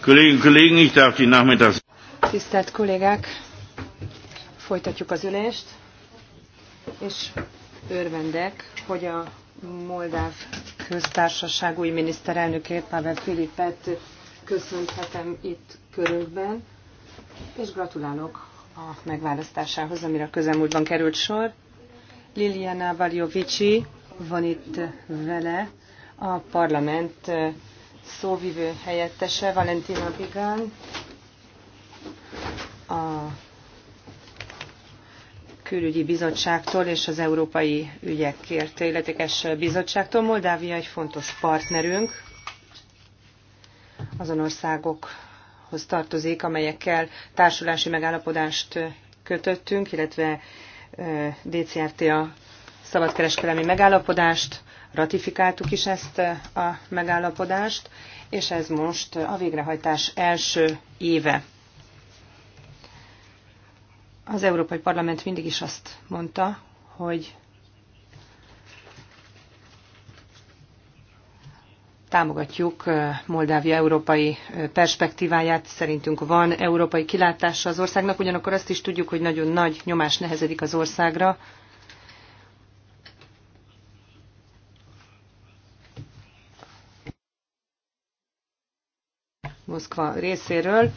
Kollégen, kollégen, ich darf die Nachmittags... Tisztelt kollégák, folytatjuk az ülést, és örvendek, hogy a Moldáv köztársaság új miniszterelnökét, Pavel Filipet köszönhetem itt körünkben, és gratulálok a megválasztásához, amire a közelmúltban került sor. Liliana Valjovici van itt vele, a parlament szóvivő helyettese, Valentina Pigán, a külügyi bizottságtól és az európai ügyekért illetékes bizottságtól. Moldávia egy fontos partnerünk, azon országokhoz tartozik, amelyekkel társulási megállapodást kötöttünk, illetve DCRT a szabadkereskedelmi megállapodást ratifikáltuk is ezt eh, a megállapodást, és ez most a végrehajtás első éve. Az Európai Parlament mindig is azt mondta, hogy támogatjuk eh, Moldávia európai eh, perspektíváját, szerintünk van európai kilátása az országnak, ugyanakkor azt is tudjuk, hogy nagyon nagy nyomás nehezedik az országra, Moszkva részéről.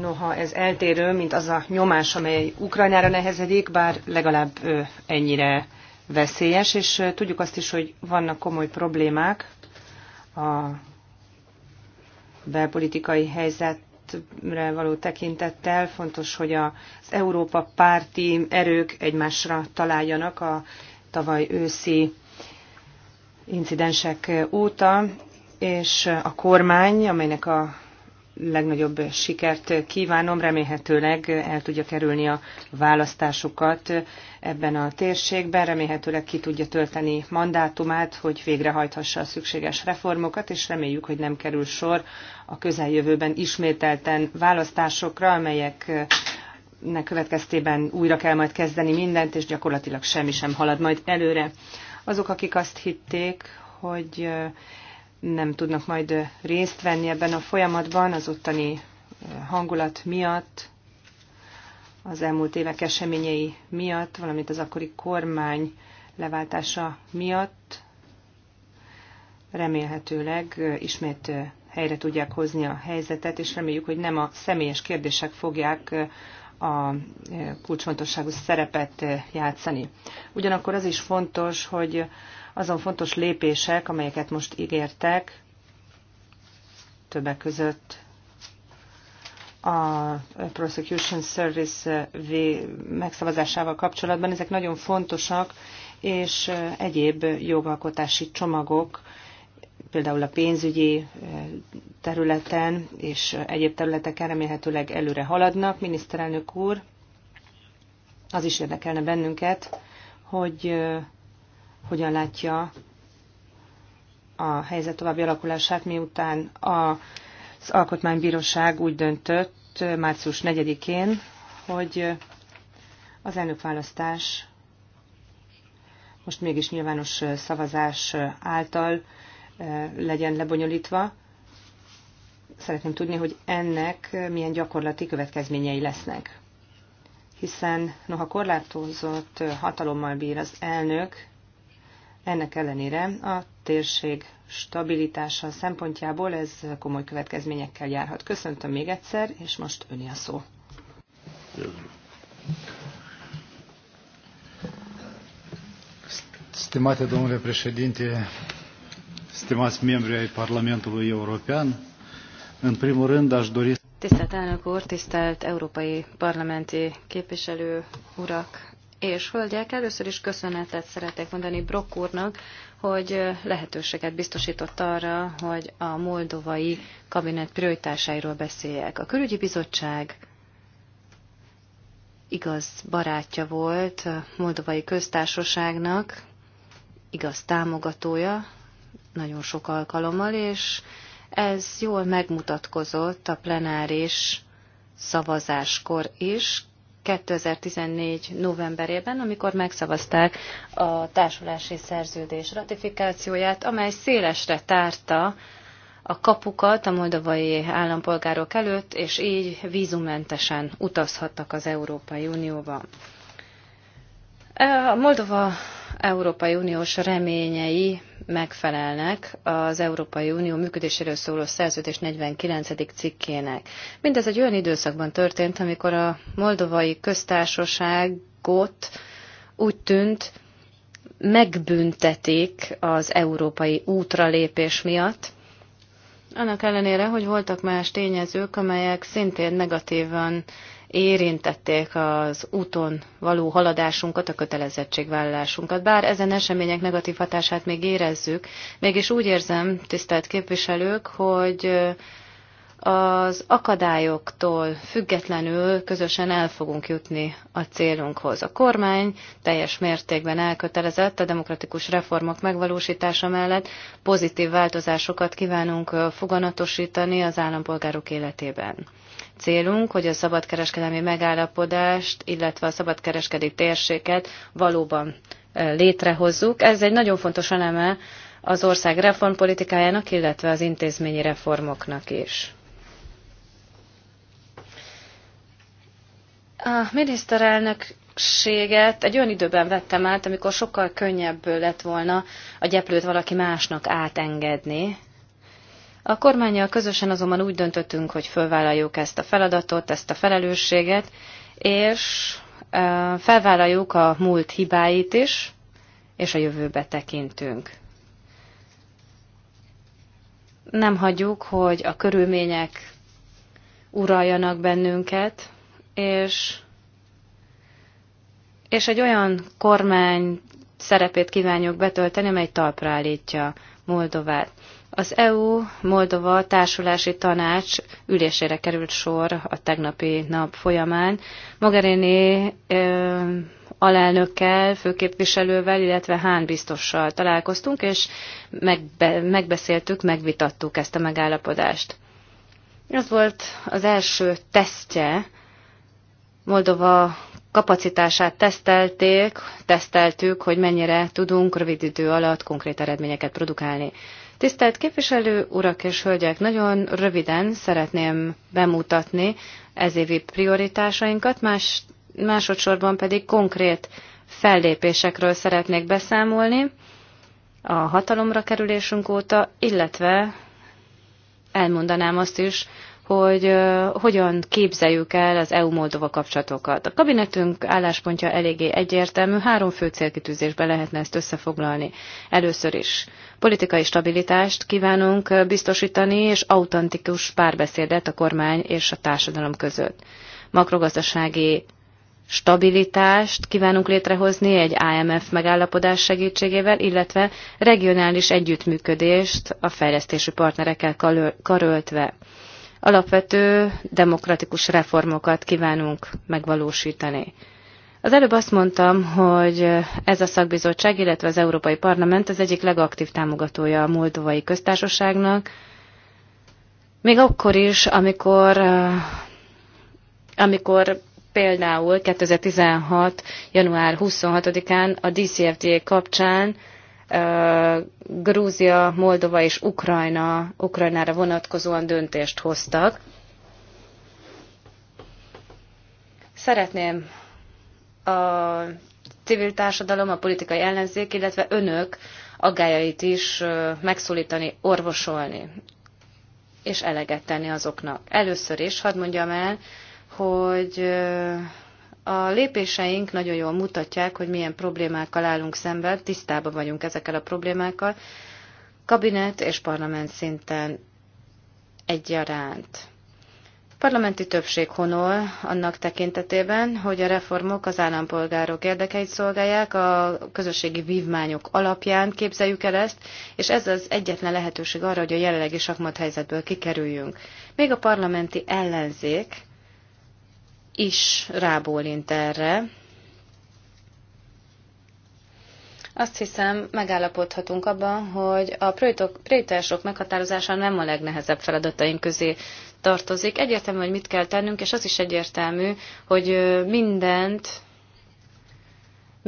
Noha ez eltérő, mint az a nyomás, amely Ukrajnára nehezedik, bár legalább ennyire veszélyes, és tudjuk azt is, hogy vannak komoly problémák a belpolitikai helyzet helyzetre való tekintettel fontos, hogy az Európa párti erők egymásra találjanak a tavaly őszi incidensek óta és a kormány, amelynek a legnagyobb sikert kívánom, remélhetőleg el tudja kerülni a választásokat ebben a térségben, remélhetőleg ki tudja tölteni mandátumát, hogy végrehajthassa a szükséges reformokat, és reméljük, hogy nem kerül sor a közeljövőben ismételten választásokra, ne következtében újra kell majd kezdeni mindent, és gyakorlatilag semmi sem halad majd előre. Azok, akik azt hitték, hogy nem tudnak majd részt venni ebben a folyamatban az ottani eh, hangulat miatt, az elmúlt évek eseményei miatt, valamint az akkori kormány leváltása miatt remélhetőleg eh, ismét eh, helyre tudják hozni a helyzetet, és reméljük, hogy nem a személyes kérdések fogják a kulcsfontosságú szerepet játszani. Ugyanakkor az is fontos, hogy azon fontos lépések, amelyeket most ígértek, többek között a Prosecution Service eh, megszavazásával kapcsolatban. Ezek nagyon fontosak, és eh, egyéb jogalkotási csomagok, például a pénzügyi eh, területen és egyéb területeken remélhetőleg előre haladnak. Miniszterelnök úr, az is érdekelne bennünket, hogy hogyan látja a helyzet további alakulását, miután az Alkotmánybíróság úgy döntött március 4-én, hogy az elnökválasztás most mégis nyilvános szavazás által eh, legyen lebonyolítva. Szeretném tudni, hogy ennek milyen gyakorlati következményei lesznek. Hiszen noha korlátozott hatalommal bír az elnök, ennek ellenére a térség stabilitása szempontjából ez komoly következményekkel járhat. Köszöntöm még egyszer, és most öni a szó. Stimate domnule președinte, stimați membri ai Parlamentului European, în primul rând aș dori Tisztelt elnök úr, tisztelt európai parlamenti képviselő urak és hölgyek, először is köszönetet szeretek mondani Brock úrnak, hogy lehetőséget biztosított arra, hogy a moldovai kabinet prioritásairól beszéljek. A külügyi bizottság igaz barátja volt a moldovai köztársaságnak, igaz támogatója nagyon sok alkalommal, és ez jól megmutatkozott a plenáris szavazáskor is. 2014. novemberében, amikor megszavazták a társulási szerződés ratifikációját, amely szélesre tárta a kapukat a moldovai állampolgárok előtt, és így vízumentesen utazhattak az Európai Unióba. A Moldova Európai Uniós reményei megfelelnek az Európai Unió működéséről szóló szerződés 49. cikkének. Mindez egy olyan időszakban történt, amikor a moldovai köztársaságot úgy tűnt, megbüntetik az európai útralépés miatt, annak ellenére, hogy voltak más tényezők, amelyek szintén negatívan érintették az úton való haladásunkat, a kötelezettségvállalásunkat. Bár ezen események negatív hatását még érezzük, mégis úgy érzem, tisztelt képviselők, hogy az akadályoktól függetlenül közösen el fogunk jutni a célunkhoz. A kormány teljes mértékben elkötelezett a demokratikus reformok megvalósítása mellett pozitív változásokat kívánunk foganatosítani az állampolgárok életében. Célunk, hogy a szabadkereskedelmi megállapodást, illetve a szabadkereskedő térséget valóban létrehozzuk. Ez egy nagyon fontos eleme az ország reformpolitikájának, illetve az intézményi reformoknak is. A miniszterelnökséget egy olyan időben vettem át, amikor sokkal könnyebb lett volna a gyeplőt valaki másnak átengedni, a kormányjal közösen azonban úgy döntöttünk, hogy fölvállaljuk ezt a feladatot, ezt a felelősséget, és felvállaljuk a múlt hibáit is, és a jövőbe tekintünk. Nem hagyjuk, hogy a körülmények uraljanak bennünket, és, és egy olyan kormány szerepét kívánjuk betölteni, amely talpra állítja Moldovát. Az EU-Moldova társulási tanács ülésére került sor a tegnapi nap folyamán. Mogherini ö, alelnökkel, főképviselővel, illetve Hán biztossal találkoztunk, és megbe, megbeszéltük, megvitattuk ezt a megállapodást. Ez volt az első tesztje. Moldova kapacitását tesztelték, teszteltük, hogy mennyire tudunk rövid idő alatt konkrét eredményeket produkálni. Tisztelt képviselő, urak és hölgyek, nagyon röviden szeretném bemutatni ez évi prioritásainkat, más, másodszorban pedig konkrét fellépésekről szeretnék beszámolni a hatalomra kerülésünk óta, illetve elmondanám azt is, hogy hogyan képzeljük el az EU-Moldova kapcsolatokat. A kabinetünk álláspontja eléggé egyértelmű, három fő célkitűzésbe lehetne ezt összefoglalni. Először is politikai stabilitást kívánunk biztosítani, és autentikus párbeszédet a kormány és a társadalom között. Makrogazdasági stabilitást kívánunk létrehozni egy IMF megállapodás segítségével, illetve regionális együttműködést a fejlesztési partnerekkel karöltve alapvető demokratikus reformokat kívánunk megvalósítani. Az előbb azt mondtam, hogy ez a szakbizottság, illetve az Európai Parlament az egyik legaktív támogatója a Moldovai Köztársaságnak, még akkor is, amikor, eh, amikor például 2016. január 26-án a DCFTA kapcsán Grúzia, Moldova és Ukrajna, Ukrajnára vonatkozóan döntést hoztak. Szeretném a civil társadalom, a politikai ellenzék, illetve önök aggájait is megszólítani, orvosolni, és eleget tenni azoknak. Először is hadd mondjam el, hogy a lépéseink nagyon jól mutatják, hogy milyen problémákkal állunk szemben, tisztában vagyunk ezekkel a problémákkal, kabinet és parlament szinten egyaránt. Parlamenti többség honol annak tekintetében, hogy a reformok az állampolgárok érdekeit szolgálják, a közösségi vívmányok alapján képzeljük el ezt, és ez az egyetlen lehetőség arra, hogy a jelenlegi sakmat helyzetből kikerüljünk. Még a parlamenti ellenzék is rábólint erre. Azt hiszem, megállapodhatunk abban, hogy a prétások meghatározása nem a legnehezebb feladataink közé tartozik. Egyértelmű, hogy mit kell tennünk, és az is egyértelmű, hogy mindent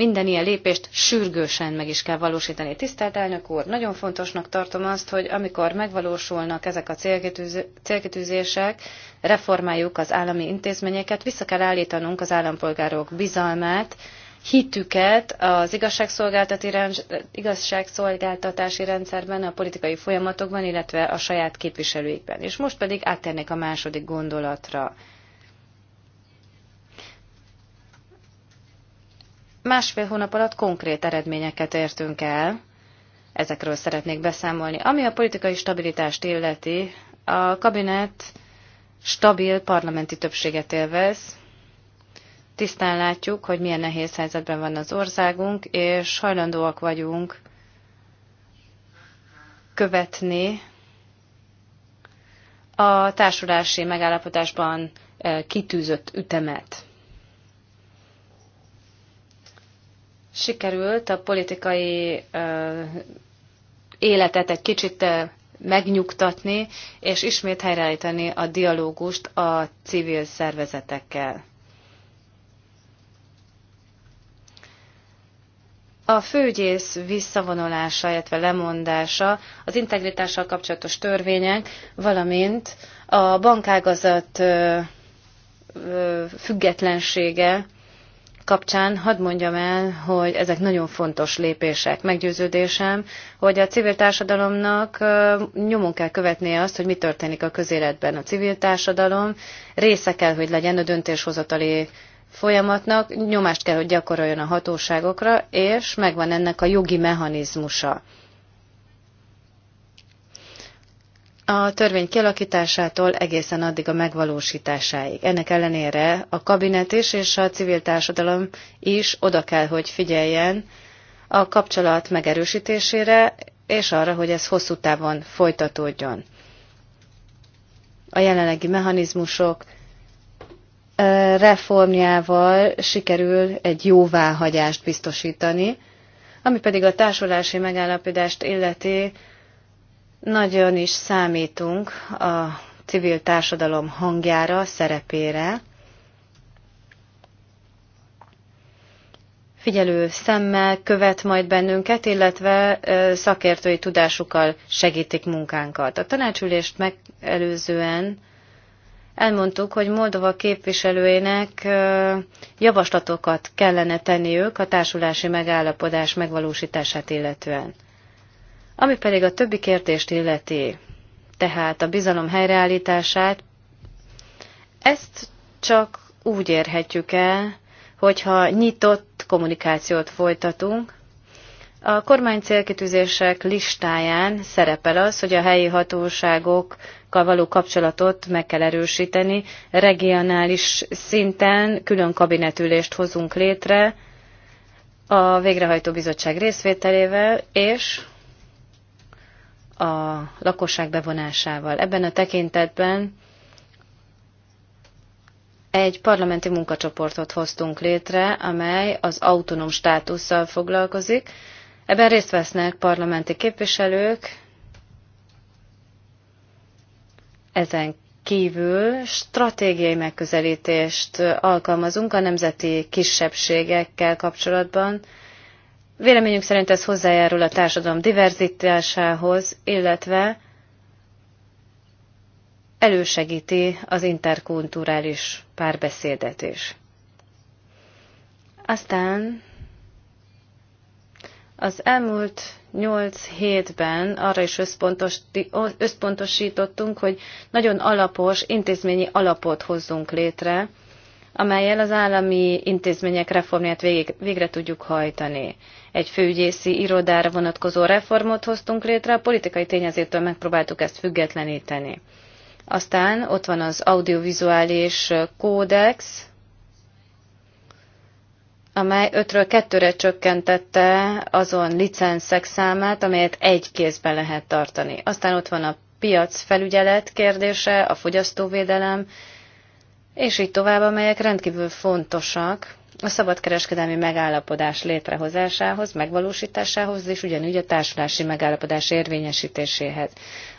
minden ilyen lépést sürgősen meg is kell valósítani. Tisztelt elnök úr, nagyon fontosnak tartom azt, hogy amikor megvalósulnak ezek a célkitűzések, reformáljuk az állami intézményeket, vissza kell állítanunk az állampolgárok bizalmát, hitüket az igazságszolgáltatási rendszerben, a politikai folyamatokban, illetve a saját képviselőikben. És most pedig áttérnék a második gondolatra. másfél hónap alatt konkrét eredményeket értünk el, ezekről szeretnék beszámolni. Ami a politikai stabilitást illeti, a kabinet stabil parlamenti többséget élvez, tisztán látjuk, hogy milyen nehéz helyzetben van az országunk, és hajlandóak vagyunk követni a társulási megállapodásban eh, kitűzött ütemet. sikerült a politikai életet egy kicsit megnyugtatni, és ismét helyreállítani a dialógust a civil szervezetekkel. A főgyész visszavonulása, illetve lemondása, az integritással kapcsolatos törvények, valamint a bankágazat függetlensége, kapcsán hadd mondjam el, hogy ezek nagyon fontos lépések. Meggyőződésem, hogy a civil társadalomnak nyomon kell követnie azt, hogy mi történik a közéletben. A civil társadalom része kell, hogy legyen a döntéshozatali folyamatnak, nyomást kell, hogy gyakoroljon a hatóságokra, és megvan ennek a jogi mechanizmusa. a törvény kialakításától egészen addig a megvalósításáig. Ennek ellenére a kabinet is és a civil társadalom is oda kell, hogy figyeljen a kapcsolat megerősítésére, és arra, hogy ez hosszú távon folytatódjon. A jelenlegi mechanizmusok reformjával sikerül egy jóváhagyást biztosítani, ami pedig a társulási megállapodást illeti, nagyon is számítunk a civil társadalom hangjára, szerepére. Figyelő szemmel követ majd bennünket, illetve szakértői tudásukkal segítik munkánkat. A tanácsülést megelőzően elmondtuk, hogy Moldova képviselőinek javaslatokat kellene tenniük a társulási megállapodás megvalósítását illetően. Ami pedig a többi kérdést illeti, tehát a bizalom helyreállítását, ezt csak úgy érhetjük el, hogyha nyitott kommunikációt folytatunk. A kormány célkitűzések listáján szerepel az, hogy a helyi hatóságokkal való kapcsolatot meg kell erősíteni. Regionális szinten külön kabinetülést hozunk létre a végrehajtó bizottság részvételével, és a lakosság bevonásával. Ebben a tekintetben egy parlamenti munkacsoportot hoztunk létre, amely az autonóm státusszal foglalkozik. Ebben részt vesznek parlamenti képviselők, ezen kívül stratégiai megközelítést alkalmazunk a nemzeti kisebbségekkel kapcsolatban, Véleményünk szerint ez hozzájárul a társadalom diverzitásához, illetve elősegíti az interkulturális párbeszédet is. Aztán az elmúlt nyolc hétben arra is összpontosítottunk, hogy nagyon alapos intézményi alapot hozzunk létre, amelyel az állami intézmények reformját végre tudjuk hajtani egy főügyészi irodára vonatkozó reformot hoztunk létre, a politikai tényezőtől megpróbáltuk ezt függetleníteni. Aztán ott van az audiovizuális kódex, amely 5-ről 2-re csökkentette azon licenszek számát, amelyet egy kézben lehet tartani. Aztán ott van a piac felügyelet kérdése, a fogyasztóvédelem, és így tovább, amelyek rendkívül fontosak a szabadkereskedelmi megállapodás létrehozásához, megvalósításához, és ugyanúgy a társulási megállapodás érvényesítéséhez.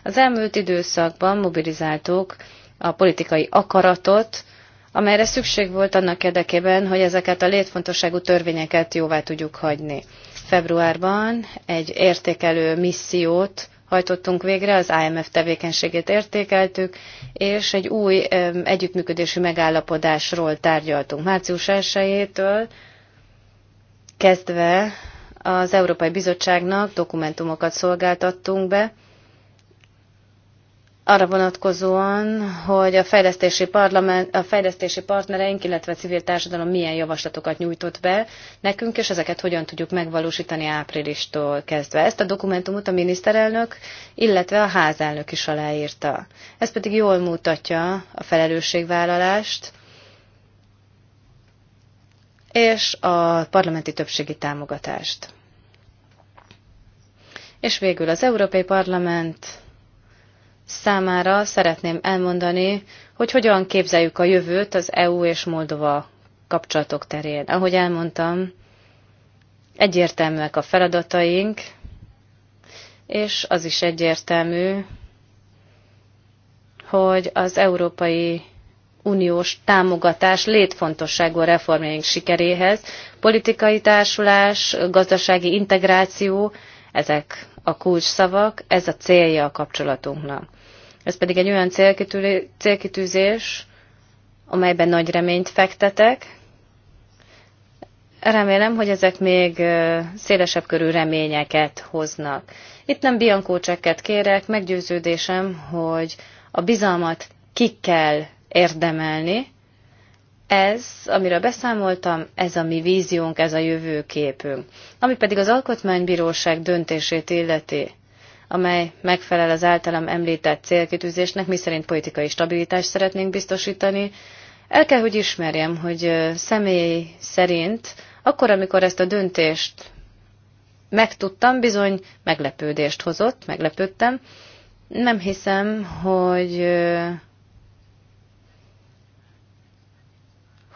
Az elmúlt időszakban mobilizáltuk a politikai akaratot, amelyre szükség volt annak érdekében, hogy ezeket a létfontosságú törvényeket jóvá tudjuk hagyni. Februárban egy értékelő missziót hajtottunk végre, az IMF tevékenységét értékeltük, és egy új együttműködési megállapodásról tárgyaltunk. Március 1-től kezdve az Európai Bizottságnak dokumentumokat szolgáltattunk be, arra vonatkozóan, hogy a fejlesztési, parlament, a fejlesztési partnereink, illetve a civil társadalom milyen javaslatokat nyújtott be nekünk, és ezeket hogyan tudjuk megvalósítani áprilistól kezdve. Ezt a dokumentumot a miniszterelnök, illetve a házelnök is aláírta. Ez pedig jól mutatja a felelősségvállalást és a parlamenti többségi támogatást. És végül az Európai Parlament számára szeretném elmondani, hogy hogyan képzeljük a jövőt az EU és Moldova kapcsolatok terén. Ahogy elmondtam, egyértelműek a feladataink, és az is egyértelmű, hogy az Európai Uniós támogatás létfontosságú a reformjaink sikeréhez, politikai társulás, gazdasági integráció, ezek a szavak, ez a célja a kapcsolatunknak. Ez pedig egy olyan célkitűzés, amelyben nagy reményt fektetek. Remélem, hogy ezek még szélesebb körű reményeket hoznak. Itt nem biankócseket kérek, meggyőződésem, hogy a bizalmat ki kell érdemelni, ez, amiről beszámoltam, ez a mi víziónk, ez a jövőképünk. Ami pedig az Alkotmánybíróság döntését illeti, amely megfelel az általam említett célkitűzésnek, miszerint politikai stabilitást szeretnénk biztosítani, el kell, hogy ismerjem, hogy személy szerint, akkor, amikor ezt a döntést megtudtam, bizony meglepődést hozott, meglepődtem. Nem hiszem, hogy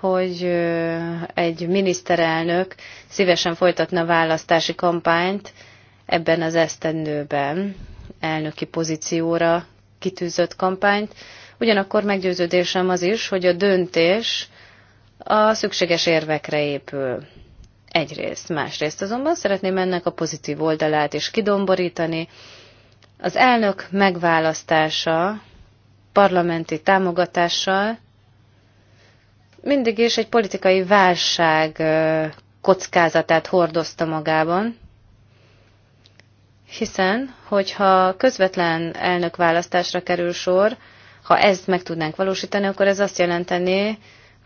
hogy egy miniszterelnök szívesen folytatna választási kampányt ebben az esztendőben, elnöki pozícióra kitűzött kampányt. Ugyanakkor meggyőződésem az is, hogy a döntés a szükséges érvekre épül. Egyrészt, másrészt azonban szeretném ennek a pozitív oldalát is kidomborítani. Az elnök megválasztása parlamenti támogatással mindig is egy politikai válság kockázatát hordozta magában, hiszen, hogyha közvetlen elnökválasztásra kerül sor, ha ezt meg tudnánk valósítani, akkor ez azt jelenteni,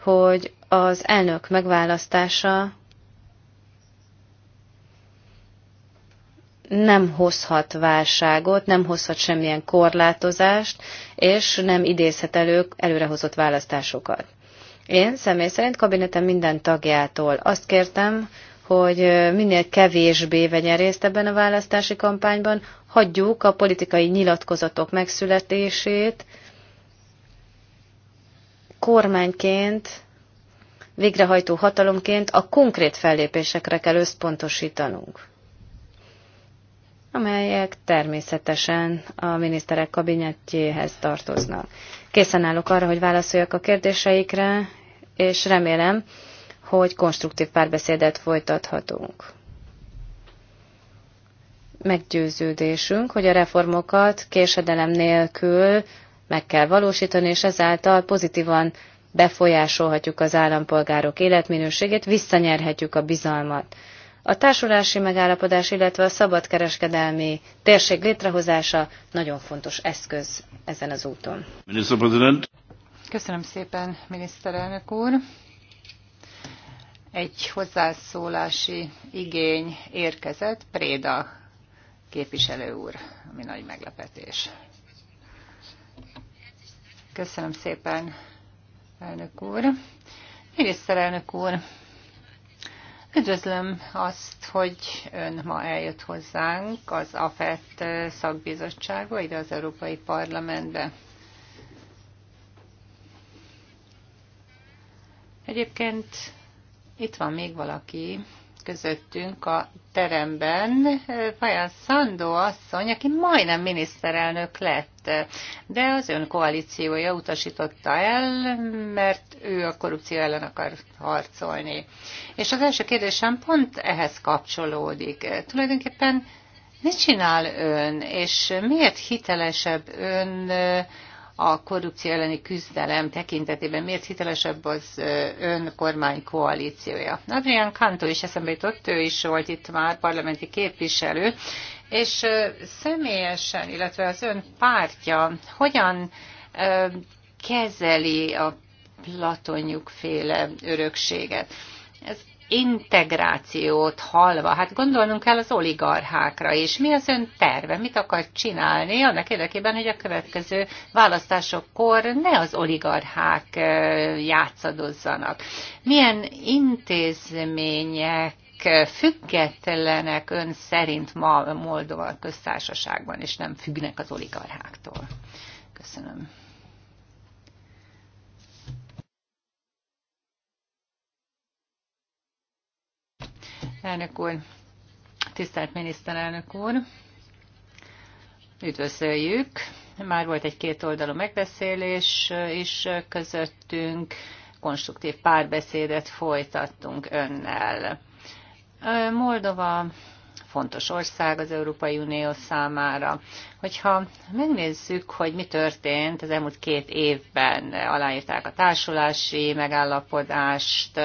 hogy az elnök megválasztása nem hozhat válságot, nem hozhat semmilyen korlátozást, és nem idézhet elő előrehozott választásokat. Én személy szerint kabinetem minden tagjától azt kértem, hogy minél kevésbé vegyen részt ebben a választási kampányban, hagyjuk a politikai nyilatkozatok megszületését, kormányként, végrehajtó hatalomként a konkrét fellépésekre kell összpontosítanunk, amelyek természetesen a miniszterek kabinetjéhez tartoznak. Készen állok arra, hogy válaszoljak a kérdéseikre, és remélem, hogy konstruktív párbeszédet folytathatunk. Meggyőződésünk, hogy a reformokat késedelem nélkül meg kell valósítani, és ezáltal pozitívan befolyásolhatjuk az állampolgárok életminőségét, visszanyerhetjük a bizalmat. A társulási megállapodás, illetve a szabadkereskedelmi térség létrehozása nagyon fontos eszköz ezen az úton. Köszönöm szépen, miniszterelnök úr. Egy hozzászólási igény érkezett, Préda képviselő úr, ami nagy meglepetés. Köszönöm szépen, elnök úr. Miniszterelnök úr, Üdvözlöm azt, hogy ön ma eljött hozzánk az AFET szakbizottságba, ide az Európai Parlamentbe. Egyébként itt van még valaki közöttünk a teremben, Fajan Szandó asszony, aki majdnem miniszterelnök lett, de az ön koalíciója utasította el, mert ő a korrupció ellen akar harcolni. És az első kérdésem pont ehhez kapcsolódik. Tulajdonképpen mit csinál ön, és miért hitelesebb ön a korrupció elleni küzdelem tekintetében miért hitelesebb az ön kormány koalíciója. Adrian Kantó is eszembe jutott, ő is volt itt már parlamenti képviselő, és személyesen, illetve az ön pártja hogyan kezeli a platonyuk féle örökséget. Ez integrációt halva. Hát gondolnunk kell az oligarchákra is. Mi az ön terve? Mit akar csinálni annak érdekében, hogy a következő választásokkor ne az oligarchák játszadozzanak? Milyen intézmények függetlenek ön szerint ma Moldova köztársaságban, és nem függnek az oligarcháktól? Köszönöm. Elnök úr, tisztelt miniszterelnök úr, üdvözöljük. Már volt egy kétoldalú megbeszélés is közöttünk, konstruktív párbeszédet folytattunk önnel. Moldova fontos ország az Európai Unió számára. Hogyha megnézzük, hogy mi történt az elmúlt két évben, aláírták a társulási megállapodást,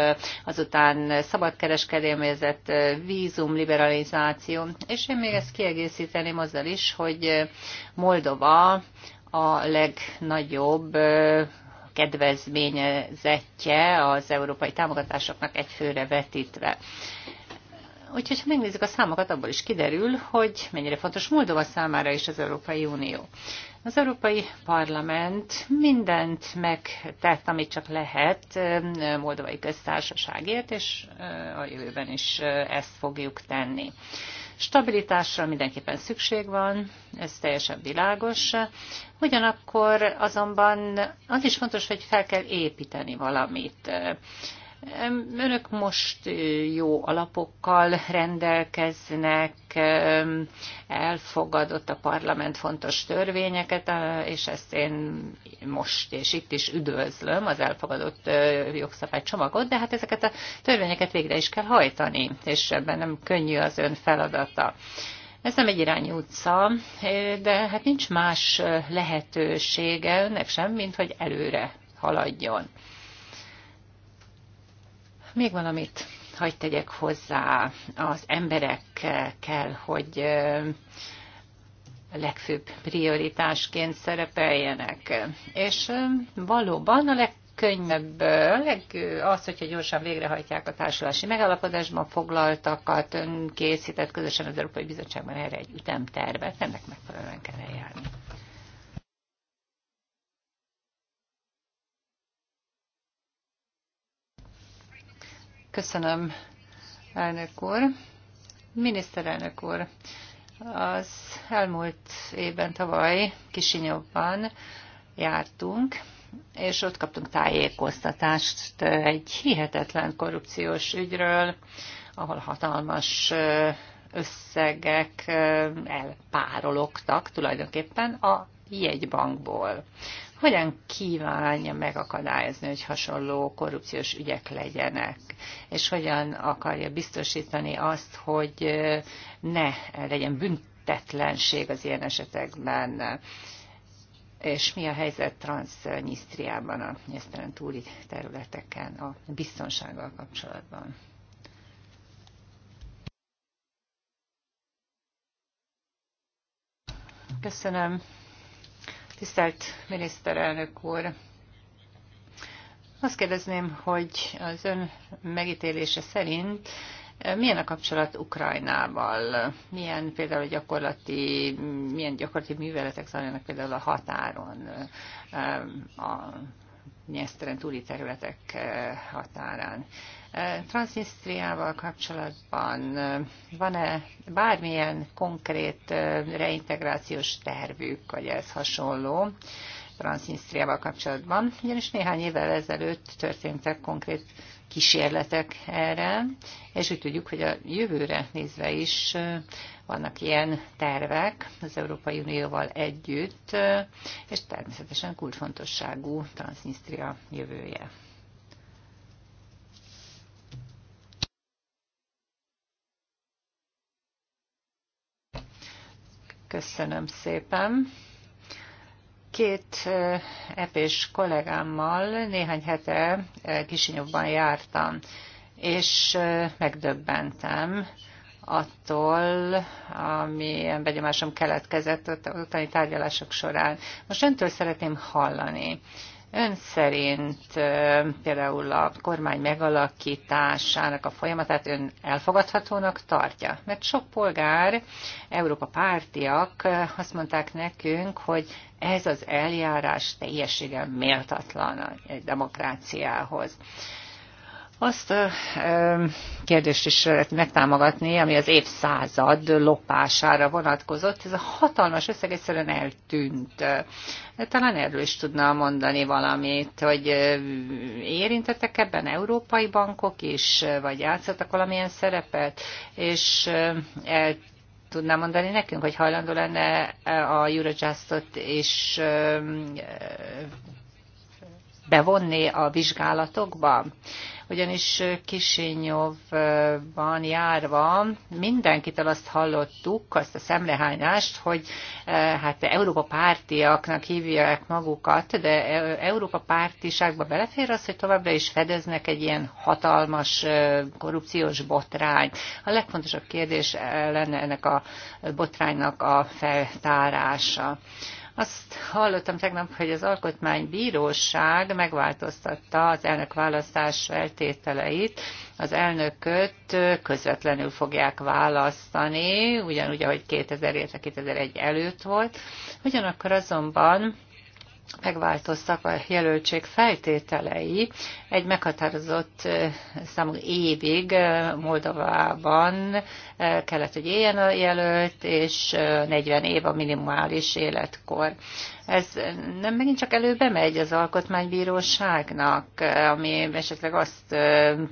azután szabadkereskedelmezett vízum liberalizáció, és én még ezt kiegészíteném azzal is, hogy Moldova a legnagyobb kedvezményezettje az európai támogatásoknak egy főre vetítve. Úgyhogy ha megnézzük a számokat, abból is kiderül, hogy mennyire fontos Moldova számára is az Európai Unió. Az Európai Parlament mindent megtett, amit csak lehet Moldovai Köztársaságért, és a jövőben is ezt fogjuk tenni. Stabilitásra mindenképpen szükség van, ez teljesen világos. Ugyanakkor azonban az is fontos, hogy fel kell építeni valamit. Önök most jó alapokkal rendelkeznek, elfogadott a parlament fontos törvényeket, és ezt én most és itt is üdvözlöm, az elfogadott jogszabálycsomagot, de hát ezeket a törvényeket végre is kell hajtani, és ebben nem könnyű az ön feladata. Ez nem egy irányú utca, de hát nincs más lehetősége önnek sem, mint hogy előre haladjon. Még valamit hagyd tegyek hozzá. Az emberek kell, hogy legfőbb prioritásként szerepeljenek. És valóban a leg az, hogyha gyorsan végrehajtják a társulási megállapodásban foglaltakat, ön készített közösen az Európai Bizottságban erre egy ütemtervet, ennek megfelelően kell eljárni. Köszönöm, elnök úr. Miniszterelnök úr, az elmúlt évben tavaly Kisinyobban jártunk, és ott kaptunk tájékoztatást egy hihetetlen korrupciós ügyről, ahol hatalmas összegek elpárologtak tulajdonképpen a jegybankból hogyan kívánja megakadályozni, hogy hasonló korrupciós ügyek legyenek, és hogyan akarja biztosítani azt, hogy ne legyen büntetlenség az ilyen esetekben, és mi a helyzet Transnistriában, a nyesztelen túli területeken a biztonsággal kapcsolatban. Köszönöm. Tisztelt miniszterelnök úr! Azt kérdezném, hogy az ön megítélése szerint eh, milyen a kapcsolat Ukrajnával? Milyen például gyakorlati, milyen gyakorlati műveletek zajlanak például a határon? Eh, a Nyeszteren túli területek eh, határán. Eh, Transnistriával kapcsolatban eh, van-e bármilyen konkrét reintegrációs tervük, vagy ez hasonló Transnistriával kapcsolatban? Ugyanis néhány évvel ezelőtt történtek konkrét kísérletek erre, és úgy tudjuk, hogy a jövőre nézve is vannak ilyen tervek az Európai Unióval együtt, és természetesen kulcsfontosságú Transnistria jövője. Köszönöm szépen! két epés kollégámmal néhány hete Kisinyobban jártam, és megdöbbentem attól, amilyen begyomásom keletkezett a tárgyalások során. Most öntől szeretném hallani, Ön szerint például a kormány megalakításának a folyamatát ön elfogadhatónak tartja? Mert sok polgár, Európa pártiak azt mondták nekünk, hogy ez az eljárás teljesen méltatlan egy demokráciához. Azt a kérdést is megtámogatni, ami az évszázad lopására vonatkozott. Ez a hatalmas összeg egyszerűen eltűnt. Talán erről is tudna mondani valamit, hogy érintettek ebben európai bankok is, vagy játszottak valamilyen szerepet, és el tudná mondani nekünk, hogy hajlandó lenne a Eurojustot és bevonni a vizsgálatokba ugyanis Kisinyovban járva mindenkitől azt hallottuk, azt a szemrehányást, hogy eh, hát Európa pártiaknak hívják magukat, de Európa pártiságba belefér az, hogy továbbra is fedeznek egy ilyen hatalmas eh, korrupciós botrány. A legfontosabb kérdés eh, lenne ennek a botránynak a feltárása. Azt hallottam tegnap, hogy az Alkotmánybíróság megváltoztatta az elnök választás feltételeit. Az elnököt közvetlenül fogják választani, ugyanúgy, ahogy 2000 2001 előtt volt. Ugyanakkor azonban megváltoztak a jelöltség feltételei. Egy meghatározott számú évig Moldovában kellett, hogy éljen a jelölt, és 40 év a minimális életkor. Ez nem megint csak előbe megy az alkotmánybíróságnak, ami esetleg azt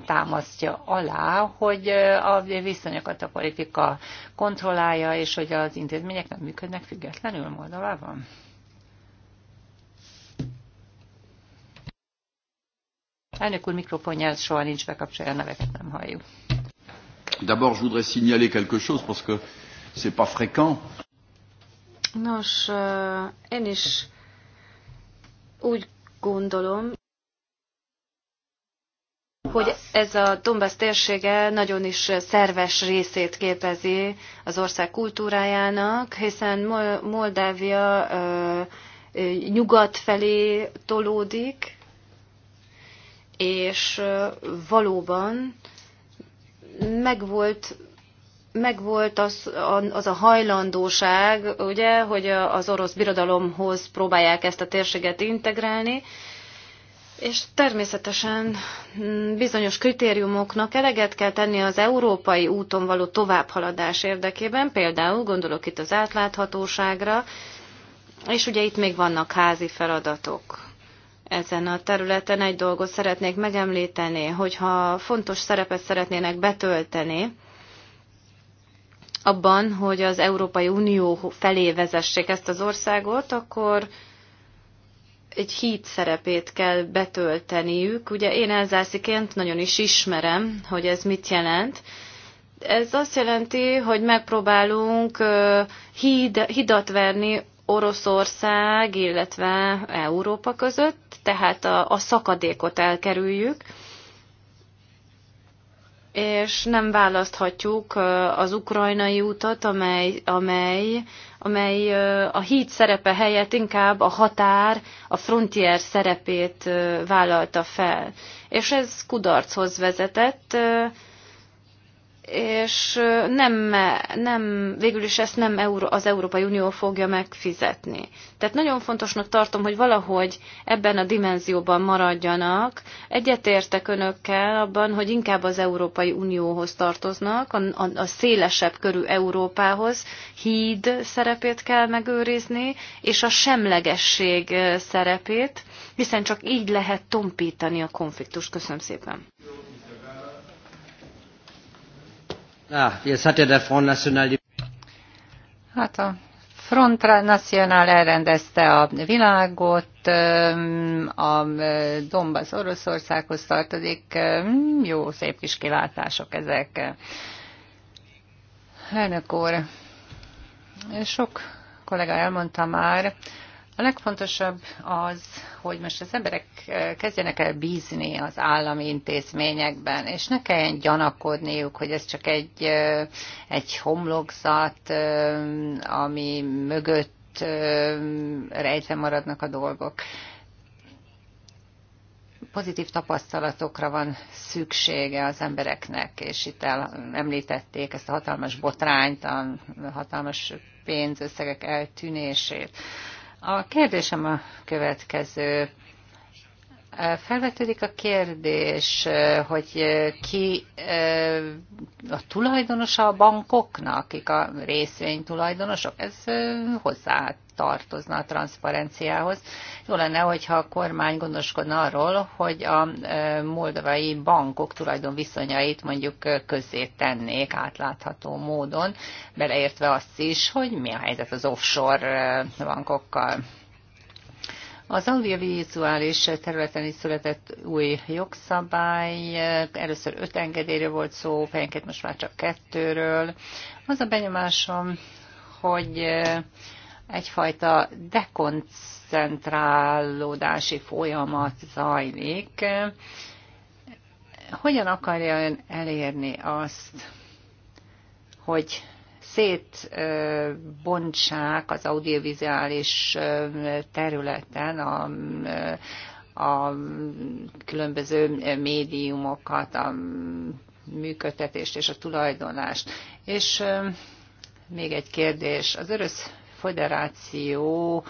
támasztja alá, hogy a viszonyokat a politika kontrollálja, és hogy az intézmények nem működnek függetlenül Moldovában? Elnök úr mikrofonja soha nincs bekapcsolja, a neveket nem halljuk. D'abord, je voudrais signaler quelque chose, parce que c'est pas fréquent. Nos, én is úgy gondolom, hogy ez a Donbass térsége nagyon is szerves részét képezi az ország kultúrájának, hiszen Moldávia nyugat felé tolódik, és valóban megvolt megvolt az, az a hajlandóság, ugye, hogy az orosz birodalomhoz próbálják ezt a térséget integrálni, és természetesen mm, bizonyos kritériumoknak eleget kell tenni az európai úton való továbbhaladás érdekében, például gondolok itt az átláthatóságra, és ugye itt még vannak házi feladatok ezen a területen egy dolgot szeretnék megemlíteni, hogyha fontos szerepet szeretnének betölteni, abban, hogy az Európai Unió felé vezessék ezt az országot, akkor egy híd szerepét kell betölteniük. Ugye én elzásziként nagyon is ismerem, hogy ez mit jelent. Ez azt jelenti, hogy megpróbálunk híd, hidat verni Oroszország, illetve Európa között, tehát a, a szakadékot elkerüljük, és nem választhatjuk az ukrajnai utat, amely, amely, amely a híd szerepe helyett inkább a határ, a frontier szerepét vállalta fel. És ez kudarchoz vezetett, és nem, nem, végül is ezt nem az Európai Unió fogja megfizetni. Tehát nagyon fontosnak tartom, hogy valahogy ebben a dimenzióban maradjanak. Egyetértek önökkel abban, hogy inkább az Európai Unióhoz tartoznak, a, a, a szélesebb körű Európához híd szerepét kell megőrizni, és a semlegesség szerepét, hiszen csak így lehet tompítani a konfliktust. Köszönöm szépen. Ah, hát a Front National elrendezte a világot, a Donbass Oroszországhoz tartozik, jó, szép kis kilátások ezek. Elnök úr, sok kollega elmondta már, a legfontosabb az, hogy most az emberek eh, kezdjenek el bízni az állami intézményekben, és ne kelljen gyanakodniuk, hogy ez csak egy, eh, egy homlokzat, eh, ami mögött rejtve maradnak a dolgok. Pozitív tapasztalatokra van szüksége az embereknek, és itt el, említették ezt a hatalmas botrányt, a hatalmas pénzösszegek eltűnését a kérdésem a következő. Felvetődik a kérdés, hogy ki a tulajdonosa a bankoknak, akik a részvénytulajdonosok, ez hozzá tartozna a transzparenciához. Jó lenne, hogyha a kormány gondoskodna arról, hogy a moldovai bankok tulajdonviszonyait mondjuk közzé tennék átlátható módon, beleértve azt is, hogy mi a helyzet az offshore bankokkal. Az vizuális területen is született új jogszabály, először öt engedélyről volt szó, fejenként most már csak kettőről. Az a benyomásom, hogy egyfajta dekoncentrálódási folyamat zajlik. Hogyan akarja ön elérni azt, hogy szétbontsák az audiovizuális területen a, a különböző médiumokat, a működtetést és a tulajdonást. És még egy kérdés. Az Orosz Föderáció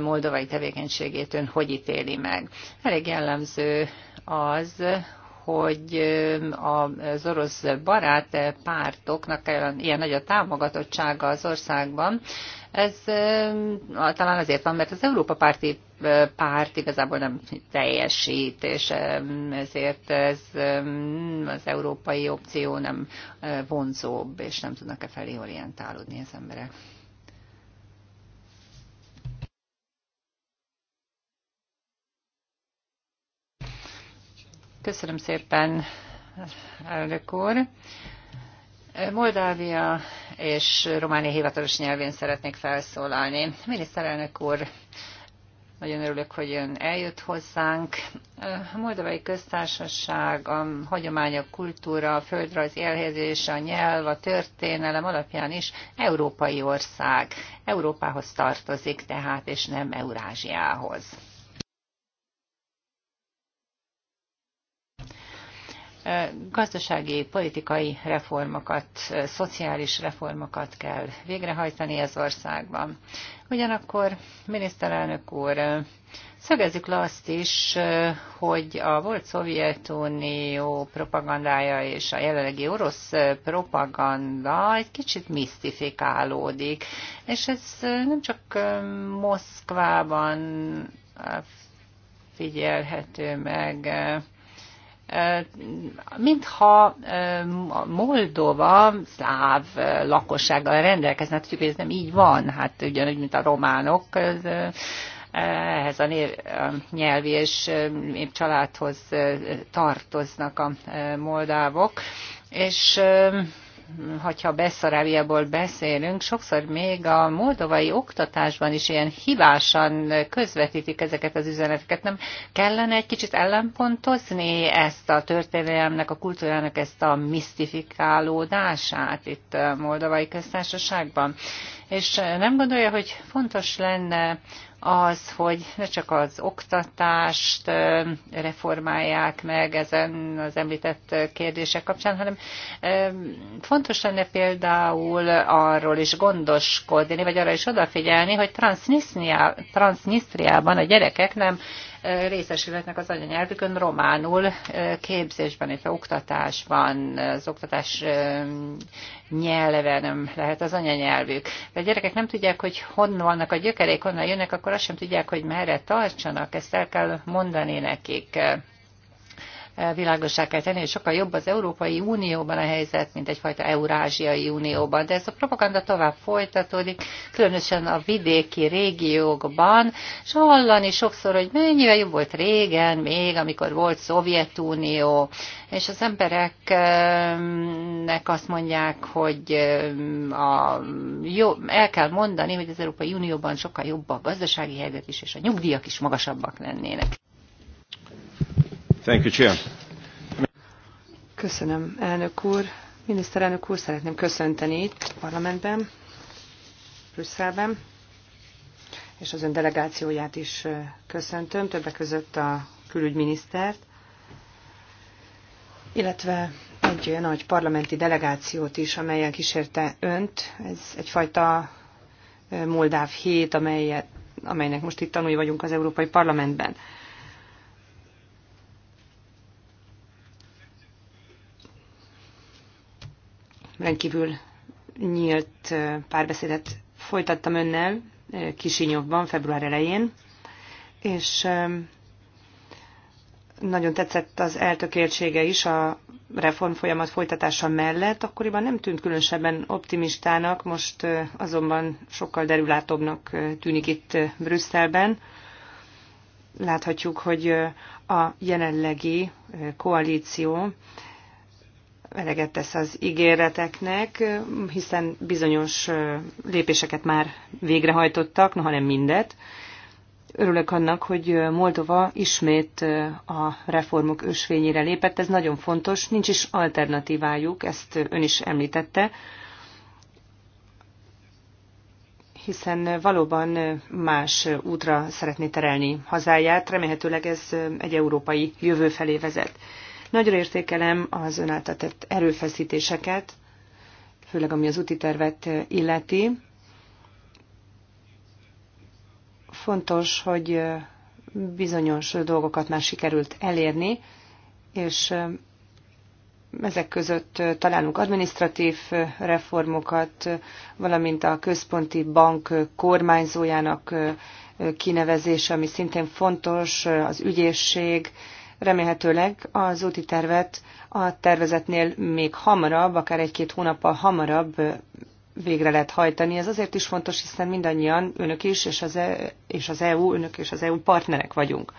moldovai tevékenységét ön hogy ítéli meg? Elég jellemző az, hogy az orosz barát pártoknak ilyen nagy a támogatottsága az országban, ez talán azért van, mert az Európa párti párt igazából nem teljesít, és ezért ez az európai opció nem vonzóbb, és nem tudnak e felé orientálódni az emberek. Köszönöm szépen, elnök úr. Moldávia és Románia hivatalos nyelvén szeretnék felszólalni. Miniszterelnök úr, nagyon örülök, hogy ön eljött hozzánk. A Moldovai Köztársaság a hagyományok, kultúra, a földrajz élhezés, a nyelv, a történelem alapján is európai ország. Európához tartozik tehát, és nem Eurázsiához. Gazdasági, politikai reformokat, szociális reformokat kell végrehajtani az országban. Ugyanakkor, miniszterelnök úr, Szögezzük le azt is, hogy a volt Szovjetunió propagandája és a jelenlegi orosz propaganda egy kicsit misztifikálódik, és ez nem csak Moszkvában figyelhető meg, mintha Moldova szláv lakossággal rendelkezne, hát tudjuk, hogy ez nem így van, hát ugyanúgy, mint a románok, ehhez a nyelvi és családhoz tartoznak a moldávok, és hogyha Besszarábiából beszélünk, sokszor még a moldovai oktatásban is ilyen hibásan közvetítik ezeket az üzeneteket. Nem kellene egy kicsit ellenpontozni ezt a történelemnek, a kultúrának ezt a misztifikálódását itt a moldovai köztársaságban? És nem gondolja, hogy fontos lenne az, hogy ne csak az oktatást reformálják meg ezen az említett kérdések kapcsán, hanem fontos lenne például arról is gondoskodni, vagy arra is odafigyelni, hogy Transnistriában a gyerekek nem részesülhetnek az anyanyelvükön románul képzésben, illetve oktatásban, az oktatás nyelve nem lehet az anyanyelvük. De a gyerekek nem tudják, hogy honnan vannak a gyökereik, honnan jönnek, akkor azt sem tudják, hogy merre tartsanak, ezt el kell mondani nekik világosá kell tenni, hogy sokkal jobb az Európai Unióban a helyzet, mint egyfajta Eurázsiai Unióban. De ez a propaganda tovább folytatódik, különösen a vidéki régiókban, és hallani sokszor, hogy mennyivel jobb volt régen, még amikor volt Szovjetunió, és az embereknek azt mondják, hogy a, jó, el kell mondani, hogy az Európai Unióban sokkal jobb a gazdasági helyzet is, és a nyugdíjak is magasabbak lennének. Thank you, Chair. Köszönöm, elnök úr. Miniszterelnök úr, szeretném köszönteni itt a parlamentben, Brüsszelben, és az ön delegációját is köszöntöm, többek között a külügyminisztert, illetve egy olyan nagy parlamenti delegációt is, amelyen kísérte önt. Ez egyfajta Moldáv hét, amelyet, amelynek most itt tanulni vagyunk az Európai Parlamentben. rendkívül nyílt párbeszédet folytattam önnel Kisinyovban február elején, és nagyon tetszett az eltökéltsége is a reform folyamat folytatása mellett, akkoriban nem tűnt különösebben optimistának, most azonban sokkal derülátóbbnak tűnik itt Brüsszelben. Láthatjuk, hogy a jelenlegi koalíció eleget tesz az ígéreteknek, hiszen bizonyos lépéseket már végrehajtottak, noha nem mindet. Örülök annak, hogy Moldova ismét a reformok ösvényére lépett, ez nagyon fontos, nincs is alternatívájuk, ezt ön is említette, hiszen valóban más útra szeretné terelni hazáját, remélhetőleg ez egy európai jövő felé vezet. Nagyra értékelem az ön által tett erőfeszítéseket, főleg ami az úti tervet illeti. Fontos, hogy bizonyos dolgokat már sikerült elérni, és ezek között találunk adminisztratív reformokat, valamint a központi bank kormányzójának kinevezése, ami szintén fontos, az ügyészség, Remélhetőleg az úti tervet a tervezetnél még hamarabb, akár egy-két hónappal hamarabb végre lehet hajtani. Ez azért is fontos, hiszen mindannyian önök is, és az, e, és az EU, önök és az EU partnerek vagyunk.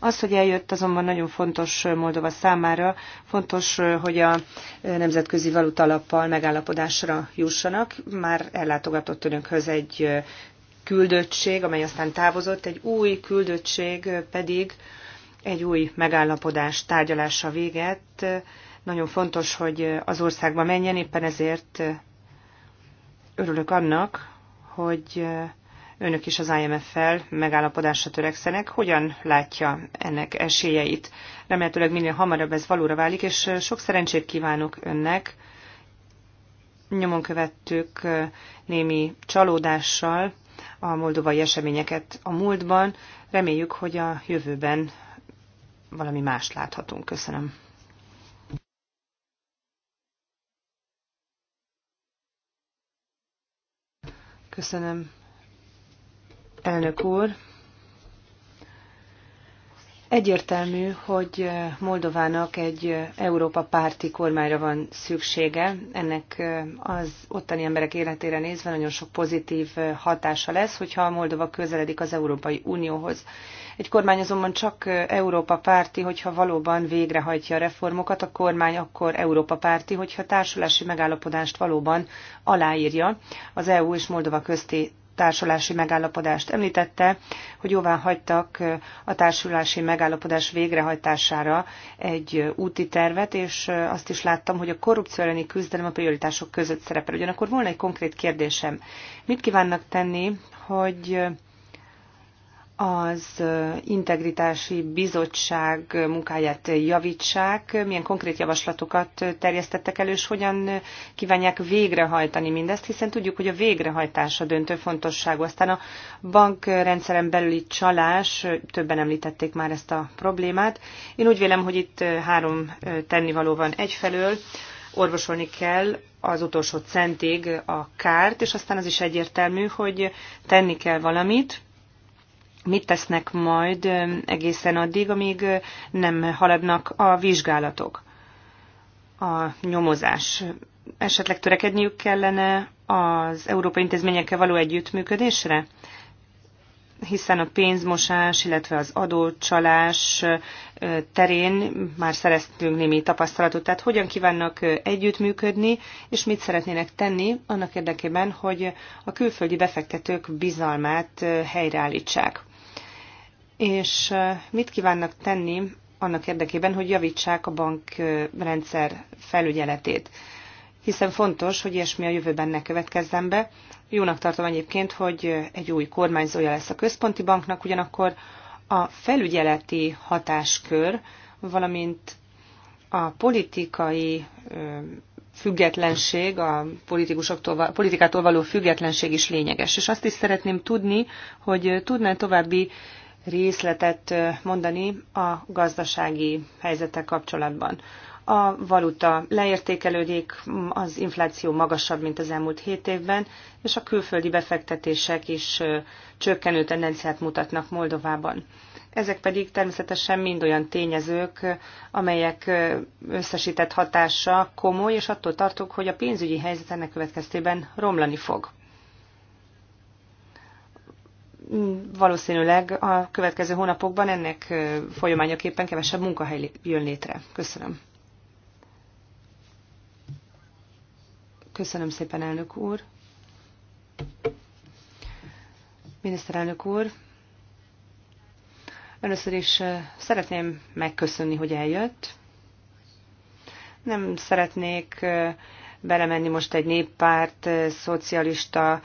Az, hogy eljött azonban nagyon fontos Moldova számára, fontos, hogy a nemzetközi valutalappal megállapodásra jussanak. Már ellátogatott önökhöz egy küldöttség, amely aztán távozott, egy új küldöttség pedig egy új megállapodás tárgyalása véget. Nagyon fontos, hogy az országba menjen, éppen ezért örülök annak, hogy önök is az IMF-fel megállapodásra törekszenek. Hogyan látja ennek esélyeit? Remélhetőleg minél hamarabb ez valóra válik, és sok szerencsét kívánok önnek. Nyomon követtük némi csalódással a moldovai eseményeket a múltban. Reméljük, hogy a jövőben valami más láthatunk. Köszönöm. Köszönöm, elnök úr. Egyértelmű, hogy Moldovának egy Európa párti kormányra van szüksége. Ennek az ottani emberek életére nézve nagyon sok pozitív hatása lesz, hogyha Moldova közeledik az Európai Unióhoz. Egy kormány azonban csak Európa párti, hogyha valóban végrehajtja a reformokat, a kormány akkor Európa párti, hogyha társulási megállapodást valóban aláírja az EU és Moldova közti társulási megállapodást. Említette, hogy jóvá hagytak a társulási megállapodás végrehajtására egy úti tervet, és azt is láttam, hogy a korrupció elleni küzdelem a prioritások között szerepel. Ugyanakkor volna egy konkrét kérdésem. Mit kívánnak tenni, hogy az integritási bizottság munkáját javítsák, milyen konkrét javaslatokat terjesztettek elő, és hogyan kívánják végrehajtani mindezt, hiszen tudjuk, hogy a végrehajtás a döntő fontosságú. Aztán a bankrendszeren belüli csalás, többen említették már ezt a problémát. Én úgy vélem, hogy itt három tennivaló van egyfelől, orvosolni kell az utolsó centig a kárt, és aztán az is egyértelmű, hogy tenni kell valamit, mit tesznek majd egészen addig, amíg nem haladnak a vizsgálatok, a nyomozás. Esetleg törekedniük kellene az európai intézményekkel való együttműködésre? hiszen a pénzmosás, illetve az adócsalás terén már szereztünk némi tapasztalatot. Tehát hogyan kívánnak együttműködni, és mit szeretnének tenni annak érdekében, hogy a külföldi befektetők bizalmát helyreállítsák és mit kívánnak tenni annak érdekében, hogy javítsák a bankrendszer felügyeletét. Hiszen fontos, hogy ilyesmi a jövőben ne következzen be. Jónak tartom egyébként, hogy egy új kormányzója lesz a központi banknak, ugyanakkor a felügyeleti hatáskör, valamint a politikai függetlenség, a politikusoktól, politikától való függetlenség is lényeges. És azt is szeretném tudni, hogy tudná további részletet mondani a gazdasági helyzettel kapcsolatban. A valuta leértékelődik, az infláció magasabb, mint az elmúlt hét évben, és a külföldi befektetések is csökkenő tendenciát mutatnak Moldovában. Ezek pedig természetesen mind olyan tényezők, amelyek összesített hatása komoly, és attól tartok, hogy a pénzügyi helyzet ennek következtében romlani fog. Mm, valószínűleg a következő hónapokban ennek folyamányaképpen kevesebb munkahely jön létre. Köszönöm. Köszönöm szépen, elnök úr. Miniszterelnök úr, először is szeretném megköszönni, hogy eljött. Nem szeretnék belemenni most egy néppárt, szocialista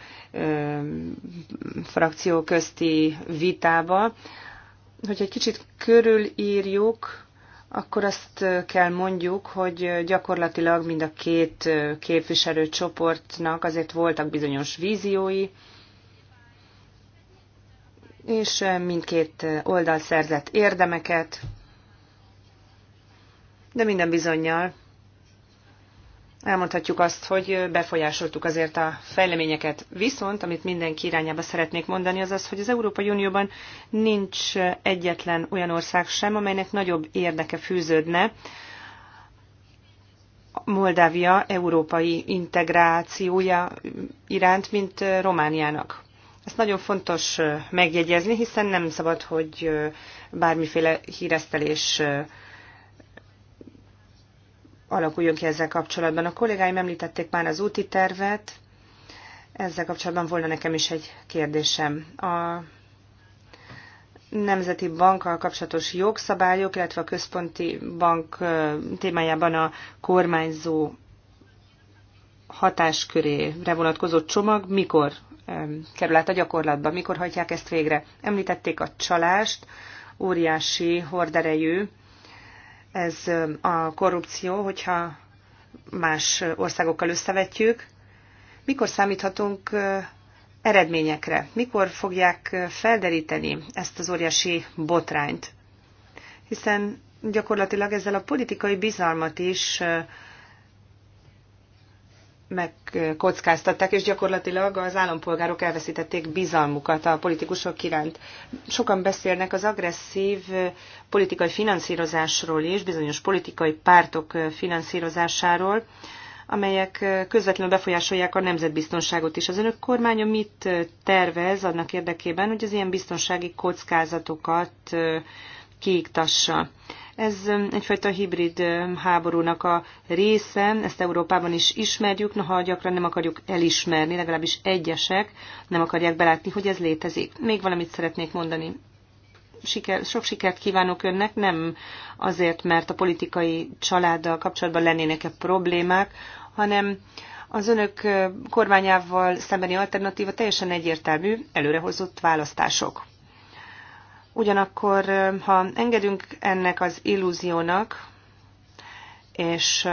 frakció közti vitába. Hogyha egy kicsit körülírjuk, akkor azt kell mondjuk, hogy gyakorlatilag mind a két képviselőcsoportnak azért voltak bizonyos víziói, és mindkét oldal szerzett érdemeket, de minden bizonyal elmondhatjuk azt, hogy befolyásoltuk azért a fejleményeket. Viszont, amit mindenki irányába szeretnék mondani, az az, hogy az Európai Unióban nincs egyetlen olyan ország sem, amelynek nagyobb érdeke fűződne Moldávia európai integrációja iránt, mint Romániának. Ezt nagyon fontos megjegyezni, hiszen nem szabad, hogy bármiféle híresztelés alakuljon ki ezzel kapcsolatban. A kollégáim említették már az úti tervet, ezzel kapcsolatban volna nekem is egy kérdésem. A Nemzeti Bankkal kapcsolatos jogszabályok, illetve a Központi Bank témájában a kormányzó hatáskörére vonatkozó csomag mikor kerül át a gyakorlatba, mikor hagyják ezt végre. Említették a csalást, óriási horderejű ez a korrupció, hogyha más országokkal összevetjük. Mikor számíthatunk eredményekre? Mikor fogják felderíteni ezt az óriási botrányt? Hiszen gyakorlatilag ezzel a politikai bizalmat is megkockáztatták, és gyakorlatilag az állampolgárok elveszítették bizalmukat a politikusok iránt. Sokan beszélnek az agresszív politikai finanszírozásról is, bizonyos politikai pártok finanszírozásáról, amelyek közvetlenül befolyásolják a nemzetbiztonságot is. Az önök kormánya mit tervez annak érdekében, hogy az ilyen biztonsági kockázatokat kiiktassa? Ez egyfajta hibrid háborúnak a része, ezt Európában is ismerjük, noha gyakran nem akarjuk elismerni, legalábbis egyesek nem akarják belátni, hogy ez létezik. Még valamit szeretnék mondani siker, sok sikert kívánok önnek, nem azért, mert a politikai családdal kapcsolatban lennének-e problémák, hanem az önök kormányával szembeni alternatíva teljesen egyértelmű, előrehozott választások. Ugyanakkor, ha engedünk ennek az illúziónak, és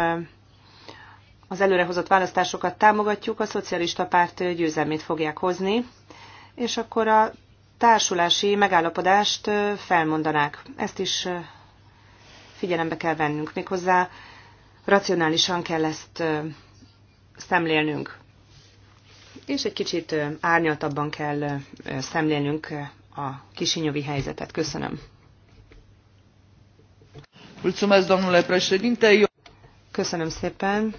az előrehozott választásokat támogatjuk, a szocialista párt győzelmét fogják hozni, és akkor a társulási megállapodást felmondanák. Ezt is figyelembe kell vennünk, méghozzá racionálisan kell ezt szemlélnünk. És egy kicsit árnyaltabban kell szemlélnünk a kisinyovi helyzetet. Köszönöm. Köszönöm szépen.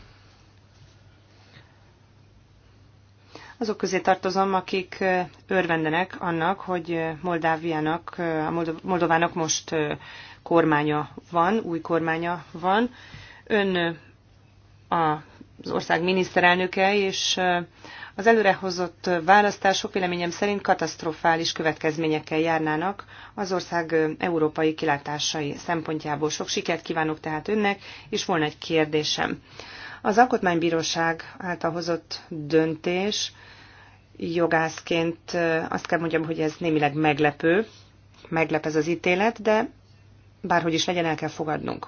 Azok közé tartozom, akik örvendenek annak, hogy Moldáviának, a Moldovának most kormánya van, új kormánya van. Ön az ország miniszterelnöke, és az előrehozott választások véleményem szerint katasztrofális következményekkel járnának az ország európai kilátásai szempontjából. Sok sikert kívánok tehát önnek, és volna egy kérdésem. Az Alkotmánybíróság által hozott döntés jogászként azt kell mondjam, hogy ez némileg meglepő, meglep ez az ítélet, de bárhogy is legyen, el kell fogadnunk.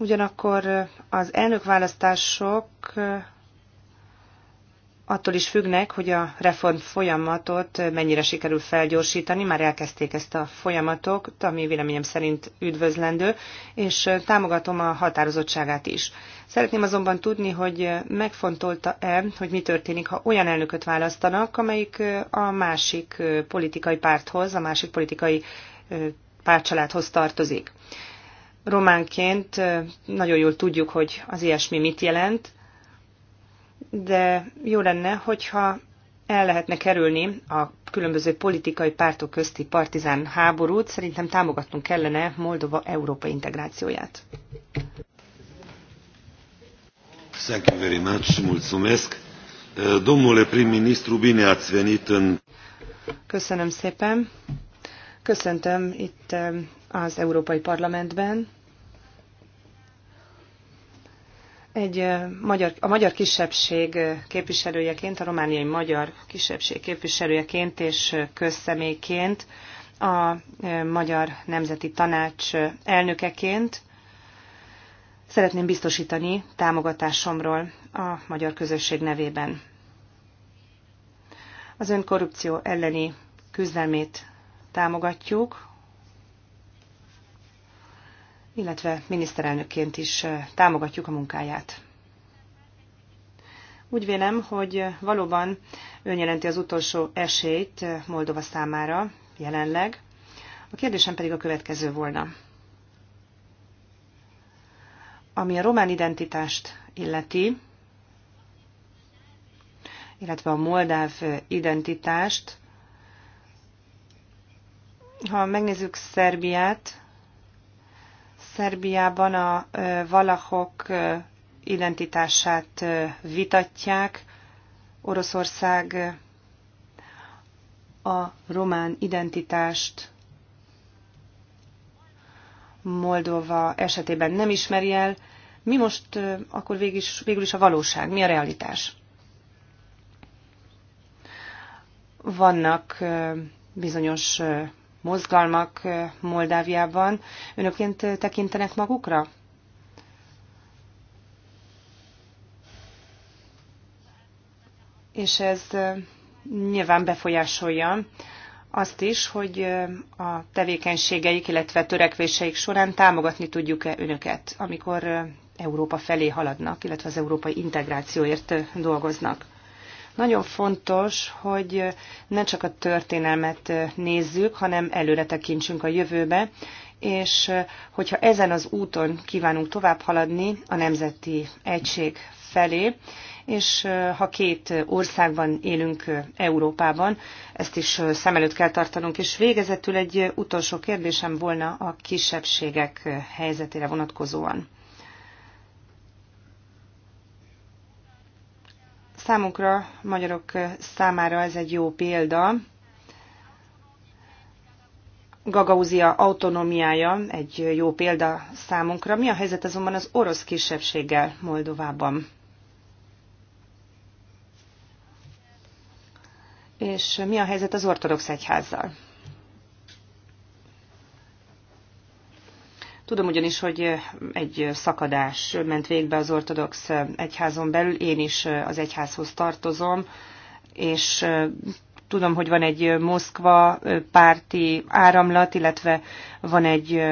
Ugyanakkor az elnökválasztások attól is függnek, hogy a reform folyamatot mennyire sikerül felgyorsítani. Már elkezdték ezt a folyamatok, ami véleményem szerint üdvözlendő, és támogatom a határozottságát is. Szeretném azonban tudni, hogy megfontolta-e, hogy mi történik, ha olyan elnököt választanak, amelyik a másik politikai párthoz, a másik politikai pártcsaládhoz tartozik románként nagyon jól tudjuk, hogy az ilyesmi mit jelent, de jó lenne, hogyha el lehetne kerülni a különböző politikai pártok közti partizán háborút, szerintem támogatnunk kellene Moldova Európa integrációját. Thank you very much, mulțumesc. Domnule prim-ministru, bine ați venit în... Köszönöm szépen. Köszöntöm itt az Európai Parlamentben. Egy magyar, a magyar kisebbség képviselőjeként, a romániai magyar kisebbség képviselőjeként és közszemélyként, a Magyar Nemzeti Tanács elnökeként szeretném biztosítani támogatásomról a magyar közösség nevében. Az önkorrupció elleni küzdelmét támogatjuk, illetve miniszterelnökként is támogatjuk a munkáját. Úgy vélem, hogy valóban ön jelenti az utolsó esélyt Moldova számára jelenleg. A kérdésem pedig a következő volna. Ami a román identitást illeti, illetve a moldáv identitást, ha megnézzük Szerbiát, Szerbiában a valahok identitását vitatják, Oroszország a román identitást Moldova esetében nem ismeri el. Mi most akkor végül is, végül is a valóság, mi a realitás? Vannak bizonyos mozgalmak eh, Moldáviában önöként eh, tekintenek magukra? És ez eh, nyilván befolyásolja azt is, hogy a tevékenységeik, illetve törekvéseik során támogatni tudjuk-e önöket, amikor Európa felé haladnak, illetve az európai integrációért dolgoznak. Nagyon fontos, hogy ne csak a történelmet nézzük, hanem előre tekintsünk a jövőbe, és hogyha ezen az úton kívánunk tovább haladni a nemzeti egység felé, és ha két országban élünk Európában, ezt is szem előtt kell tartanunk. És végezetül egy utolsó kérdésem volna a kisebbségek helyzetére vonatkozóan. Számunkra, magyarok számára ez egy jó példa. Gagauzia autonómiája egy jó példa számunkra. Mi a helyzet azonban az orosz kisebbséggel Moldovában? És mi a helyzet az ortodox egyházzal? Tudom ugyanis, hogy egy szakadás ment végbe az ortodox egyházon belül, én is az egyházhoz tartozom, és tudom, hogy van egy Moszkva párti áramlat, illetve van egy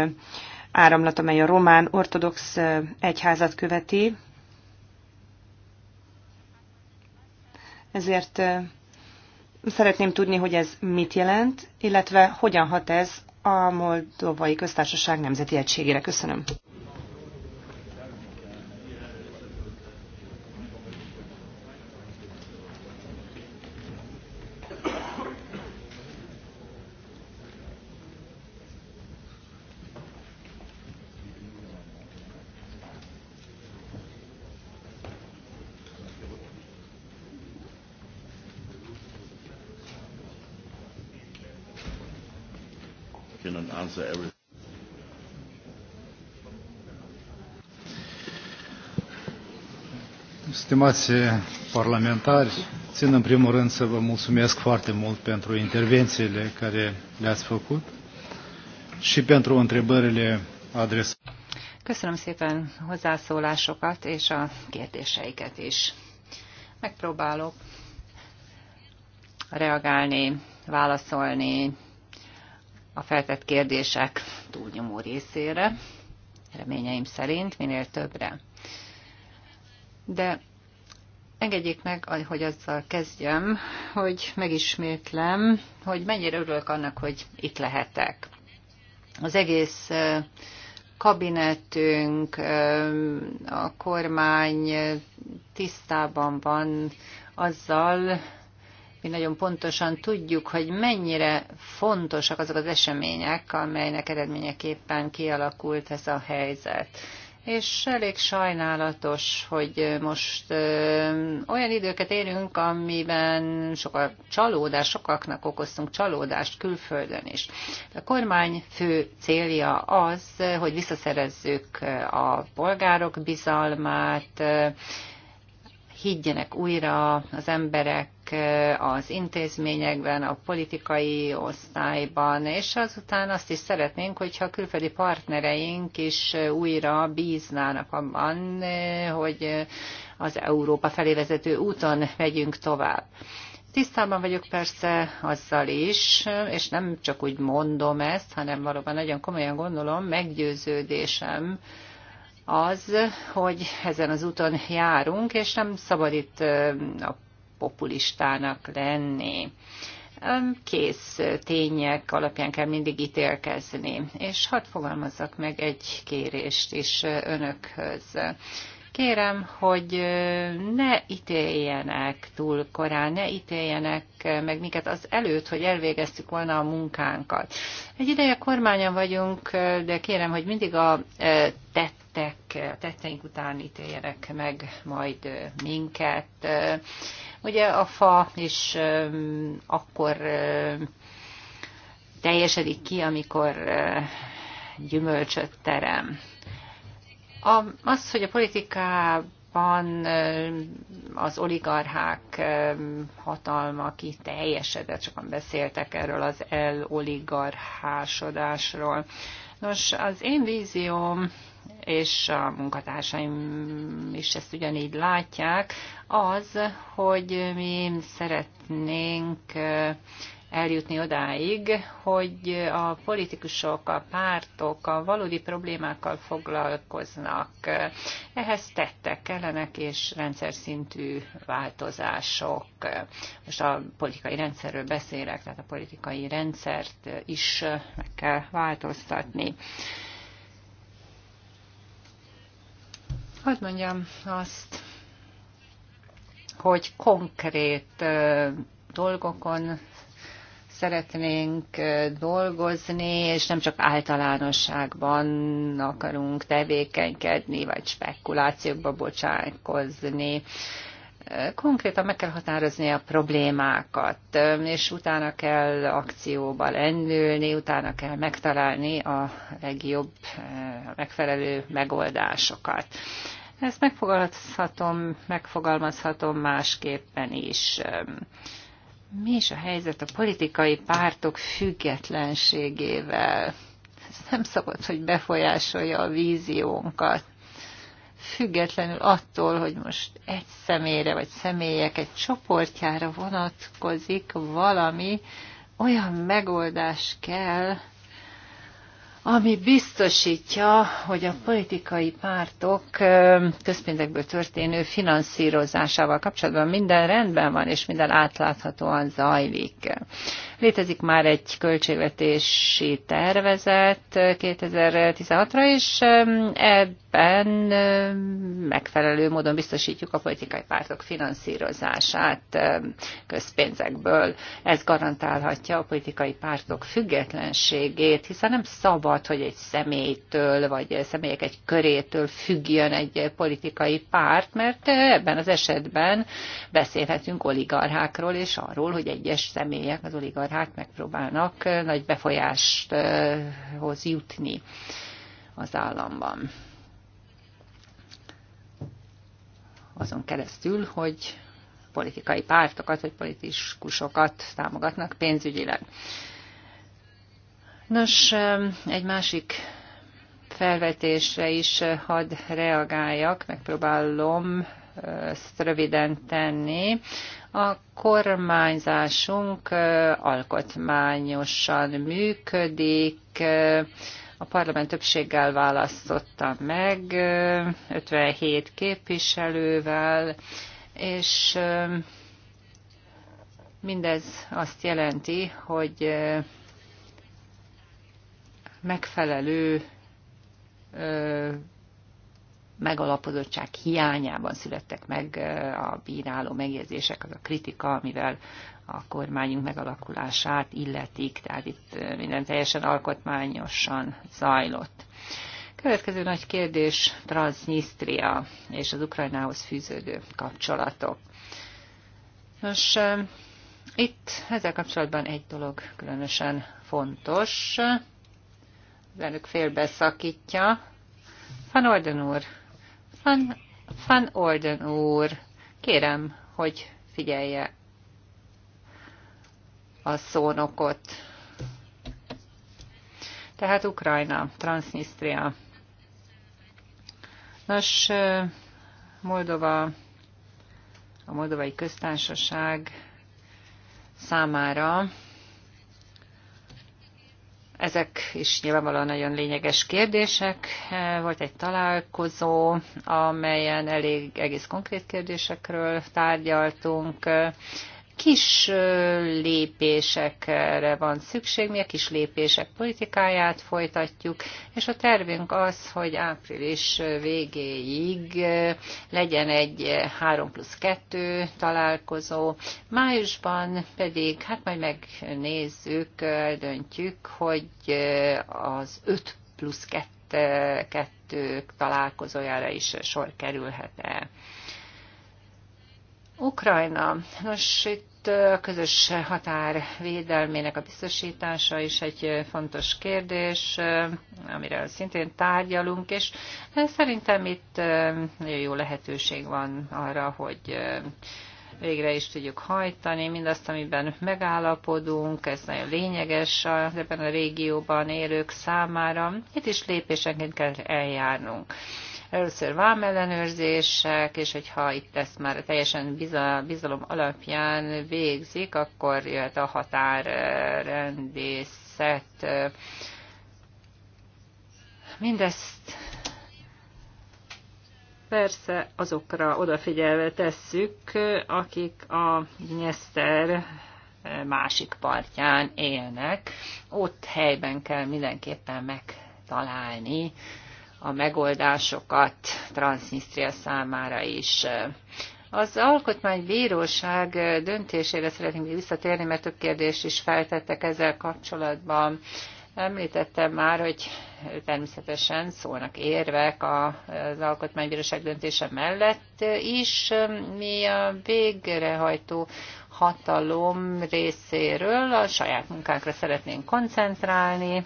áramlat, amely a román ortodox egyházat követi. Ezért szeretném tudni, hogy ez mit jelent, illetve hogyan hat ez a Moldovai Köztársaság Nemzeti Egységére. Köszönöm. answer everything. Stimați parlamentari, țin în primul rând să vă mulțumesc foarte mult pentru intervențiile care le-ați făcut și pentru întrebările adresate. Köszönöm szépen hozzászólásokat és a kérdéseiket is. Megpróbálok reagálni, válaszolni, a feltett kérdések túlnyomó részére, reményeim szerint minél többre. De engedjék meg, hogy azzal kezdjem, hogy megismétlem, hogy mennyire örülök annak, hogy itt lehetek. Az egész kabinetünk, a kormány tisztában van azzal, mi nagyon pontosan tudjuk, hogy mennyire fontosak azok az események, amelynek eredményeképpen kialakult ez a helyzet. És elég sajnálatos, hogy most ö, olyan időket érünk, amiben sokkal csalódás, sokaknak okoztunk csalódást külföldön is. A kormány fő célja az, hogy visszaszerezzük a polgárok bizalmát, ö, higgyenek újra az emberek eh, az intézményekben, a politikai osztályban, és azután azt is szeretnénk, hogyha a külföldi partnereink is eh, újra bíznának abban, eh, hogy az Európa felé vezető úton megyünk tovább. Tisztában vagyok persze azzal is, és nem csak úgy mondom ezt, hanem valóban nagyon komolyan gondolom, meggyőződésem, az, hogy ezen az úton járunk, és nem szabad itt a populistának lenni kész tények alapján kell mindig ítélkezni. És hadd fogalmazzak meg egy kérést is önökhöz kérem, hogy ne ítéljenek túl korán, ne ítéljenek meg minket az előtt, hogy elvégeztük volna a munkánkat. Egy ideje kormányon vagyunk, de kérem, hogy mindig a tettek, a tetteink után ítéljenek meg majd minket. Ugye a fa is akkor teljesedik ki, amikor gyümölcsöt terem. A, az, hogy a politikában az oligarchák hatalma teljesedett, sokan beszéltek erről az eloligarchásodásról. Nos, az én vízióm és a munkatársaim is ezt ugyanígy látják, az, hogy mi szeretnénk eljutni odáig, hogy a politikusok, a pártok a valódi problémákkal foglalkoznak. Ehhez tettek kellenek és rendszer szintű változások. Most a politikai rendszerről beszélek, tehát a politikai rendszert is meg kell változtatni. Hadd mondjam azt, hogy konkrét dolgokon szeretnénk dolgozni, és nem csak általánosságban akarunk tevékenykedni, vagy spekulációkba bocsánkozni. Konkrétan meg kell határozni a problémákat, és utána kell akcióba lendülni, utána kell megtalálni a legjobb, a megfelelő megoldásokat. Ezt megfogalmazhatom, megfogalmazhatom másképpen is mi is a helyzet a politikai pártok függetlenségével? Ez nem szabad, hogy befolyásolja a víziónkat. Függetlenül attól, hogy most egy személyre vagy személyek egy csoportjára vonatkozik valami, olyan megoldás kell, ami biztosítja, hogy a politikai pártok közpénzekből történő finanszírozásával kapcsolatban minden rendben van, és minden átláthatóan zajlik. Létezik már egy költségvetési tervezet 2016-ra, és ebben megfelelő módon biztosítjuk a politikai pártok finanszírozását közpénzekből. Ez garantálhatja a politikai pártok függetlenségét, hiszen nem szabad, hogy egy személytől vagy személyek egy körétől függjön egy politikai párt, mert ebben az esetben beszélhetünk oligarchákról és arról, hogy egyes személyek az oligarchák hát megpróbálnak eh, nagy befolyást eh, hoz jutni az államban. Azon keresztül, hogy politikai pártokat vagy politikusokat támogatnak pénzügyileg. Nos, egy másik felvetésre is eh, hadd reagáljak, megpróbálom ezt röviden tenni. A kormányzásunk alkotmányosan működik, a parlament többséggel választotta meg, 57 képviselővel, és mindez azt jelenti, hogy megfelelő megalapozottság hiányában születtek meg a bíráló megjegyzések, az a kritika, amivel a kormányunk megalakulását illetik, tehát itt minden teljesen alkotmányosan zajlott. Következő nagy kérdés Transnistria és az Ukrajnához fűződő kapcsolatok. Nos, itt ezzel kapcsolatban egy dolog különösen fontos. Az elnök félbeszakítja. Van Orden úr, van, Van Olden úr, kérem, hogy figyelje a szónokot. Tehát Ukrajna, Transnistria. Nos, Moldova, a Moldovai Köztársaság számára ezek is nyilvánvalóan nagyon lényeges kérdések. E, volt egy találkozó, amelyen elég egész konkrét kérdésekről tárgyaltunk kis lépésekre van szükség, mi a kis lépések politikáját folytatjuk, és a tervünk az, hogy április végéig legyen egy 3 plusz 2 találkozó, májusban pedig, hát majd megnézzük, döntjük, hogy az 5 plusz 2 kettők találkozójára is sor kerülhet-e. Ukrajna. Nos, itt a közös határ védelmének a biztosítása is egy fontos kérdés, amire szintén tárgyalunk, és szerintem itt nagyon jó lehetőség van arra, hogy végre is tudjuk hajtani, mindazt, amiben megállapodunk, ez nagyon lényeges ebben a régióban élők számára. Itt is lépésenként kell eljárnunk. Először vámellenőrzések, és hogyha itt ezt már teljesen bizalom alapján végzik, akkor jöhet a határrendészet. Mindezt persze azokra odafigyelve tesszük, akik a Nyeszter másik partján élnek. Ott helyben kell mindenképpen megtalálni a megoldásokat Transnistria számára is. Az Alkotmánybíróság döntésére szeretnénk még visszatérni, mert több kérdést is feltettek ezzel kapcsolatban. Említettem már, hogy természetesen szólnak érvek az Alkotmánybíróság döntése mellett is. Mi a végrehajtó hatalom részéről a saját munkánkra szeretnénk koncentrálni,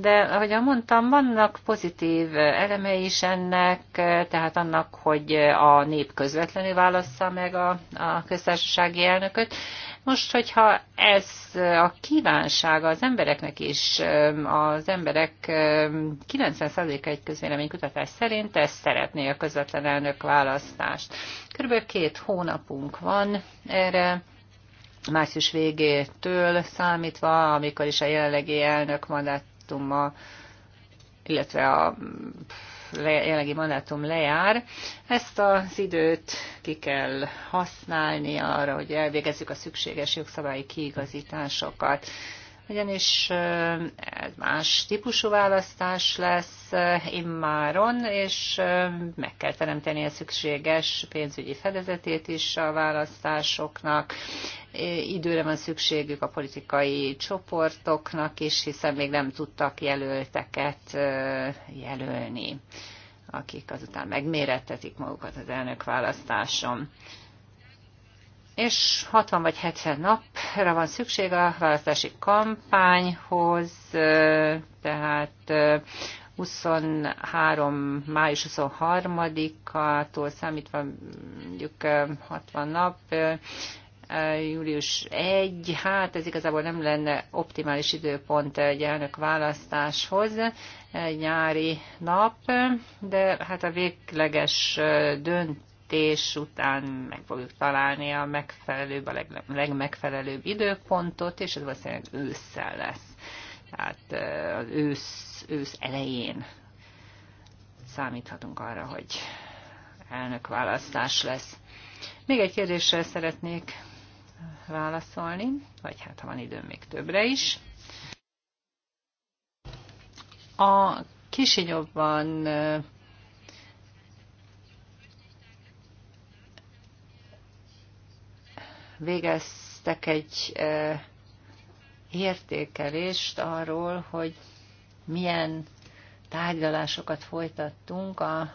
de ahogy mondtam, vannak pozitív elemei is ennek, tehát annak, hogy a nép közvetlenül válassza meg a, a köztársasági elnököt. Most, hogyha ez a kívánsága az embereknek is, az emberek 90%-a egy közvéleménykutatás szerint ezt szeretné a közvetlen elnök választást. Körülbelül két hónapunk van erre március végétől számítva, amikor is a jelenlegi elnök mandát mandátuma, illetve a jelenlegi mandátum lejár. Ezt az időt ki kell használni arra, hogy elvégezzük a szükséges jogszabályi kiigazításokat ugyanis ez más típusú választás lesz immáron, és meg kell teremteni a szükséges pénzügyi fedezetét is a választásoknak. Időre van szükségük a politikai csoportoknak is, hiszen még nem tudtak jelölteket jelölni akik azután megmérettetik magukat az elnök választáson és 60 vagy 70 napra van szükség a választási kampányhoz, tehát 23. május 23-ától számítva mondjuk 60 nap, július 1, hát ez igazából nem lenne optimális időpont egy elnök választáshoz, egy nyári nap, de hát a végleges dönt jelentés után meg fogjuk találni a megfelelőbb, a leg, legmegfelelőbb időpontot, és ez valószínűleg ősszel lesz. Tehát az ősz, ősz elején számíthatunk arra, hogy elnökválasztás lesz. Még egy kérdéssel szeretnék válaszolni, vagy hát ha van időm, még többre is. A Kisinyobban végeztek egy értékelést arról, hogy milyen tárgyalásokat folytattunk a,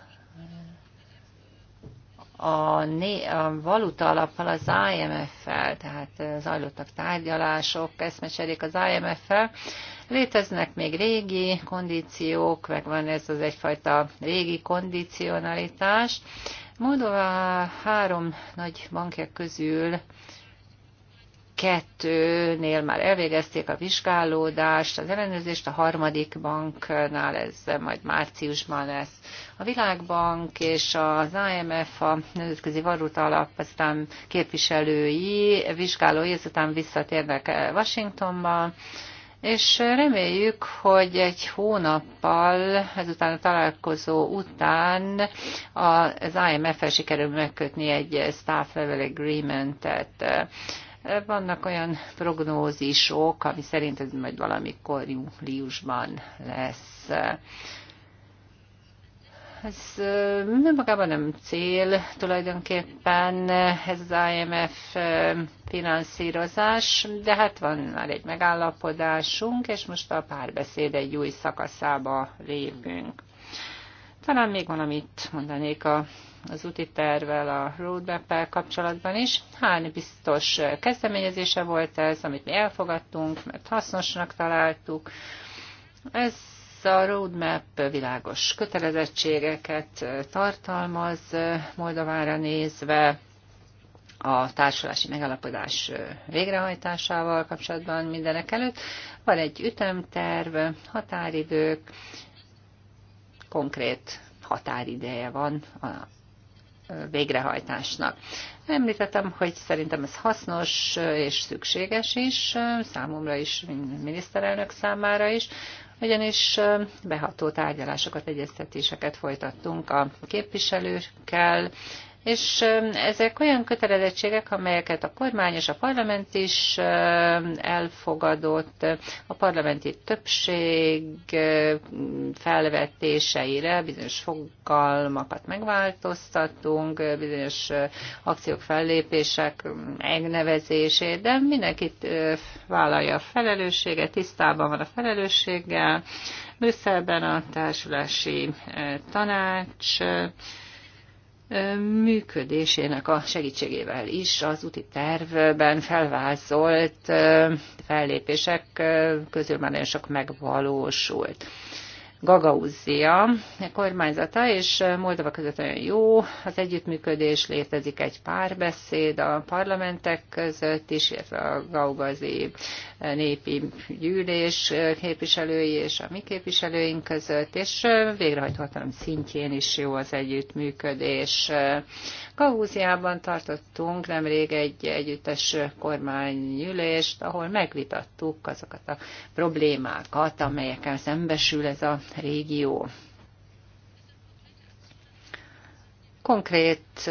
a, né, a valuta alappal az IMF-fel, tehát zajlottak tárgyalások, eszmecserék az IMF-fel. Léteznek még régi kondíciók, meg van ez az egyfajta régi kondicionalitás, Moldova három nagy bankja közül kettőnél már elvégezték a vizsgálódást, az ellenőrzést, a harmadik banknál ez majd márciusban lesz. A Világbank és az IMF, a Nemzetközi Valuta Alap, aztán képviselői, vizsgálói, ezután visszatérnek Washingtonba, és reméljük, hogy egy hónappal ezután a találkozó után az IMF-el sikerül megkötni egy staff level agreement-et. Vannak olyan prognózisok, ami szerint ez majd valamikor júliusban lesz ez önmagában nem cél tulajdonképpen ez az IMF finanszírozás, de hát van már egy megállapodásunk, és most a párbeszéd egy új szakaszába lépünk. Talán még valamit mondanék a, az úti tervvel, a roadmap kapcsolatban is. Hány biztos kezdeményezése volt ez, amit mi elfogadtunk, mert hasznosnak találtuk. Ez a roadmap világos kötelezettségeket tartalmaz Moldovára nézve, a társulási megalapodás végrehajtásával kapcsolatban mindenek előtt. Van egy ütemterv, határidők, konkrét határideje van a végrehajtásnak. Említettem, hogy szerintem ez hasznos és szükséges is, számomra is, miniszterelnök számára is, ugyanis beható tárgyalásokat, egyeztetéseket folytattunk a képviselőkkel, és ezek olyan kötelezettségek, amelyeket a kormány és a parlament is elfogadott, a parlamenti többség felvetéseire bizonyos fogalmakat megváltoztatunk, bizonyos akciók, fellépések megnevezését, de mindenkit vállalja a felelősséget, tisztában van a felelősséggel. Brüsszelben a társulási tanács működésének a segítségével is az úti tervben felvázolt fellépések közül már nagyon sok megvalósult. Gagauzia kormányzata, és Moldova között nagyon jó az együttműködés, létezik egy párbeszéd a parlamentek között is, illetve a gaugazi népi gyűlés képviselői és a mi képviselőink között, és végrehajtóhatalom szintjén is jó az együttműködés. Gagauziában tartottunk nemrég egy együttes kormányülést, ahol megvitattuk azokat a problémákat, amelyekkel szembesül ez a régió. Konkrét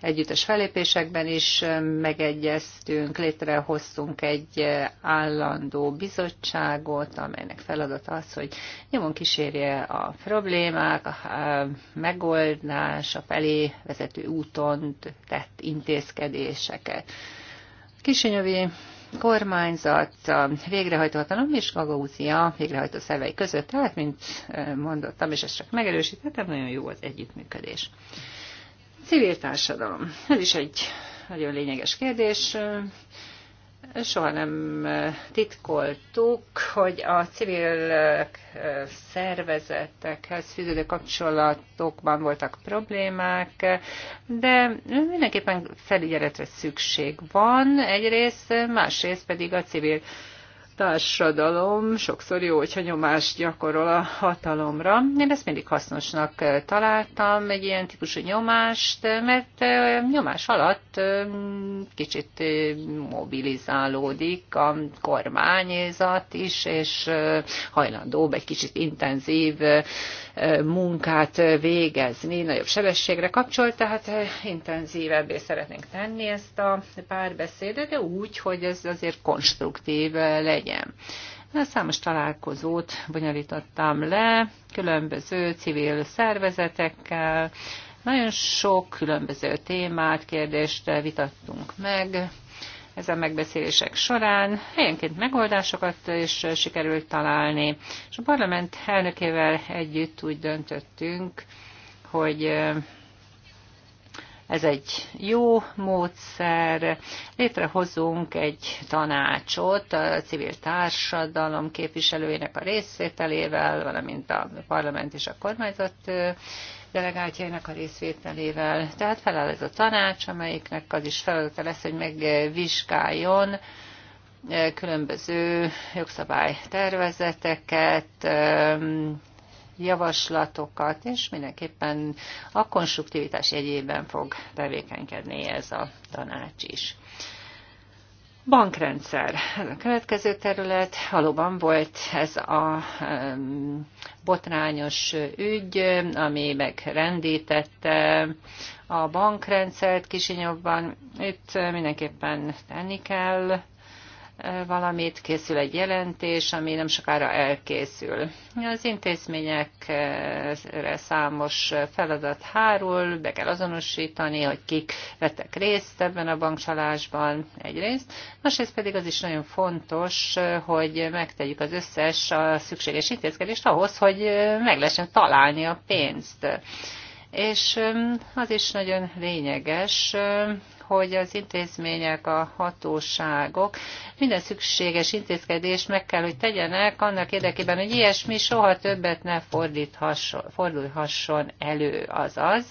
együttes felépésekben is megegyeztünk, létrehoztunk egy állandó bizottságot, amelynek feladata az, hogy nyomon kísérje a problémák, a megoldás, a felé vezető úton tett intézkedéseket. Kisinyövi kormányzat, a végrehajtó hatalom és Gagauzia végrehajtó szervei között. Tehát, mint mondottam, és ezt csak megerősítettem, nagyon jó az együttműködés. Civil társadalom. Ez is egy nagyon lényeges kérdés soha nem titkoltuk, hogy a civil szervezetekhez fűződő kapcsolatokban voltak problémák, de mindenképpen felügyeletre szükség van egyrészt, másrészt pedig a civil társadalom sokszor jó, hogyha nyomást gyakorol a hatalomra. Én ezt mindig hasznosnak eh, találtam, egy ilyen típusú nyomást, eh, mert eh, nyomás alatt kicsit mobilizálódik a kormányzat is, és hajlandóbb egy kicsit intenzív munkát végezni, nagyobb sebességre kapcsolt, tehát intenzívebbé szeretnénk tenni ezt a párbeszédet, de úgy, hogy ez azért konstruktív legyen. Számos találkozót bonyolítottam le különböző civil szervezetekkel, nagyon sok különböző témát, kérdést vitattunk meg, ezen megbeszélések során helyenként megoldásokat is sikerült találni, és a parlament elnökével együtt úgy döntöttünk, hogy ez egy jó módszer. Létrehozunk egy tanácsot a civil társadalom képviselőinek a részvételével, valamint a parlament és a kormányzat delegáltjainak a részvételével. Tehát feláll ez a tanács, amelyiknek az is feladata lesz, hogy megvizsgáljon e, különböző jogszabálytervezeteket, e, javaslatokat, és mindenképpen a konstruktivitás jegyében fog tevékenykedni ez a tanács is. Bankrendszer. Ez a következő terület. Valóban volt ez a botrányos ügy, ami megrendítette a bankrendszert Kisinyobban. Itt mindenképpen tenni kell valamit, készül egy jelentés, ami nem sokára elkészül. Az intézményekre számos feladat hárul, be kell azonosítani, hogy kik vettek részt ebben a bankcsalásban egyrészt, másrészt pedig az is nagyon fontos, hogy megtegyük az összes a szükséges intézkedést ahhoz, hogy meg lehessen találni a pénzt. És az is nagyon lényeges, hogy az intézmények, a hatóságok minden szükséges intézkedést meg kell, hogy tegyenek annak érdekében, hogy ilyesmi soha többet ne fordulhasson elő. Azaz,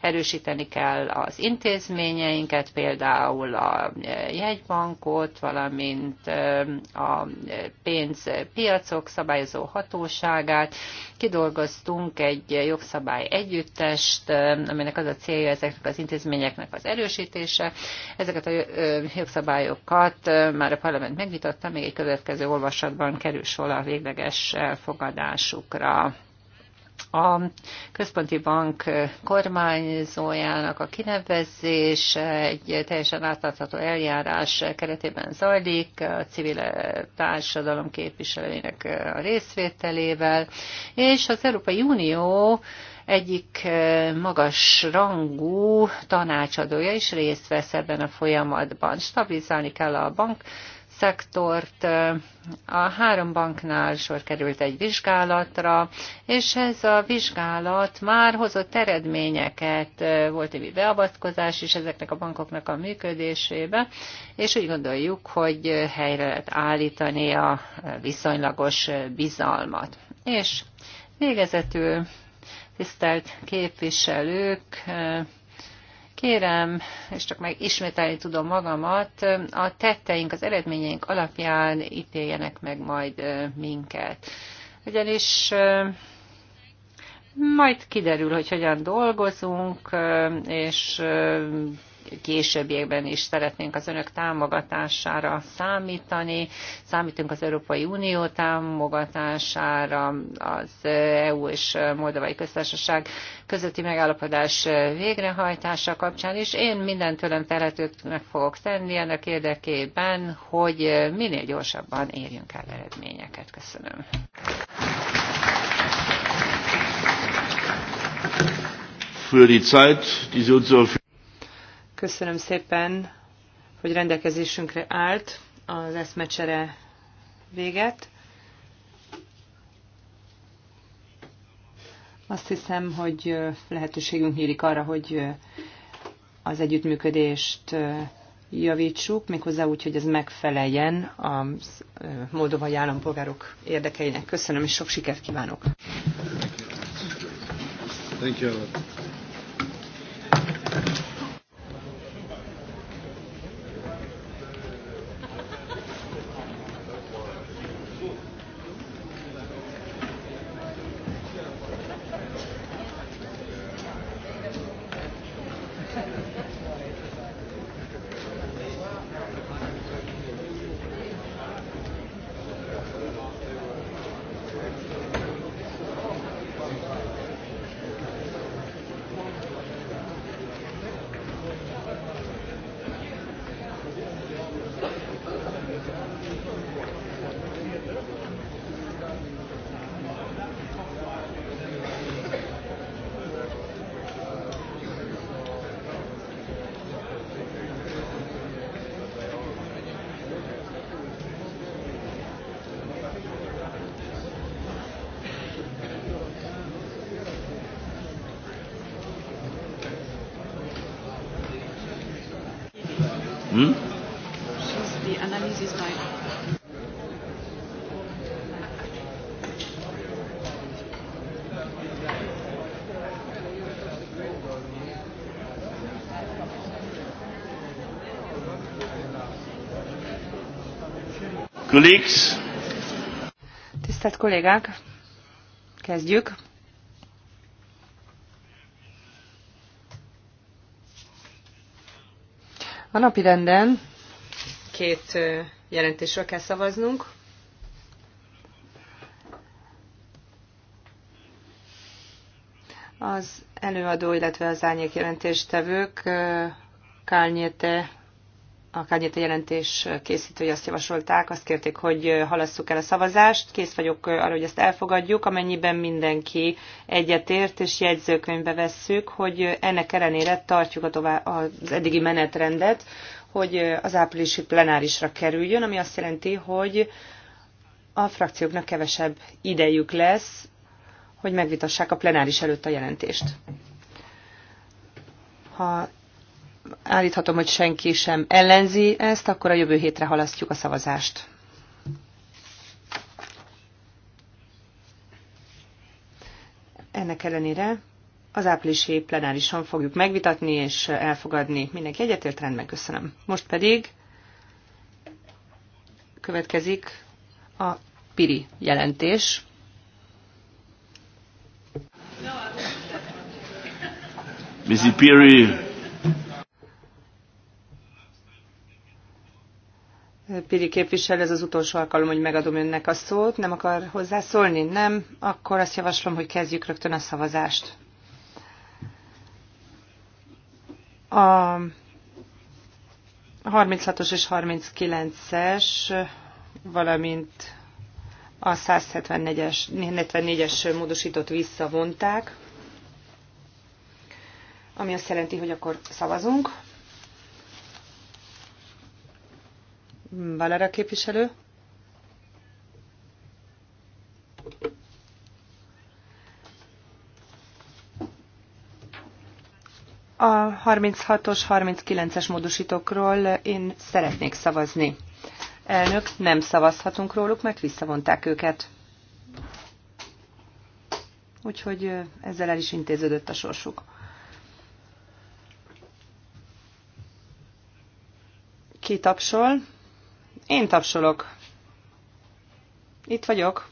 erősíteni kell az intézményeinket, például a jegybankot, valamint a pénzpiacok szabályozó hatóságát. Kidolgoztunk egy jogszabály együttest, aminek az a célja ezeknek az intézményeknek az erősítés, és ezeket a jogszabályokat már a parlament megvitatta, még egy következő olvasatban kerül sor a végleges elfogadásukra a központi bank kormányzójának a kinevezés egy teljesen átlátható eljárás keretében zajlik, a civil társadalom képviselőinek a részvételével, és az Európai Unió egyik eh, magas rangú tanácsadója is részt vesz ebben a folyamatban. Stabilizálni kell a bank szektort. A három banknál sor került egy vizsgálatra, és ez a vizsgálat már hozott eredményeket, volt egy beavatkozás is ezeknek a bankoknak a működésébe, és úgy gondoljuk, hogy helyre lehet állítani a viszonylagos bizalmat. És végezetül Tisztelt képviselők, kérem, és csak meg ismételni tudom magamat, a tetteink, az eredményeink alapján ítéljenek meg majd minket. Ugyanis majd kiderül, hogy hogyan dolgozunk, és későbbiekben is szeretnénk az önök támogatására számítani. Számítunk az Európai Unió támogatására, az EU és Moldovai Köztársaság közötti megállapodás végrehajtása kapcsán, és én minden tőlem telhetőt meg fogok tenni ennek érdekében, hogy minél gyorsabban érjünk el eredményeket. Köszönöm. für die Zeit, die Sie uns zur Köszönöm szépen, hogy rendelkezésünkre állt az eszmecsere véget. Azt hiszem, hogy lehetőségünk nyílik arra, hogy az együttműködést javítsuk, méghozzá úgy, hogy ez megfeleljen a moldovai állampolgárok érdekeinek. Köszönöm, és sok sikert kívánok! Thank you. colleagues. Tisztelt kollégák, kezdjük. A napi renden két jelentésről kell szavaznunk. Az előadó, illetve az árnyék jelentéstevők Kálnyete a Kányét jelentés készítői azt javasolták, azt kérték, hogy halasszuk el a szavazást. Kész vagyok arra, hogy ezt elfogadjuk, amennyiben mindenki egyetért, és jegyzőkönyvbe vesszük, hogy ennek ellenére tartjuk a tovább, az eddigi menetrendet, hogy az áprilisi plenárisra kerüljön, ami azt jelenti, hogy a frakcióknak kevesebb idejük lesz, hogy megvitassák a plenáris előtt a jelentést. Ha állíthatom, hogy senki sem ellenzi ezt, akkor a jövő hétre halasztjuk a szavazást. Ennek ellenére az áprilisi plenárison fogjuk megvitatni és elfogadni. Mindenki egyetért, rendben köszönöm. Most pedig következik a Piri jelentés. Missy Piri Piri képvisel, ez az utolsó alkalom, hogy megadom önnek a szót. Nem akar hozzászólni? Nem? Akkor azt javaslom, hogy kezdjük rögtön a szavazást. A 36-os és 39-es, valamint a 174-es 74-es módosított visszavonták, ami azt jelenti, hogy akkor szavazunk. Valera képviselő. A 36-os, 39-es módosítókról én szeretnék szavazni. Elnök, nem szavazhatunk róluk, mert visszavonták őket. Úgyhogy ezzel el is intéződött a sorsuk. Kitapsol. tapsol? Én tapsolok. Itt vagyok.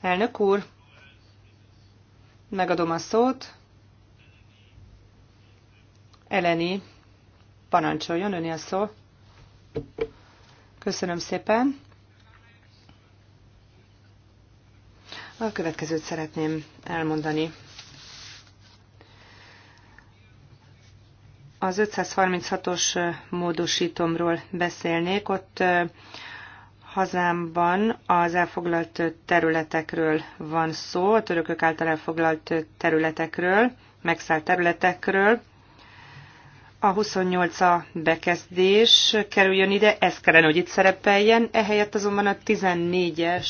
Elnök úr, megadom a szót. Eleni, parancsoljon, öné a szó. Köszönöm szépen. A következőt szeretném elmondani. az 536-os módosítomról beszélnék. Ott hazámban az elfoglalt területekről van szó, a törökök által elfoglalt területekről, megszállt területekről. A 28 a bekezdés kerüljön ide, ez kellene, hogy itt szerepeljen, ehelyett azonban a 14-es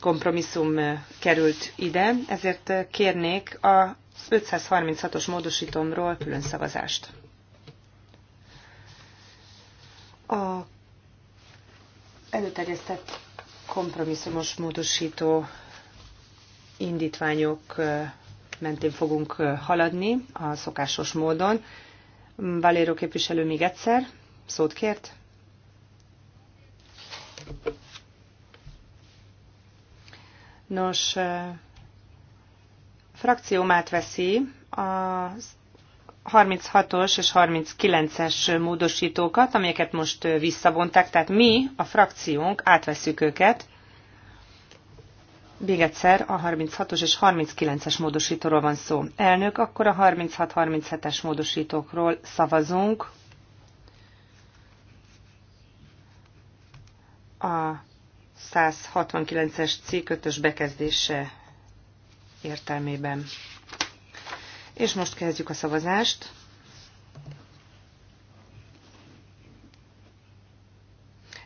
kompromisszum került ide, ezért kérnék a 536-os módosítomról külön szavazást. A előterjesztett kompromisszumos módosító indítványok mentén fogunk haladni a szokásos módon. Valéro képviselő még egyszer szót kért. Nos, frakcióm átveszi a 36-os és 39-es módosítókat, amelyeket most visszavonták, tehát mi, a frakciónk átveszük őket. Még egyszer a 36-os és 39-es módosítóról van szó. Elnök, akkor a 36-37-es módosítókról szavazunk. A 169-es cikk 5 bekezdése értelmében. És most kezdjük a szavazást.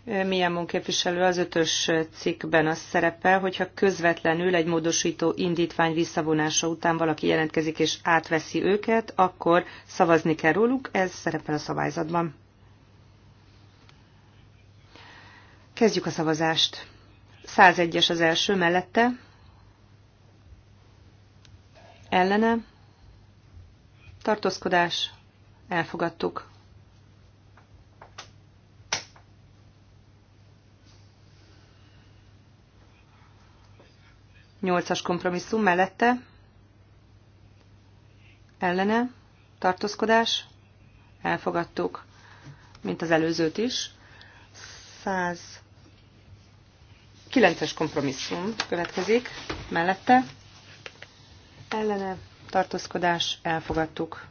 milyen munképviselő az ötös cikkben az szerepel, hogyha közvetlenül egy módosító indítvány visszavonása után valaki jelentkezik és átveszi őket, akkor szavazni kell róluk, ez szerepel a szabályzatban. Kezdjük a szavazást. 101-es az első mellette, ellene, tartózkodás, elfogadtuk. Nyolcas kompromisszum mellette, ellene, tartózkodás, elfogadtuk, mint az előzőt is. 109-es kompromisszum következik mellette, ellene tartózkodás elfogadtuk.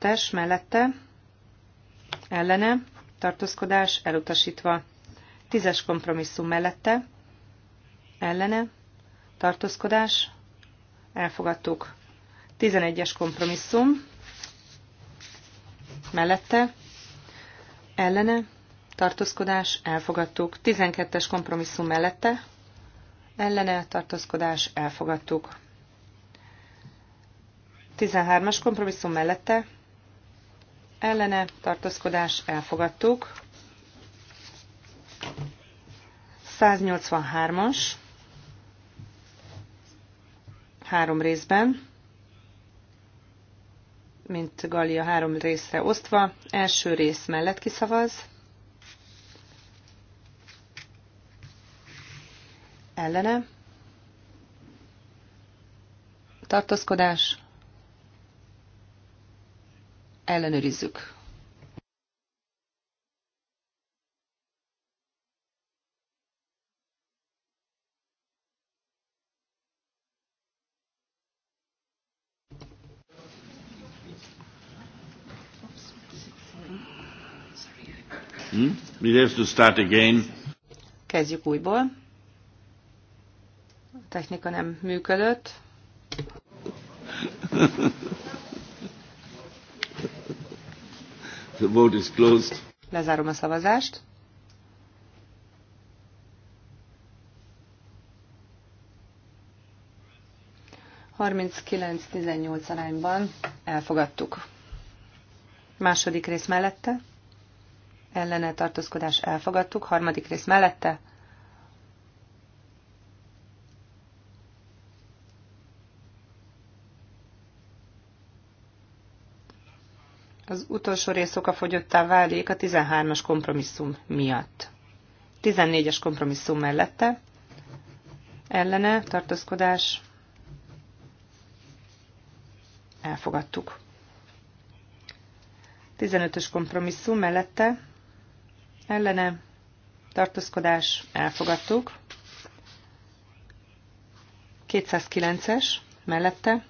es mellette ellene tartózkodás elutasítva. Tízes kompromisszum mellette ellene tartózkodás elfogadtuk. 11-es kompromisszum mellette ellene tartózkodás, elfogadtuk. 12-es kompromisszum mellette, ellene, tartózkodás, elfogadtuk. 13-as kompromisszum mellette, ellene, tartózkodás, elfogadtuk. 183-as, három részben, mint Galia három részre osztva, első rész mellett kiszavaz, ellene, tartózkodás, ellenőrizzük. Hmm? We have to start again. Kezdjük újból technika nem működött. The vote is closed. Lezárom a szavazást. Harminckilenc tizennyolc arányban elfogadtuk. Második rész mellette. Ellene tartózkodás elfogadtuk. Harmadik rész mellette Az utolsó rész okafogyottá válik a 13-as kompromisszum miatt. 14-es kompromisszum mellette ellene tartózkodás elfogadtuk. 15-ös kompromisszum mellette ellene tartózkodás elfogadtuk. 209-es mellette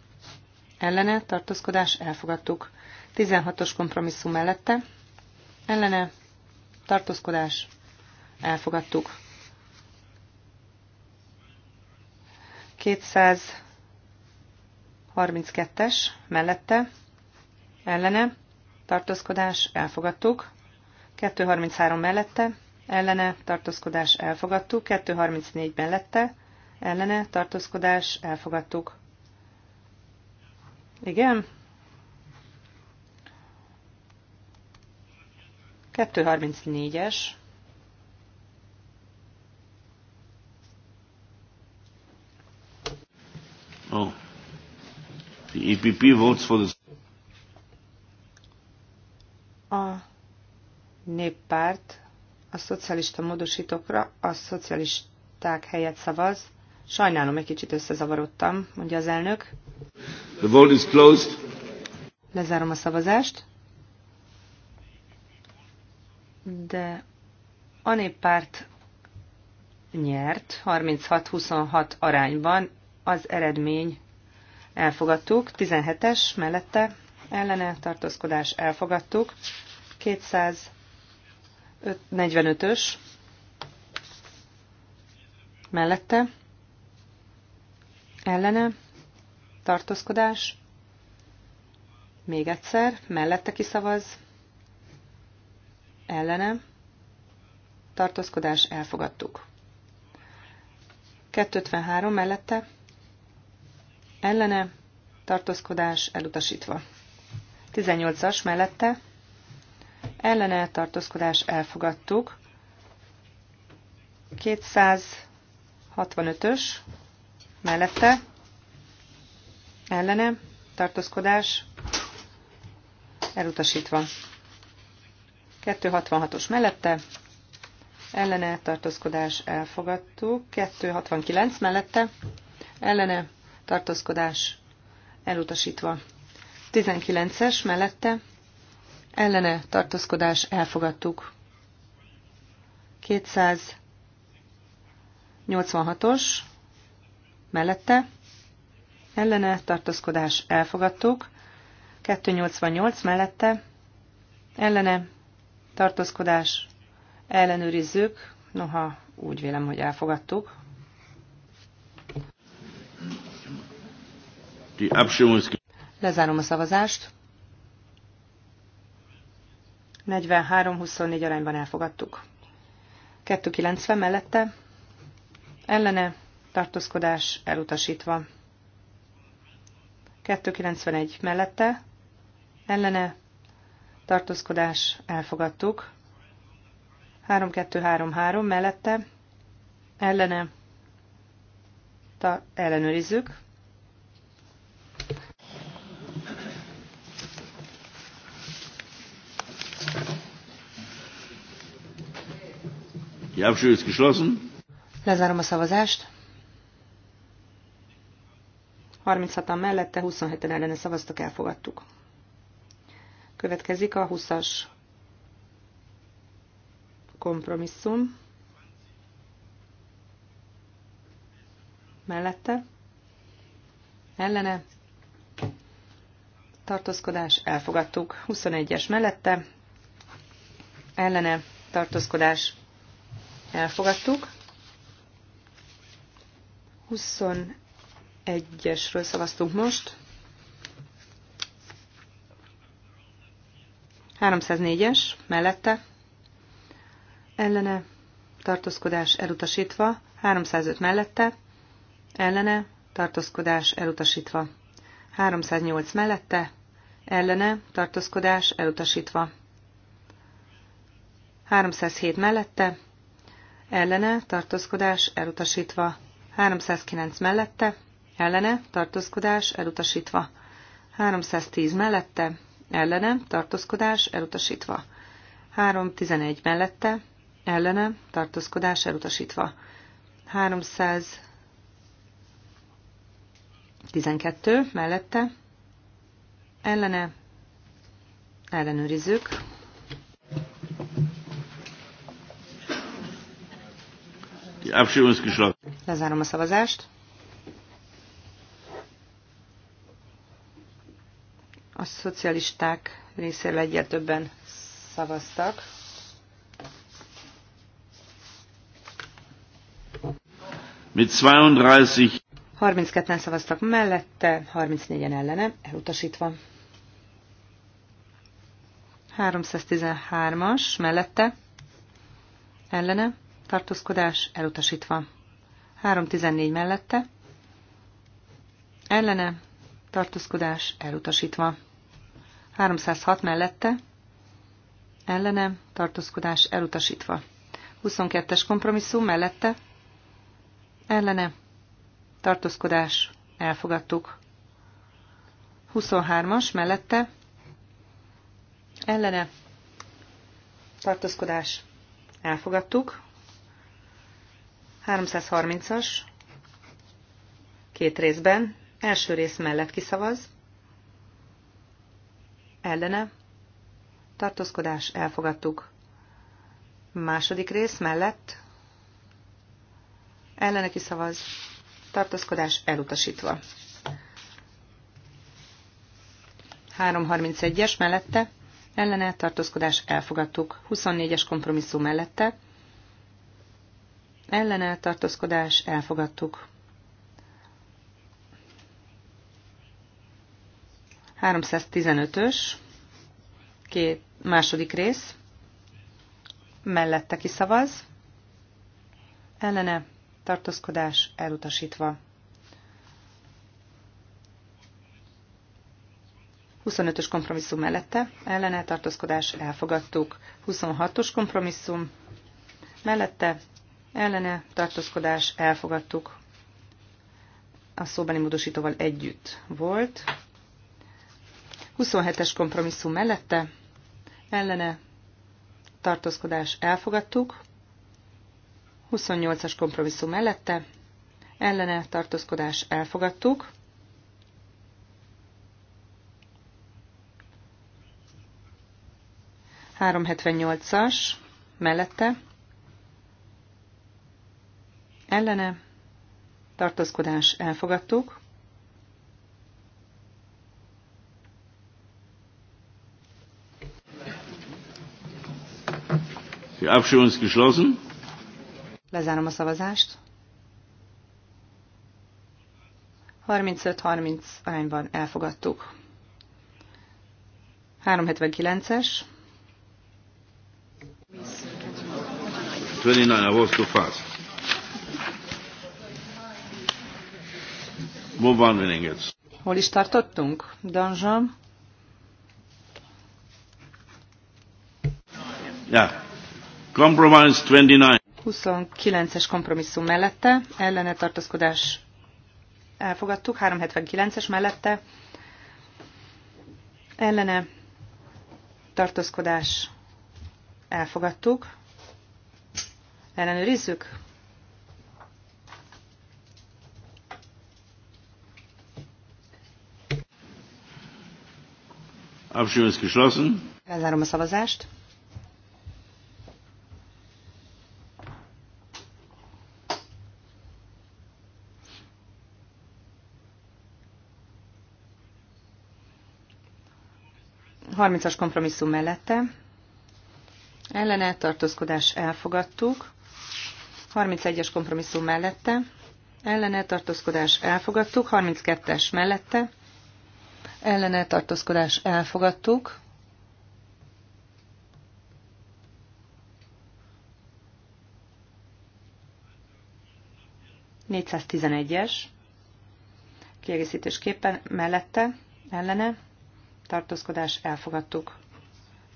ellene tartózkodás elfogadtuk. 16-os kompromisszum mellette, ellene, tartózkodás, elfogadtuk. 232-es mellette, ellene, tartózkodás, elfogadtuk. 233 mellette, ellene, tartózkodás, elfogadtuk. 234 mellette, ellene, tartózkodás, elfogadtuk. Igen? 234-es. Oh. The EPP votes for this. A néppárt a szocialista módosítókra a szocialisták helyett szavaz. Sajnálom, egy kicsit összezavarodtam, mondja az elnök. The vote is closed. Lezárom a szavazást de a néppárt nyert 36-26 arányban. Az eredmény elfogadtuk, 17-es mellette ellene tartózkodás elfogadtuk, 245-ös mellette ellene tartózkodás, még egyszer, mellette kiszavaz, ellene, tartózkodás elfogadtuk. 253 mellette, ellene, tartózkodás elutasítva. 18-as mellette, ellene, tartózkodás elfogadtuk. 265-ös mellette, ellene, tartózkodás elutasítva. 266-os mellette, ellene tartózkodás elfogadtuk, 269 mellette, ellene tartózkodás elutasítva. 19-es mellette, ellene tartózkodás elfogadtuk. 286-os mellette, ellene tartózkodás elfogadtuk. 288 mellette, ellene tartózkodás, ellenőrizzük, noha úgy vélem, hogy elfogadtuk. Lezárom a szavazást. 43-24 arányban elfogadtuk. 290 mellette, ellene, tartózkodás elutasítva. 291 mellette, ellene, tartózkodás elfogadtuk. 3-2-3-3 mellette ellene ta, ellenőrizzük. Die geschlossen. Lezárom a szavazást. 36-an mellette, 27-en ellene szavaztak, elfogadtuk. Következik a 20-as kompromisszum. Mellette. Ellene. Tartózkodás. Elfogadtuk. 21-es mellette. Ellene. Tartózkodás. Elfogadtuk. 21-esről szavaztunk most. 304-es mellette ellene tartózkodás elutasítva, 305 mellette ellene tartózkodás elutasítva, 308 mellette ellene tartózkodás elutasítva, 307 mellette ellene tartózkodás elutasítva, 309 mellette ellene tartózkodás elutasítva, 310 mellette ellene, tartózkodás elutasítva. 311 mellette, ellene, tartózkodás elutasítva. 312 mellette, ellene, ellenőrizzük. Lezárom a szavazást. A szocialisták részéről egyre többen szavaztak. Mit 32 32-en szavaztak mellette, 34-en ellene, elutasítva. 313-as mellette, ellene, tartózkodás, elutasítva. 314 mellette, ellene, tartózkodás, elutasítva. 306 mellette, ellene, tartózkodás elutasítva. 22-es kompromisszum mellette, ellene, tartózkodás, elfogadtuk. 23-as mellette, ellene, tartózkodás, elfogadtuk. 330-as, két részben, első rész mellett kiszavaz, ellene, tartózkodás, elfogadtuk. Második rész mellett, ellene kiszavaz, tartózkodás, elutasítva. 331-es mellette, ellene, tartózkodás, elfogadtuk. 24-es kompromisszum mellette, ellene, tartózkodás, elfogadtuk. 315-ös, két, második rész, mellette kiszavaz, ellene tartózkodás elutasítva. 25-ös kompromisszum mellette, ellene tartózkodás elfogadtuk. 26-os kompromisszum mellette, ellene tartózkodás elfogadtuk. A szóbeli módosítóval együtt volt. 27-es kompromisszum mellette ellene tartózkodás elfogadtuk. 28-as kompromisszum mellette ellene tartózkodás elfogadtuk. 378-as mellette ellene tartózkodás elfogadtuk. Die Abstimmung ist geschlossen. Lezárom a szavazást. 35-30 arányban elfogadtuk. 379-es. 29, I was too fast. Wo Hol is tartottunk? Danjean? Ja, Compromise 29. 29-es kompromisszum mellette, ellene tartózkodás elfogadtuk, 379-es mellette, ellene tartózkodás elfogadtuk, ellenőrizzük. Abstimmung ist geschlossen. Lezárom a szavazást. 30-as kompromisszum mellette. Ellene tartózkodás elfogadtuk. 31-es kompromisszum mellette. Ellene tartózkodás elfogadtuk. 32-es mellette. Ellene tartózkodás elfogadtuk. Négyszáztizenegyes kiegészítésképpen mellette, ellene tartózkodás elfogadtuk.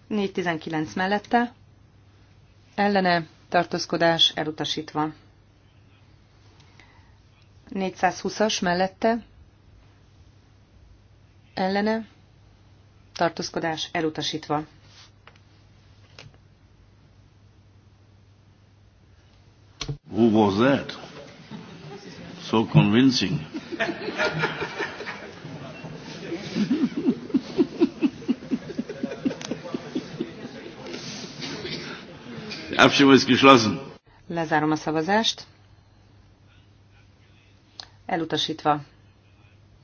419 mellette, ellene tartózkodás elutasítva. 420-as mellette, ellene tartózkodás elutasítva. Who was that? So convincing. Lezárom a szavazást. Elutasítva.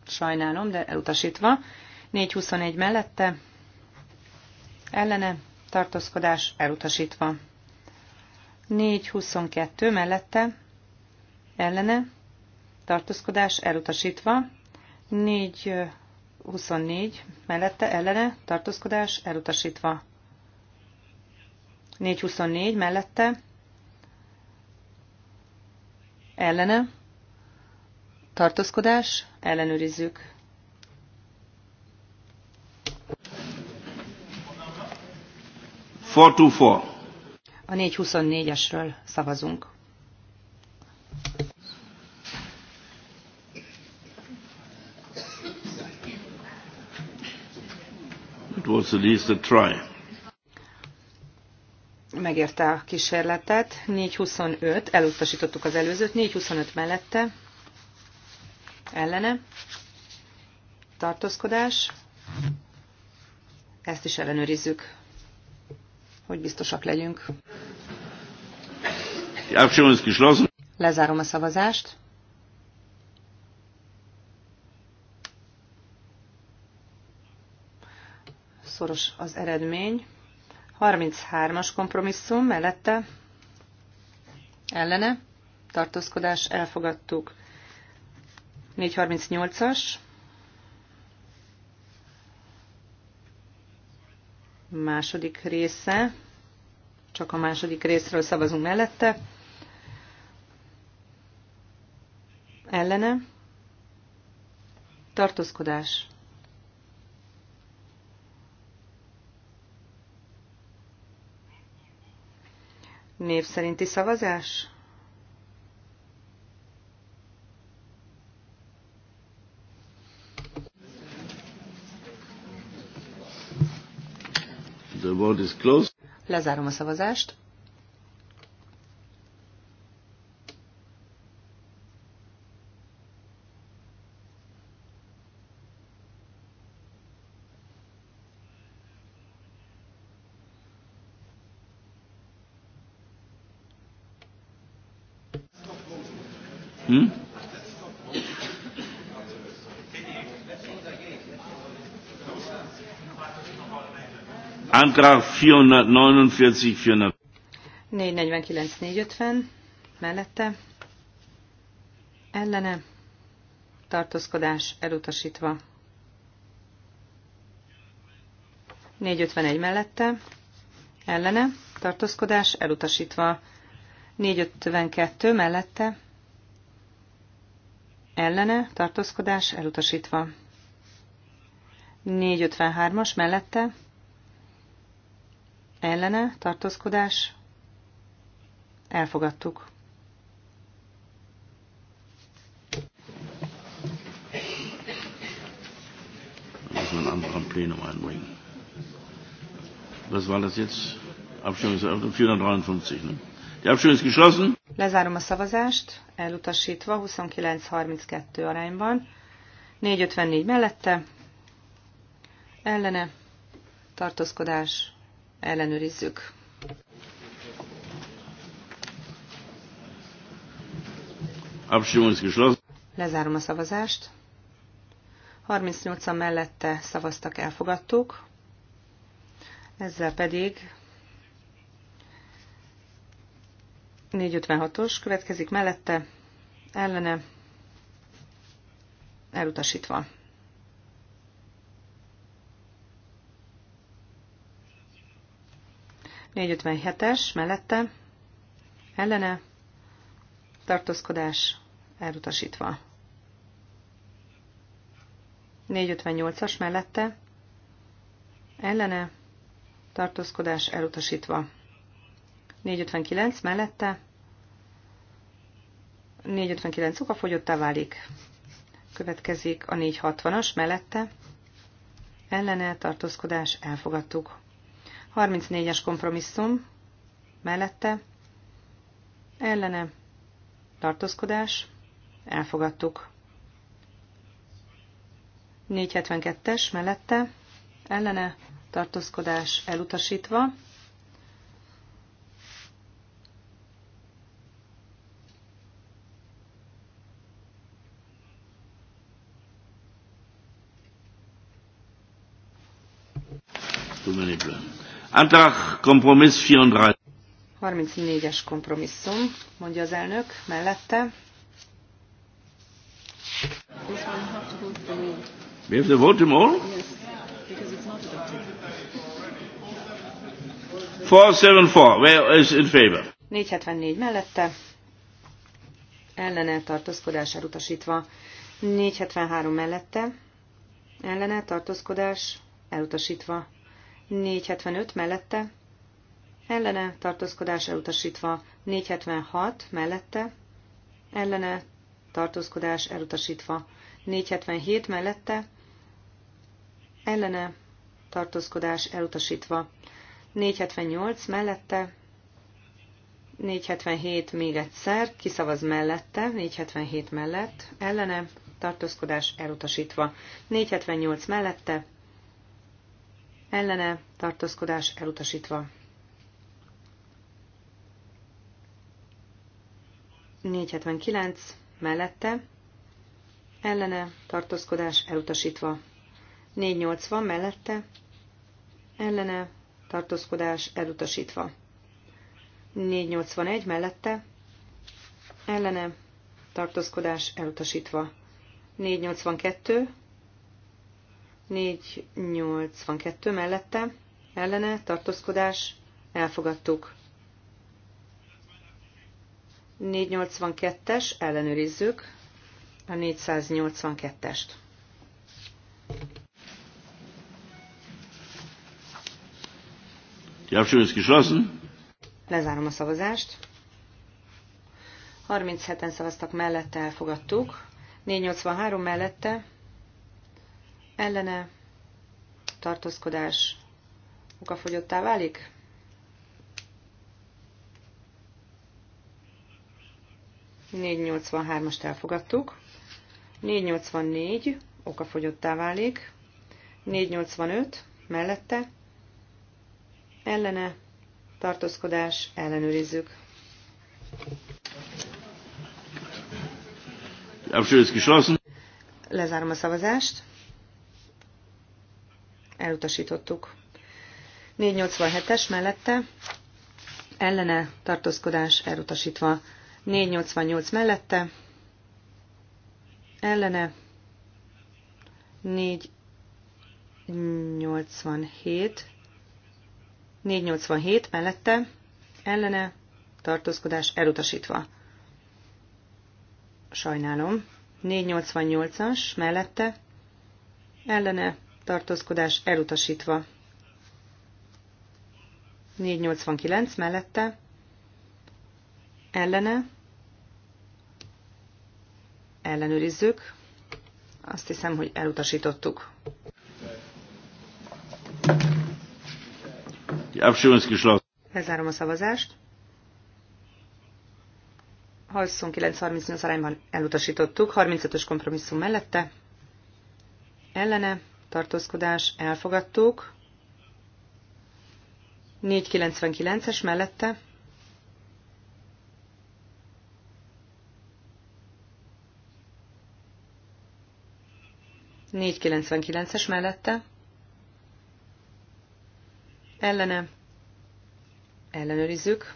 Sajnálom, de elutasítva. 421 mellette. Ellene. Tartózkodás elutasítva. 422 mellette. Ellene. Tartózkodás elutasítva. 424 mellette. Ellene. Tartózkodás elutasítva. 424 mellette, ellene, tartózkodás, ellenőrizzük. Four to four. A 424-esről szavazunk. It was at least a try megérte a kísérletet. 4.25, elutasítottuk az előzőt, 4.25 mellette, ellene, tartózkodás, ezt is ellenőrizzük, hogy biztosak legyünk. Lezárom a szavazást. Szoros az eredmény. 33-as kompromisszum mellette ellene tartózkodás elfogadtuk. 438-as. Második része. Csak a második részről szavazunk mellette. Ellene. Tartózkodás. Név szerinti szavazás? The vote is closed. Lezárom a szavazást. Antrag 449, 400. 449, 450 mellette. Ellene. Tartózkodás elutasítva. 451 mellette. Ellene. Tartózkodás elutasítva. 452 mellette. Ellene. Tartózkodás elutasítva. 453-as mellette ellene, tartózkodás, elfogadtuk. Muss man anderen Plenum einbringen. Was war das jetzt? Abstimmung ist 453. Ne? Die Abstimmung ist geschlossen. Lezárom a szavazást, elutasítva 29-32 arányban. 454 mellette, ellene, tartózkodás, ellenőrizzük. Lezárom a szavazást. 38-an mellette szavaztak, elfogadtuk. Ezzel pedig 456-os következik mellette, ellene, elutasítva. 457-es mellette ellene tartózkodás elutasítva. 458-as mellette ellene tartózkodás elutasítva. 459 mellette 459 okafogyottá válik. Következik a 460-as mellette ellene tartózkodás elfogadtuk. 34-es kompromisszum mellette ellene tartózkodás elfogadtuk. 472-es mellette ellene tartózkodás elutasítva, Antrag Kompromiss 34. 34-es kompromisszum, mondja az elnök, mellette. We have to vote them all? Yes, because it's not 474, where is in favor? 474 mellette, ellene tartozkodás elutasítva. 473 mellette, ellene tartózkodás elutasítva. 475 mellette, ellene tartózkodás elutasítva 476 mellette, ellene tartózkodás elutasítva 477 mellette, ellene tartózkodás elutasítva 478 mellette, 477 még egyszer, kiszavaz mellette, 477 mellett, ellene tartózkodás elutasítva 478 mellette, ellene tartózkodás elutasítva. 479 mellette, ellene tartózkodás elutasítva. 480 mellette, ellene tartózkodás elutasítva. 481 mellette, ellene tartózkodás elutasítva. 482 482 mellette, ellene, tartózkodás, elfogadtuk. 482-es, ellenőrizzük a 482-est. Lezárom a szavazást. 37-en szavaztak mellette, elfogadtuk. 483 mellette, ellene tartózkodás okafogyottá válik? ...483-ast elfogadtuk. 484 okafogyottá válik. 485 mellette. Ellene tartózkodás ellenőrizzük. Lezárom a szavazást elutasítottuk. 487-es mellette ellene tartózkodás elutasítva. 488 mellette ellene 487 487 mellette ellene tartózkodás elutasítva. Sajnálom. 488-as mellette ellene tartózkodás elutasítva. 489 mellette, ellene, ellenőrizzük, azt hiszem, hogy elutasítottuk. Lezárom a szavazást. 29-38 arányban elutasítottuk, 35-ös kompromisszum mellette, ellene, tartózkodás elfogadtuk. 499-es mellette Négy es mellette. Ellene. Ellenőrizzük.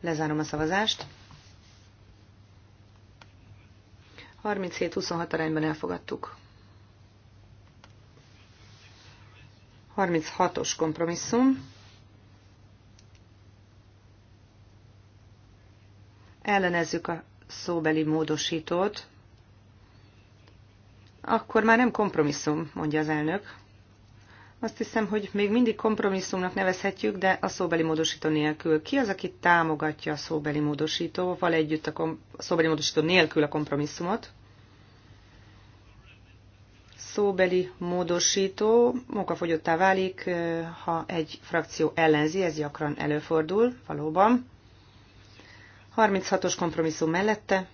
Lezárom a szavazást. 37-26 arányban elfogadtuk. 36-os kompromisszum. Ellenezzük a szóbeli módosítót. Akkor már nem kompromisszum, mondja az elnök. Azt hiszem, hogy még mindig kompromisszumnak nevezhetjük, de a szóbeli módosító nélkül. Ki az, aki támogatja a szóbeli módosítóval együtt a, kom- a szóbeli módosító nélkül a kompromisszumot? Szóbeli módosító munkafogyottá válik, ha egy frakció ellenzi, ez gyakran előfordul, valóban. 36-os kompromisszum mellette,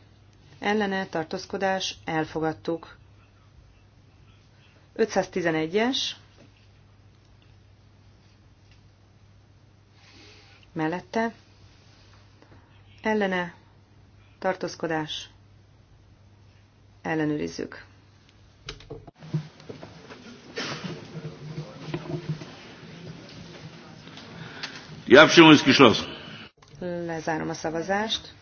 ellene tartózkodás, elfogadtuk. 511-es, mellette, ellene, tartózkodás, ellenőrizzük. Lezárom a szavazást.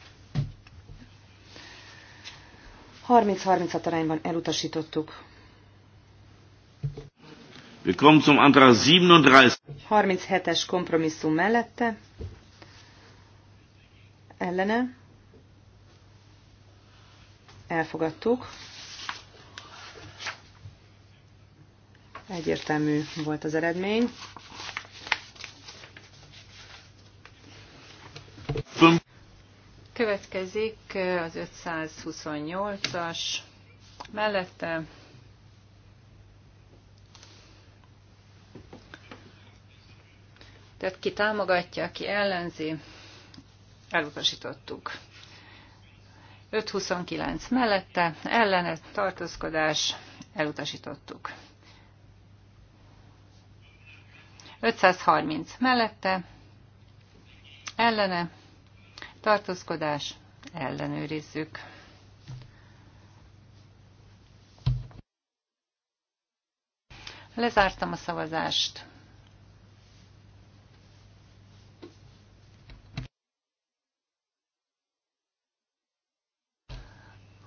30-36 arányban elutasítottuk. Wir kommen zum Antrag 37. 37-es kompromisszum mellette. Ellene. Elfogadtuk. Egyértelmű volt az eredmény. Következik az 528-as mellette Tehát ki támogatja, ki ellenzi, elutasítottuk. 529 mellette, ellene tartózkodás, elutasítottuk. 530 mellette, ellene tartózkodás, ellenőrizzük. Lezártam a szavazást.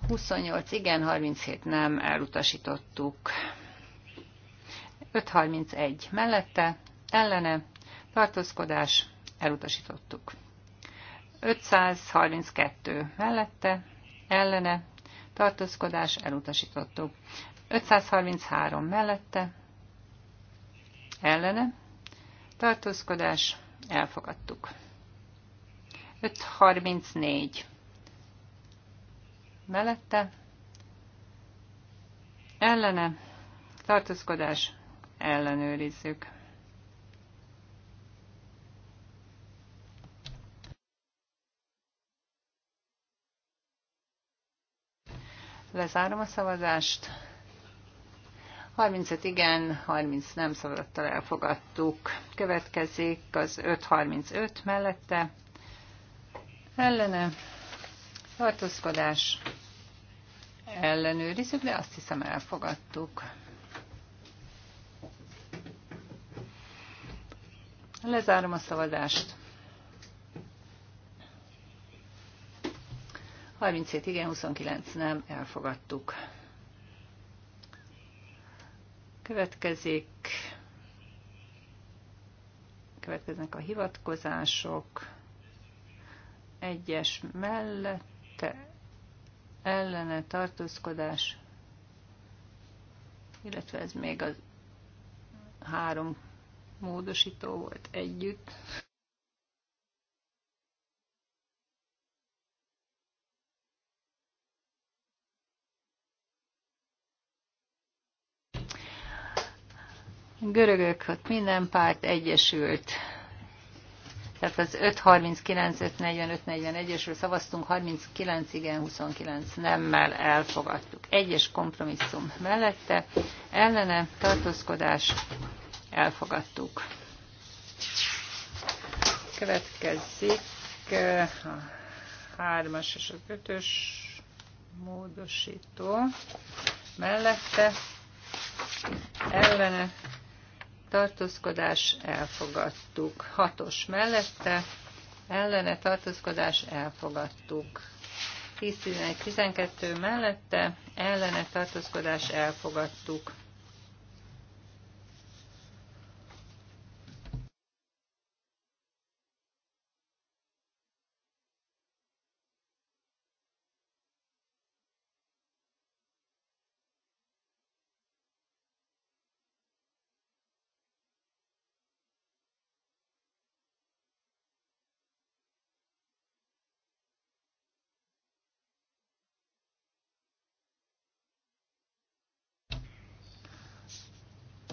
28 igen, 37 nem, elutasítottuk. 531 mellette, ellene, tartózkodás, elutasítottuk. 532 mellette, ellene, tartózkodás, elutasítottuk. 533 mellette, ellene, tartózkodás, elfogadtuk. 534 mellette, ellene, tartózkodás, ellenőrizzük. Lezárom a szavazást. 35 igen, 30 nem szavazattal elfogadtuk. Következik az 535 mellette. Ellene tartózkodás ellenőrizzük, de azt hiszem elfogadtuk. Lezárom a szavazást. 37 igen, 29 nem, elfogadtuk. Következik, következnek a hivatkozások, egyes mellett, te ellene tartózkodás, illetve ez még az három módosító volt együtt. Görögök, ott minden párt egyesült. Tehát az 539, 540, 541-esről szavaztunk, 39 igen, 29 nemmel elfogadtuk. Egyes kompromisszum mellette, ellene tartózkodás elfogadtuk. Következik eh, a hármas és a ötös módosító mellette, ellene tartózkodás elfogadtuk. Hatos mellette ellene tartózkodás elfogadtuk. 10-11-12 mellette ellene tartózkodás elfogadtuk.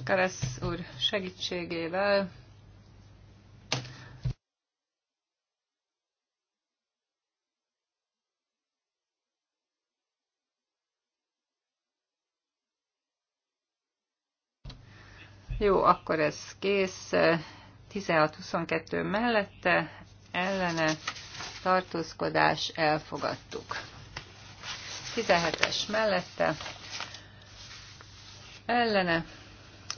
Karesz úr segítségével Jó, akkor ez kész. 16-22 mellette ellene tartózkodás elfogadtuk. 17-es mellette ellene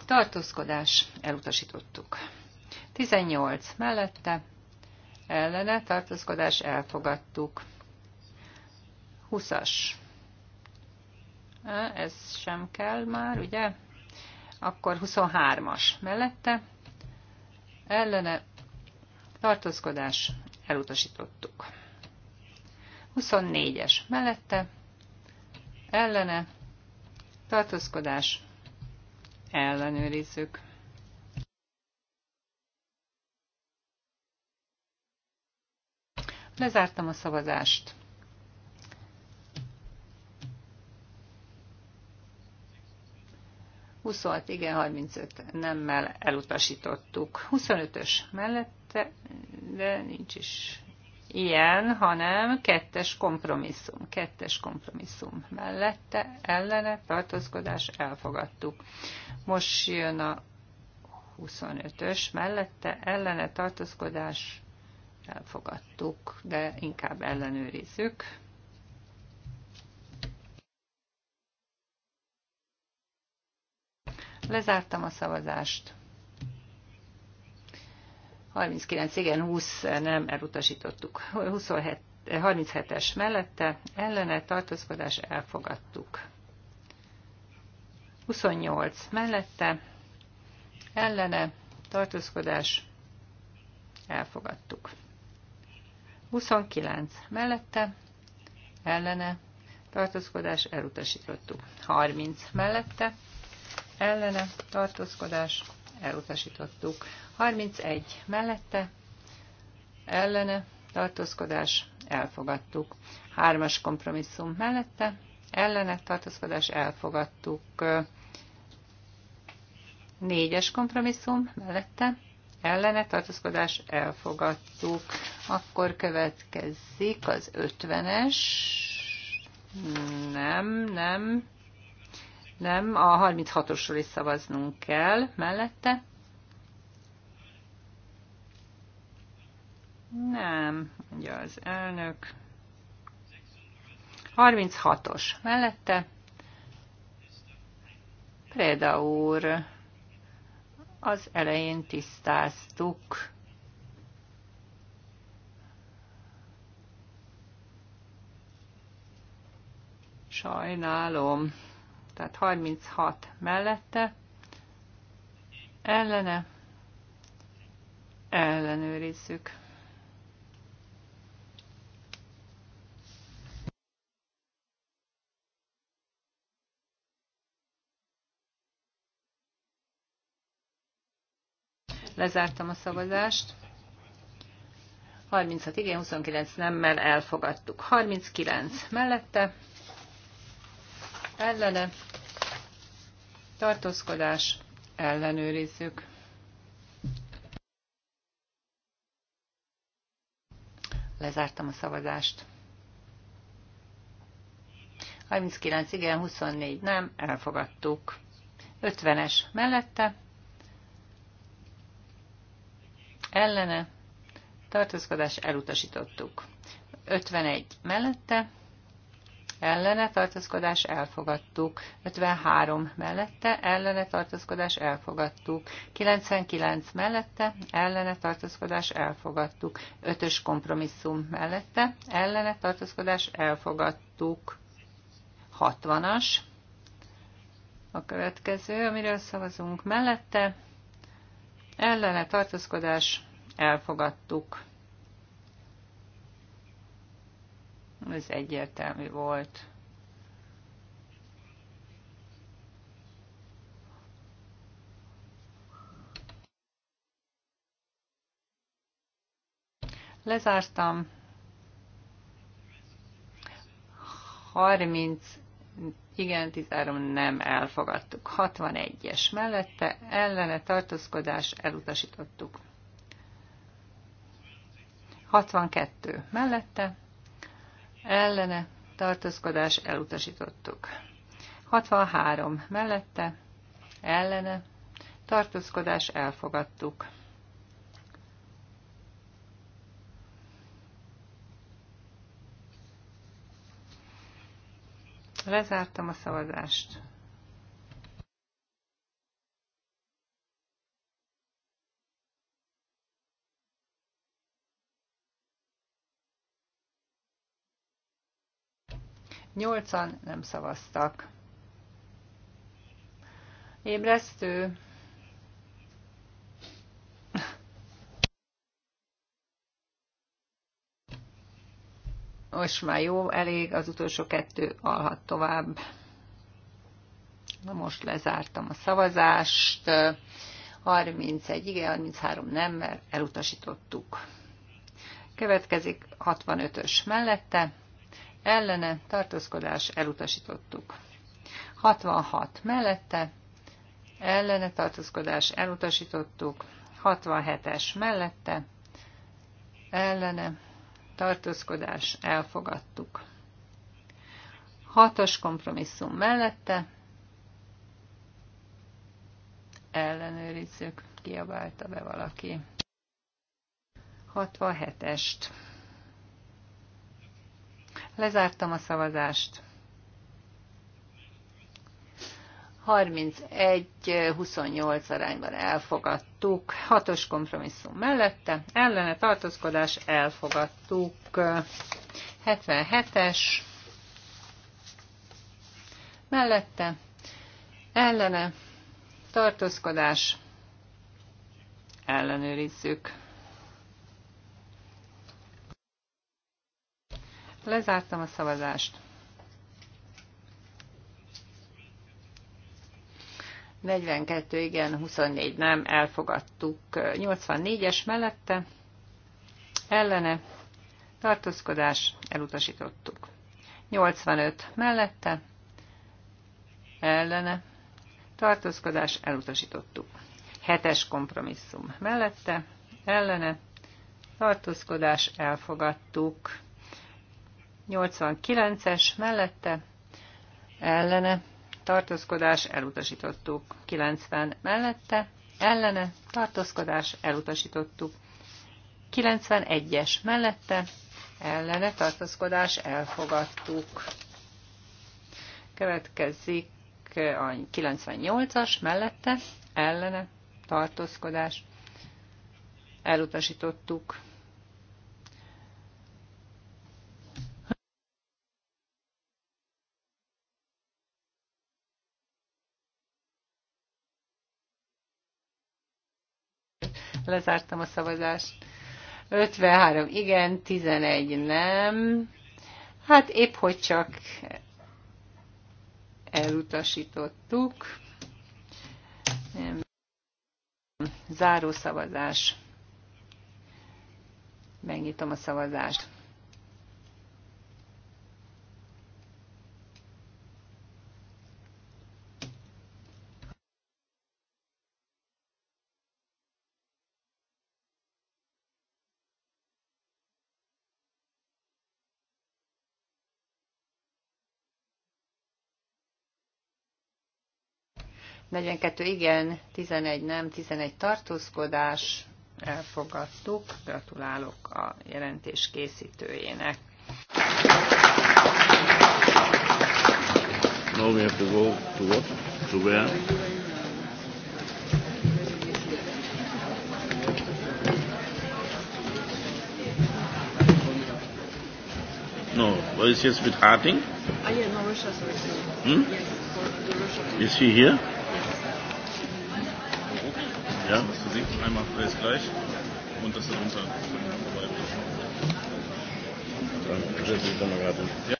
tartózkodás elutasítottuk. 18 mellette ellene tartózkodás elfogadtuk. 20-as. Ez sem kell már, ugye? Akkor 23-as mellette ellene tartózkodás elutasítottuk. 24-es mellette ellene tartózkodás ellenőrizzük. Lezártam a szavazást. Huszonhat, igen, 35 nemmel elutasítottuk. 25-ös mellette, de nincs is ilyen, hanem kettes kompromisszum. Kettes kompromisszum mellette, ellene, tartózkodás, elfogadtuk. Most jön a 25-ös, mellette, ellene, tartózkodás, elfogadtuk, de inkább ellenőrizzük. Lezártam a szavazást. 39 igen, 20 nem elutasítottuk. 27, 37-es mellette ellene tartózkodás elfogadtuk. 28 mellette ellene tartózkodás elfogadtuk. 29 mellette ellene tartózkodás elutasítottuk. 30 mellette ellene tartózkodás elutasítottuk. 31 mellette, ellene, tartózkodás, elfogadtuk. Hármas kompromisszum mellette, ellene, tartózkodás, elfogadtuk. Négyes kompromisszum mellette, ellene, tartózkodás, elfogadtuk. Akkor következik az 50-es. Nem, nem. Nem, a 36-osról is szavaznunk kell mellette. Nem, mondja az elnök. 36-os mellette. Preda úr, az elején tisztáztuk. Sajnálom. Tehát 36 mellette, ellene, ellenőrizzük. Lezártam a szavazást. 36 igen, 29 nemmel elfogadtuk. 39 mellette ellene tartózkodás ellenőrizzük. Lezártam a szavazást. 39 igen, 24 nem, elfogadtuk. 50-es mellette, ellene, tartózkodás elutasítottuk. 51 mellette, ellene tartózkodás elfogadtuk. 53 mellette ellene tartózkodás elfogadtuk. 99 mellette ellene tartózkodás elfogadtuk. 5-ös kompromisszum mellette ellene tartózkodás elfogadtuk. 60-as. A következő, amiről szavazunk mellette, ellene tartózkodás elfogadtuk. Ez egyértelmű volt. Lezártam. 30 igen, 13 nem elfogadtuk. 61-es mellette ellene tartózkodás elutasítottuk. 62 mellette ellene tartózkodás elutasítottuk. 63 mellette ellene tartózkodás elfogadtuk. Lezártam a szavazást. Nyolcan nem szavaztak. Ébresztő. Most már jó, elég, az utolsó kettő alhat tovább. Na most lezártam a szavazást. 31, igen, 33 nem, mert elutasítottuk. Következik 65-ös mellette, ellene tartózkodás elutasítottuk. 66 mellette ellene tartózkodás elutasítottuk. 67-es mellette ellene tartózkodás elfogadtuk. 6-os kompromisszum mellette ellenőrizzük, kiabálta be valaki. 67-est. Lezártam a szavazást. 31-28 arányban elfogadtuk. Hatos kompromisszum mellette, ellene tartózkodás elfogadtuk. 77-es mellette, ellene tartózkodás ellenőrizzük. Lezártam a szavazást. 42 igen, 24 nem, elfogadtuk. 84-es mellette, ellene, tartózkodás, elutasítottuk. 85 mellette, ellene, tartózkodás, elutasítottuk. 7-es kompromisszum mellette, ellene, tartózkodás, elfogadtuk. 89-es mellette ellene tartózkodás elutasítottuk. 90 mellette ellene tartózkodás elutasítottuk. 91-es mellette ellene tartózkodás elfogadtuk. Következik a 98-as mellette ellene tartózkodás elutasítottuk. Lezártam a szavazást. 53 igen, 11 nem. Hát épp hogy csak elutasítottuk. Záró szavazás. Megnyitom a szavazást. 42 igen, 11 nem, 11 tartózkodás. Elfogadtuk. Gratulálok a jelentés készítőjének. Now we have to go to what? To where? No, what is this with Harting? Ah, yeah, no, Russia, sorry. Hmm? Yes, for the Russia. Is he here? Ja, das versinkt einmal alles gleich und das darunter. Ja.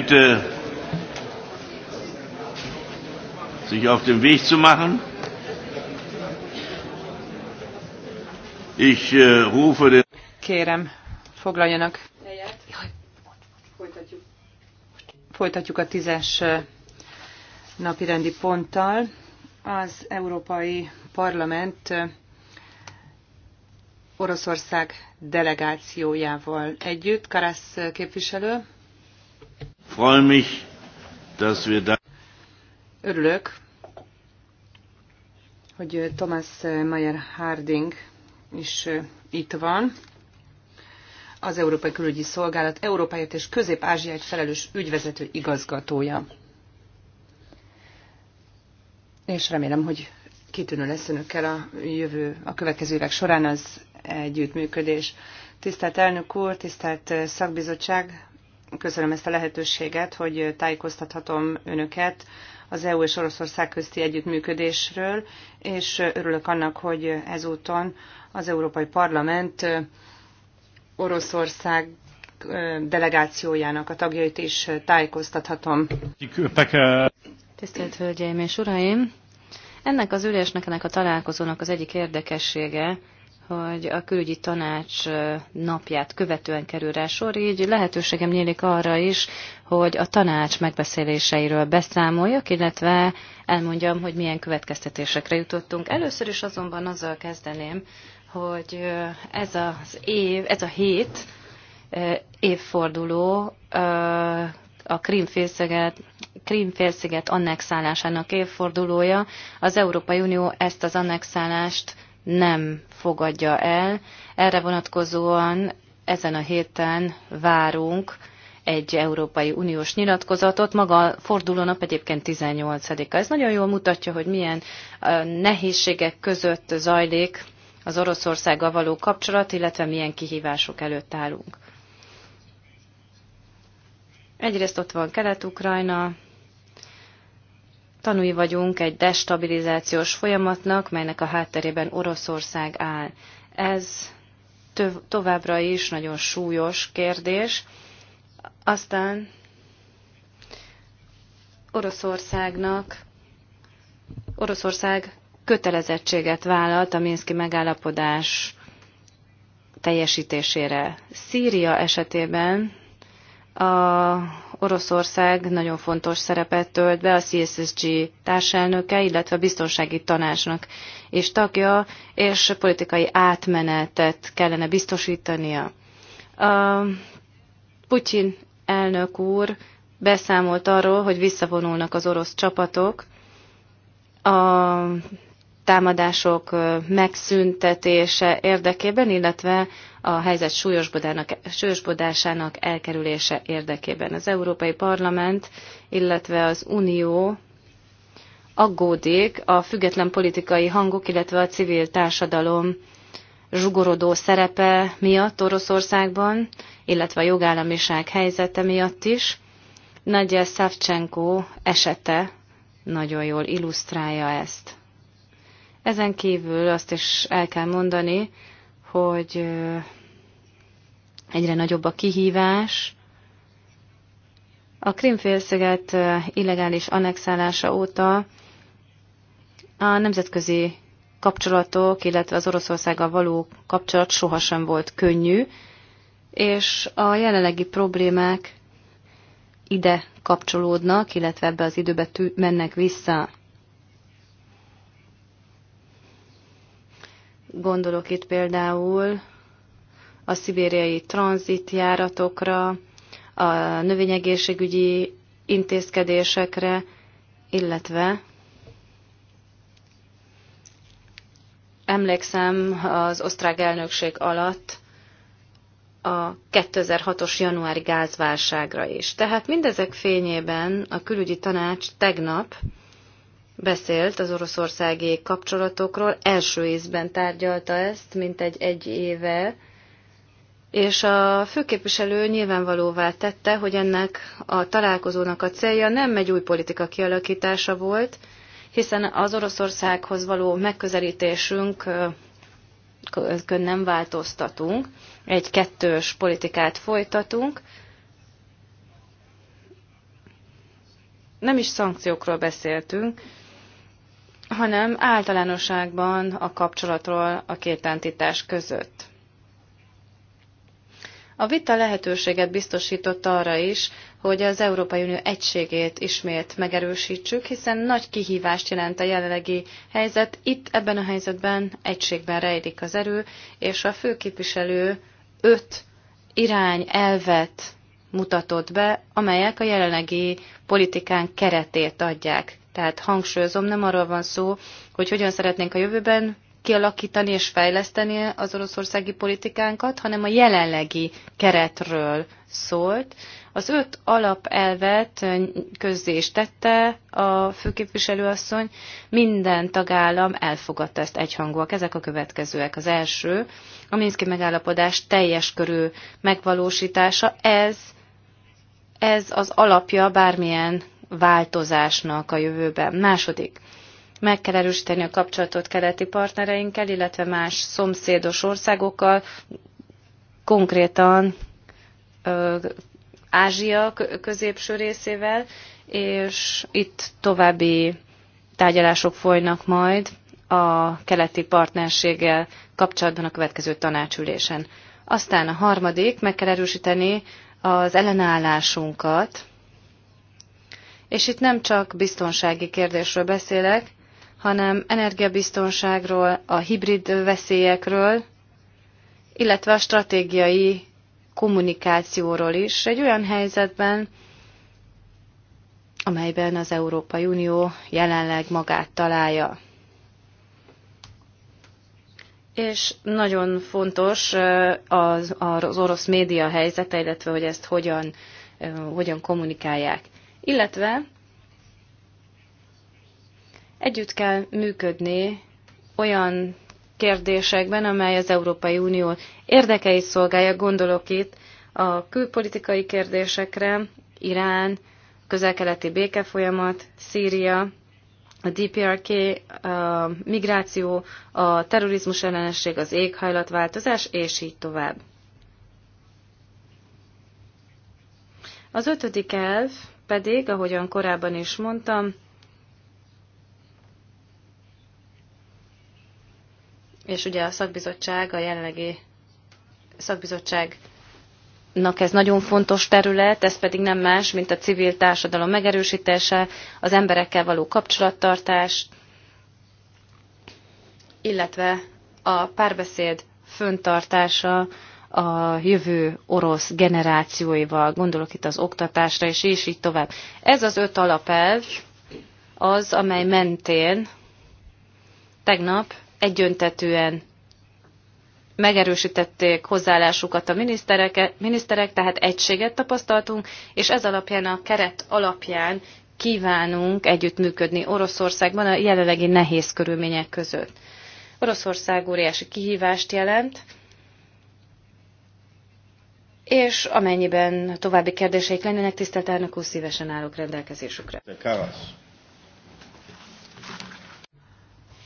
bitte sich auf den Weg zu machen. Ich äh, rufe den. Kérem, foglaljanak. Folytatjuk. a tízes napirendi ponttal. Az Európai Parlament Oroszország delegációjával együtt. Karasz képviselő freue mich, dass wir da Örülök, hogy Thomas Mayer Harding is itt van. Az Európai Külügyi Szolgálat Európáért és Közép-Ázsiáért felelős ügyvezető igazgatója. És remélem, hogy kitűnő lesz önökkel a jövő, a következő évek során az együttműködés. Tisztelt elnök úr, tisztelt szakbizottság, köszönöm ezt a lehetőséget, hogy tájékoztathatom önöket az EU és Oroszország közti együttműködésről, és örülök annak, hogy ezúton az Európai Parlament Oroszország delegációjának a tagjait is tájékoztathatom. Tisztelt Hölgyeim és Uraim! Ennek az ülésnek, ennek a találkozónak az egyik érdekessége, hogy a külügyi tanács napját követően kerül rá sor, így lehetőségem nyílik arra is, hogy a tanács megbeszéléseiről beszámoljak, illetve elmondjam, hogy milyen következtetésekre jutottunk. Először is azonban azzal kezdeném, hogy ez az év, ez a hét évforduló a Krímfélsziget, Krímfélsziget annexálásának évfordulója. Az Európai Unió ezt az annexálást nem fogadja el. Erre vonatkozóan ezen a héten várunk egy Európai Uniós nyilatkozatot. Maga a fordulónap egyébként 18-a. Ez nagyon jól mutatja, hogy milyen nehézségek között zajlik az Oroszországgal való kapcsolat, illetve milyen kihívások előtt állunk. Egyrészt ott van Kelet-Ukrajna, Tanúi vagyunk egy destabilizációs folyamatnak, melynek a hátterében Oroszország áll. Ez továbbra is nagyon súlyos kérdés. Aztán Oroszországnak Oroszország kötelezettséget vállalt a Minszki megállapodás teljesítésére. Szíria esetében a Oroszország nagyon fontos szerepet tölt be a CSSG társelnöke, illetve a biztonsági tanácsnak és tagja, és politikai átmenetet kellene biztosítania. A Putyin elnök úr beszámolt arról, hogy visszavonulnak az orosz csapatok, a támadások megszüntetése érdekében, illetve a helyzet súlyosbodásának elkerülése érdekében. Az Európai Parlament, illetve az Unió aggódik a független politikai hangok, illetve a civil társadalom zsugorodó szerepe miatt Oroszországban, illetve a jogállamiság helyzete miatt is. Nagyja Szavcsenko esete nagyon jól illusztrálja ezt. Ezen kívül azt is el kell mondani, hogy egyre nagyobb a kihívás. A Krimfélsziget illegális annexálása óta a nemzetközi kapcsolatok, illetve az Oroszországgal való kapcsolat sohasem volt könnyű, és a jelenlegi problémák ide kapcsolódnak, illetve ebbe az időbe mennek vissza. Gondolok itt például a szibériai tranzitjáratokra, a növényegészségügyi intézkedésekre, illetve emlékszem az osztrák elnökség alatt a 2006-os januári gázválságra is. Tehát mindezek fényében a külügyi tanács tegnap beszélt az oroszországi kapcsolatokról, első ízben tárgyalta ezt, mint egy egy éve, és a főképviselő nyilvánvalóvá tette, hogy ennek a találkozónak a célja nem egy új politika kialakítása volt, hiszen az Oroszországhoz való megközelítésünk nem változtatunk, egy kettős politikát folytatunk, nem is szankciókról beszéltünk, hanem általánosságban a kapcsolatról a két entitás között. A vita lehetőséget biztosított arra is, hogy az Európai Unió egységét ismét megerősítsük, hiszen nagy kihívást jelent a jelenlegi helyzet. Itt ebben a helyzetben egységben rejlik az erő, és a főképviselő öt irány elvet mutatott be, amelyek a jelenlegi politikán keretét adják. Tehát hangsúlyozom, nem arról van szó, hogy hogyan szeretnénk a jövőben kialakítani és fejleszteni az oroszországi politikánkat, hanem a jelenlegi keretről szólt. Az öt alapelvet közzé is tette a főképviselőasszony, minden tagállam elfogadta ezt egyhangúak. Ezek a következőek. Az első, a Minszki megállapodás teljes körű megvalósítása, ez, ez az alapja bármilyen változásnak a jövőben. Második, meg kell erősíteni a kapcsolatot keleti partnereinkkel, illetve más szomszédos országokkal, konkrétan ö, Ázsia középső részével, és itt további tárgyalások folynak majd a keleti partnerséggel kapcsolatban a következő tanácsülésen. Aztán a harmadik, meg kell erősíteni az ellenállásunkat, és itt nem csak biztonsági kérdésről beszélek, hanem energiabiztonságról, a hibrid veszélyekről, illetve a stratégiai kommunikációról is. Egy olyan helyzetben, amelyben az Európai Unió jelenleg magát találja. És nagyon fontos az, az orosz média helyzete, illetve hogy ezt hogyan, hogyan kommunikálják illetve együtt kell működni olyan kérdésekben, amely az Európai Unió érdekeit szolgálja, gondolok itt a külpolitikai kérdésekre, Irán, közel-keleti békefolyamat, Szíria, a DPRK, a migráció, a terrorizmus ellenesség, az éghajlatváltozás, és így tovább. Az ötödik elv pedig, ahogyan korábban is mondtam, és ugye a szakbizottság, a jelenlegi szakbizottságnak ez nagyon fontos terület, ez pedig nem más, mint a civil társadalom megerősítése, az emberekkel való kapcsolattartás, illetve a párbeszéd föntartása a jövő orosz generációival, gondolok itt az oktatásra, és, és így tovább. Ez az öt alapelv az, amely mentén tegnap egyöntetően megerősítették hozzáállásukat a miniszterek, miniszterek, tehát egységet tapasztaltunk, és ez alapján a keret alapján kívánunk együttműködni Oroszországban a jelenlegi nehéz körülmények között. Oroszország óriási kihívást jelent, és amennyiben további kérdéseik lennének, tisztelt elnök úr, szívesen állok rendelkezésükre.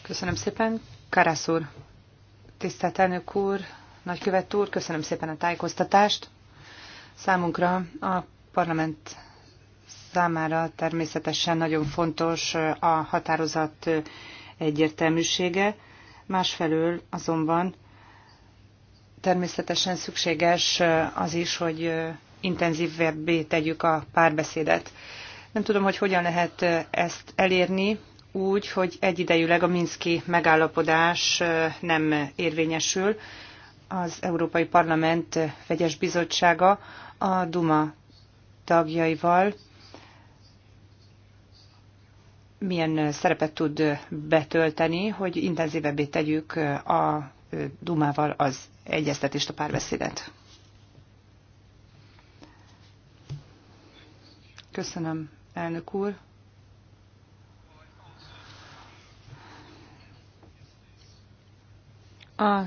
Köszönöm szépen. Karasz úr, tisztelt elnök úr, nagykövet úr, köszönöm szépen a tájékoztatást. Számunkra a parlament számára természetesen nagyon fontos a határozat egyértelműsége, másfelől azonban természetesen szükséges az is, hogy intenzívebbé tegyük a párbeszédet. Nem tudom, hogy hogyan lehet ezt elérni úgy, hogy egyidejűleg a Minszki megállapodás nem érvényesül. Az Európai Parlament vegyes bizottsága a Duma tagjaival milyen szerepet tud betölteni, hogy intenzívebbé tegyük a Dumával az egyeztetést, a párbeszédet. Köszönöm, elnök úr. A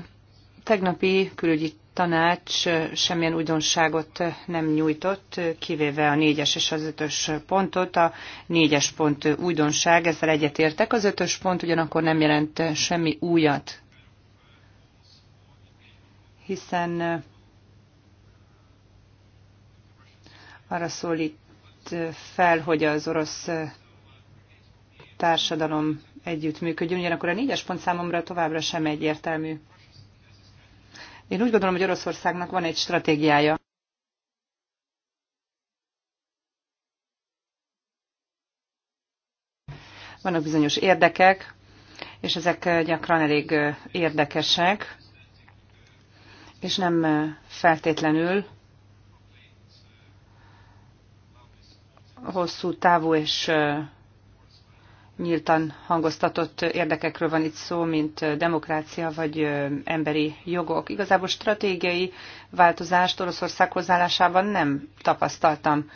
tegnapi külügyi tanács semmilyen újdonságot nem nyújtott, kivéve a négyes és az ötös pontot. A négyes pont újdonság, ezzel egyetértek. Az ötös pont ugyanakkor nem jelent semmi újat hiszen arra szólít fel, hogy az orosz társadalom együttműködjön, ugyanakkor a négyes pont számomra továbbra sem egyértelmű. Én úgy gondolom, hogy Oroszországnak van egy stratégiája. Vannak bizonyos érdekek, és ezek gyakran elég érdekesek és nem feltétlenül hosszú távú és nyíltan hangoztatott érdekekről van itt szó, mint demokrácia vagy emberi jogok. Igazából stratégiai változást Oroszország hozzáállásában nem tapasztaltam.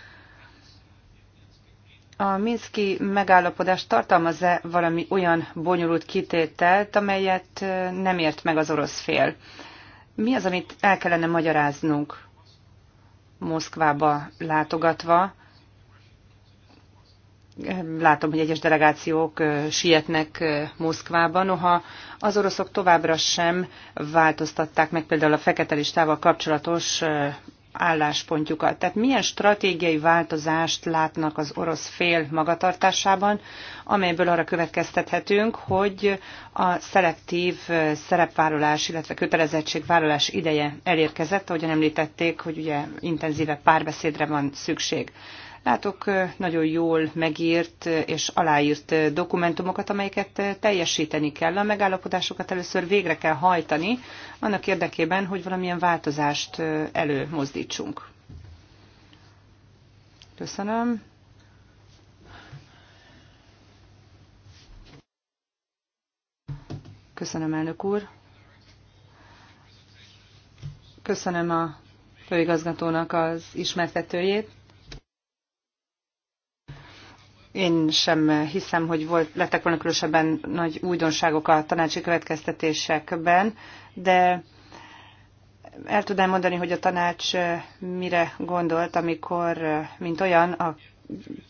A Minszki megállapodás tartalmaz-e valami olyan bonyolult kitételt, amelyet nem ért meg az orosz fél? Mi az, amit el kellene magyaráznunk Moszkvába látogatva? Látom, hogy egyes delegációk sietnek Moszkvában, noha az oroszok továbbra sem változtatták meg például a fekete listával kapcsolatos álláspontjukat. Tehát milyen stratégiai változást látnak az orosz fél magatartásában, amelyből arra következtethetünk, hogy a szelektív szerepvállalás, illetve kötelezettségvállalás ideje elérkezett, ahogyan említették, hogy ugye intenzíve párbeszédre van szükség. Látok nagyon jól megírt és aláírt dokumentumokat, amelyeket teljesíteni kell. A megállapodásokat először végre kell hajtani, annak érdekében, hogy valamilyen változást előmozdítsunk. Köszönöm. Köszönöm, elnök úr. Köszönöm a főigazgatónak az ismertetőjét. Én sem hiszem, hogy volt, lettek volna különösebben nagy újdonságok a tanácsi következtetésekben, de el tudnám mondani, hogy a tanács mire gondolt, amikor, mint olyan, a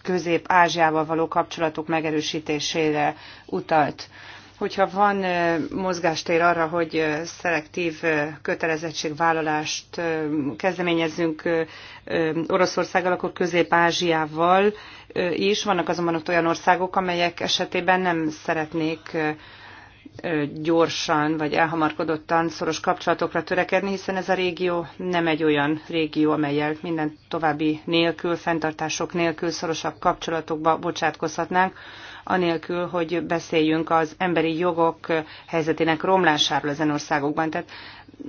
közép-ázsiával való kapcsolatok megerősítésére utalt hogyha van mozgástér arra, hogy szelektív kötelezettségvállalást kezdeményezzünk Oroszországgal, akkor Közép-Ázsiával is. Vannak azonban ott olyan országok, amelyek esetében nem szeretnék gyorsan vagy elhamarkodottan szoros kapcsolatokra törekedni, hiszen ez a régió nem egy olyan régió, amelyel minden további nélkül, fenntartások nélkül szorosabb kapcsolatokba bocsátkozhatnánk anélkül, hogy beszéljünk az emberi jogok helyzetének romlásáról ezen országokban. Tehát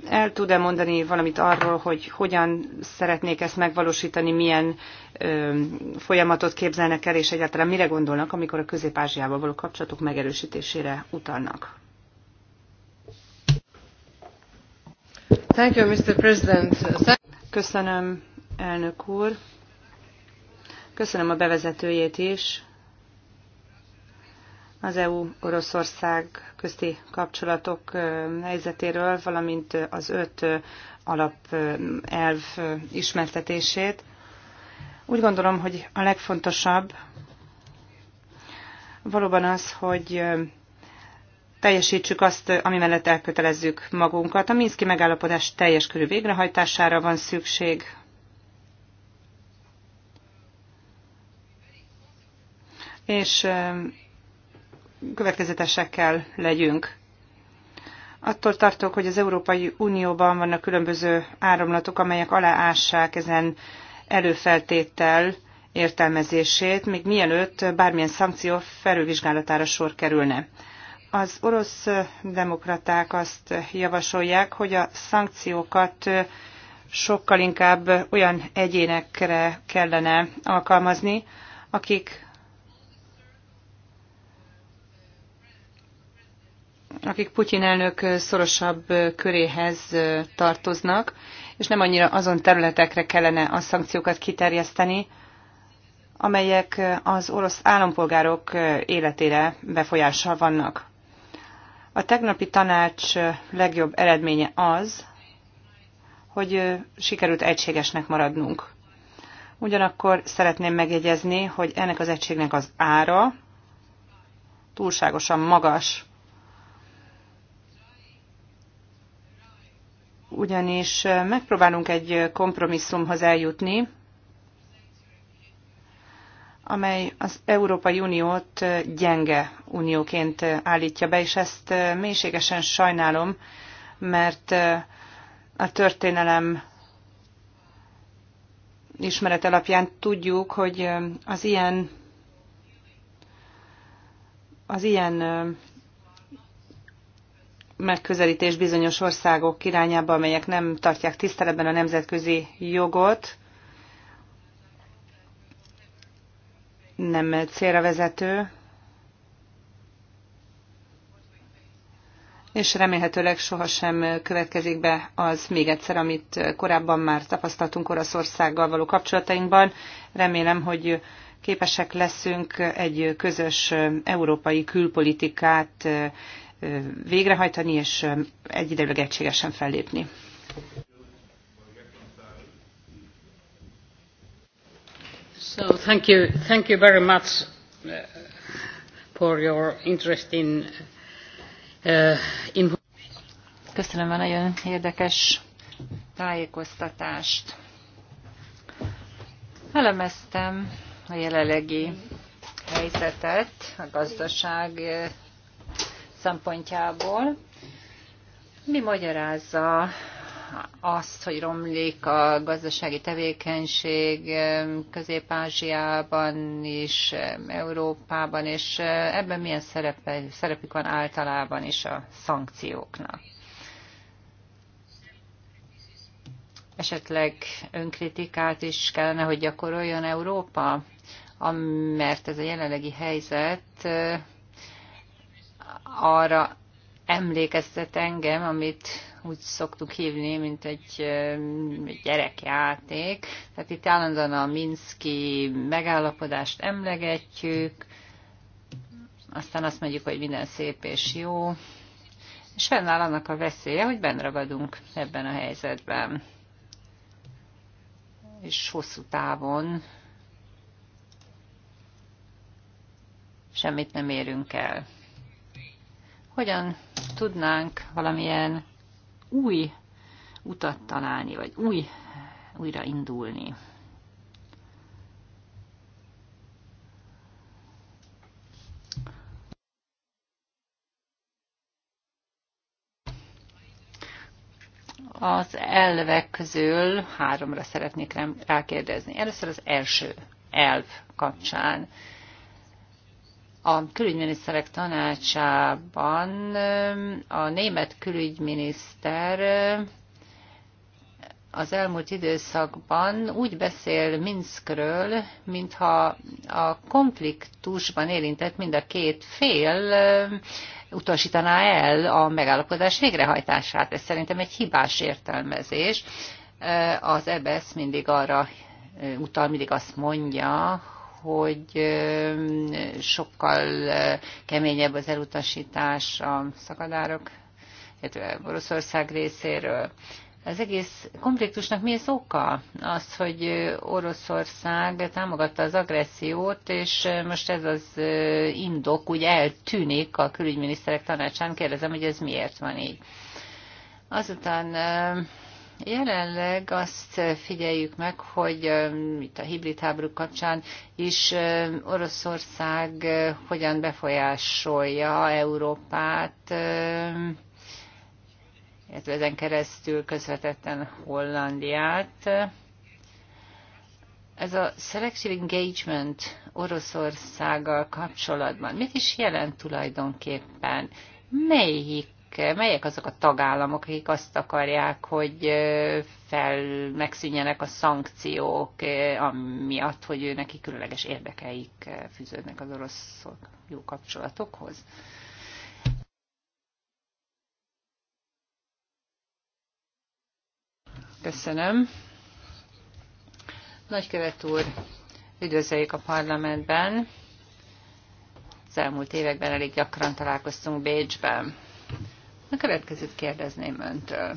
el tud-e mondani valamit arról, hogy hogyan szeretnék ezt megvalósítani, milyen ö, folyamatot képzelnek el, és egyáltalán mire gondolnak, amikor a közép-ázsiával való kapcsolatok megerősítésére utalnak? Thank you, Mr. President. Köszönöm, elnök úr. Köszönöm a bevezetőjét is az EU-Oroszország közti kapcsolatok helyzetéről, valamint az öt alapelv ismertetését. Úgy gondolom, hogy a legfontosabb valóban az, hogy teljesítsük azt, ami mellett elkötelezzük magunkat. A Minszki megállapodás teljes körű végrehajtására van szükség. És következetesekkel legyünk. Attól tartok, hogy az Európai Unióban vannak különböző áramlatok, amelyek aláássák ezen előfeltétel értelmezését, még mielőtt bármilyen szankció felülvizsgálatára sor kerülne. Az orosz demokraták azt javasolják, hogy a szankciókat sokkal inkább olyan egyénekre kellene alkalmazni, akik akik Putyin elnök szorosabb köréhez tartoznak, és nem annyira azon területekre kellene a szankciókat kiterjeszteni, amelyek az orosz állampolgárok életére befolyással vannak. A tegnapi tanács legjobb eredménye az, hogy sikerült egységesnek maradnunk. Ugyanakkor szeretném megjegyezni, hogy ennek az egységnek az ára túlságosan magas. ugyanis megpróbálunk egy kompromisszumhoz eljutni, amely az Európai Uniót gyenge unióként állítja be, és ezt mélységesen sajnálom, mert a történelem ismeret alapján tudjuk, hogy az ilyen az ilyen megközelítés bizonyos országok irányába, amelyek nem tartják tiszteletben a nemzetközi jogot, nem célra vezető, és remélhetőleg sohasem következik be az még egyszer, amit korábban már tapasztaltunk Oroszországgal való kapcsolatainkban. Remélem, hogy képesek leszünk egy közös európai külpolitikát végrehajtani és egyidejűleg egységesen fellépni. So thank you, thank you very much uh, for your interest in, uh, in... Köszönöm a nagyon érdekes tájékoztatást. Elemeztem a jelenlegi helyzetet, a gazdaság szempontjából. Mi magyarázza azt, hogy romlik a gazdasági tevékenység Közép-Ázsiában is, Európában, és ebben milyen szerepe, szerepük van általában is a szankcióknak? Esetleg önkritikát is kellene, hogy gyakoroljon Európa, mert ez a jelenlegi helyzet arra emlékeztet engem, amit úgy szoktuk hívni, mint egy gyerekjáték. Tehát itt állandóan a Minszki megállapodást emlegetjük, aztán azt mondjuk, hogy minden szép és jó, és fennáll annak a veszélye, hogy benragadunk ebben a helyzetben. És hosszú távon semmit nem érünk el hogyan tudnánk valamilyen új utat találni, vagy új, újra indulni. Az elvek közül háromra szeretnék rákérdezni. Először az első elv kapcsán a külügyminiszterek tanácsában a német külügyminiszter az elmúlt időszakban úgy beszél Minskről, mintha a konfliktusban érintett mind a két fél utasítaná el a megállapodás végrehajtását. Ez szerintem egy hibás értelmezés. Az EBS e mindig arra utal, mindig azt mondja, hogy sokkal keményebb az elutasítás a szakadárok, illetve Oroszország részéről. Az egész konfliktusnak mi az oka? Az, hogy Oroszország támogatta az agressziót, és most ez az indok úgy eltűnik a külügyminiszterek tanácsán. Kérdezem, hogy ez miért van így. Azután Jelenleg azt figyeljük meg, hogy um, itt a hibrid háború kapcsán is um, Oroszország uh, hogyan befolyásolja Európát, um, illetve ezen keresztül közvetetten Hollandiát. Ez a Selective Engagement Oroszországgal kapcsolatban mit is jelent tulajdonképpen? Melyik melyek azok a tagállamok, akik azt akarják, hogy fel megszűnjenek a szankciók, amiatt, hogy ő neki különleges érdekeik fűződnek az oroszok jó kapcsolatokhoz? Köszönöm. Nagykövet úr, üdvözöljük a parlamentben. Az elmúlt években elég gyakran találkoztunk Bécsben. A következőt kérdezném öntől.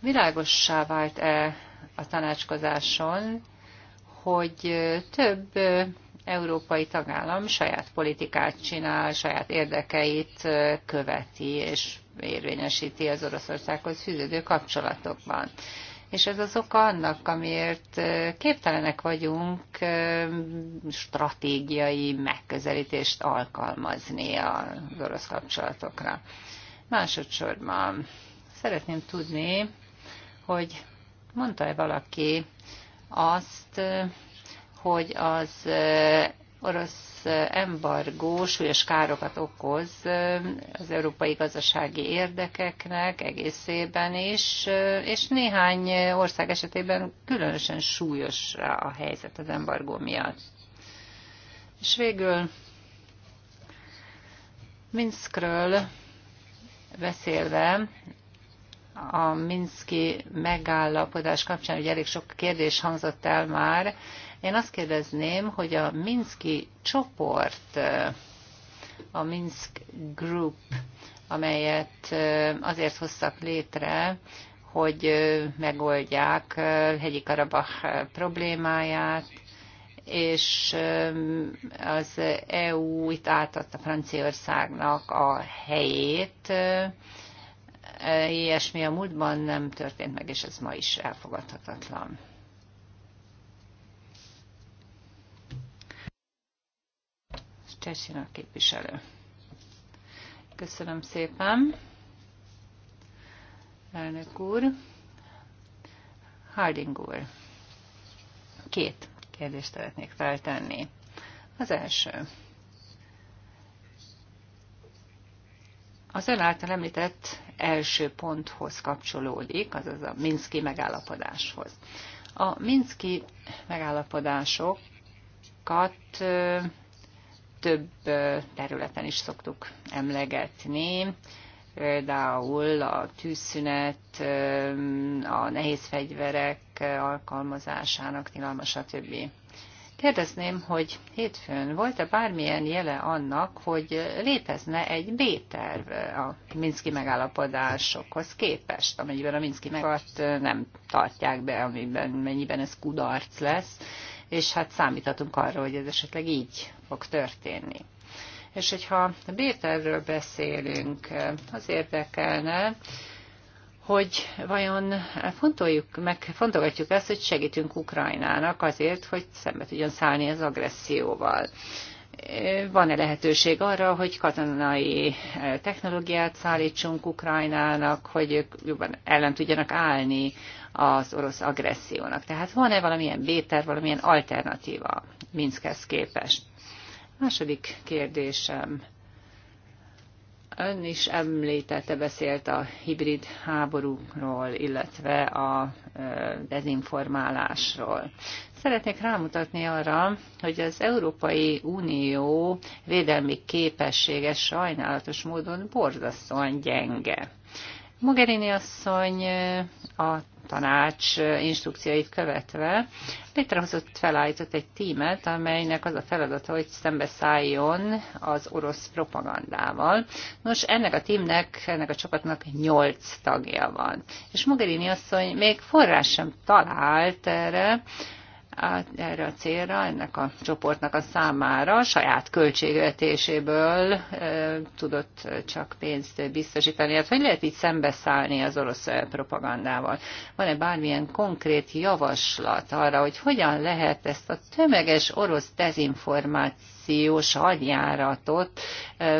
Világossá vált-e a tanácskozáson, hogy több európai tagállam saját politikát csinál, saját érdekeit követi és érvényesíti az Oroszországhoz fűződő kapcsolatokban és ez az oka annak, amiért képtelenek vagyunk stratégiai megközelítést alkalmazni az orosz kapcsolatokra. Másodszorban szeretném tudni, hogy mondta-e valaki azt, hogy az orosz embargó súlyos károkat okoz az európai gazdasági érdekeknek egészében is, és néhány ország esetében különösen súlyos a helyzet az embargó miatt. És végül Minskről beszélve, a Minszki megállapodás kapcsán hogy elég sok kérdés hangzott el már, én azt kérdezném, hogy a Minszki csoport, a Minsk Group, amelyet azért hoztak létre, hogy megoldják hegyi Karabach problémáját, és az EU itt átadta Franciaországnak a helyét. Ilyesmi a múltban nem történt meg, és ez ma is elfogadhatatlan. Csersina képviselő. Köszönöm szépen. Elnök úr. Harding úr. Két kérdést szeretnék feltenni. Az első. Az ön által említett első ponthoz kapcsolódik, azaz a Minszki megállapodáshoz. A Minszki megállapodásokat több területen is szoktuk emlegetni például a tűzszünet, a nehéz fegyverek alkalmazásának tilalma, stb. Kérdezném, hogy hétfőn volt-e bármilyen jele annak, hogy létezne egy B-terv a Minszki megállapodásokhoz képest, amennyiben a Minszki megállapodásokat nem tartják be, amiben mennyiben ez kudarc lesz, és hát számíthatunk arra, hogy ez esetleg így fog történni. És hogyha Bételről beszélünk, az érdekelne, hogy vajon fontoljuk, meg fontolgatjuk ezt, hogy segítünk Ukrajnának azért, hogy szembe tudjon szállni az agresszióval. Van-e lehetőség arra, hogy katonai eh, technológiát szállítsunk Ukrajnának, hogy ők jobban ellen tudjanak állni az orosz agressziónak? Tehát van-e valamilyen béter, valamilyen alternatíva Minskhez képest? Második kérdésem. Ön is említette, beszélt a hibrid háborúról illetve a dezinformálásról. Szeretnék rámutatni arra, hogy az Európai Unió védelmi képessége sajnálatos módon borzasztóan gyenge. Mogherini asszony a tanács instrukcióit követve, létrehozott, felállított egy tímet, amelynek az a feladata, hogy szembeszálljon az orosz propagandával. Nos, ennek a tímnek, ennek a csapatnak nyolc tagja van. És Mogherini asszony még forrás sem talált erre, erre a célra, ennek a csoportnak a számára saját költségvetéséből tudott csak pénzt biztosítani. Hát hogy lehet így szembeszállni az orosz propagandával? Van-e bármilyen konkrét javaslat arra, hogy hogyan lehet ezt a tömeges orosz dezinformációs hadjáratot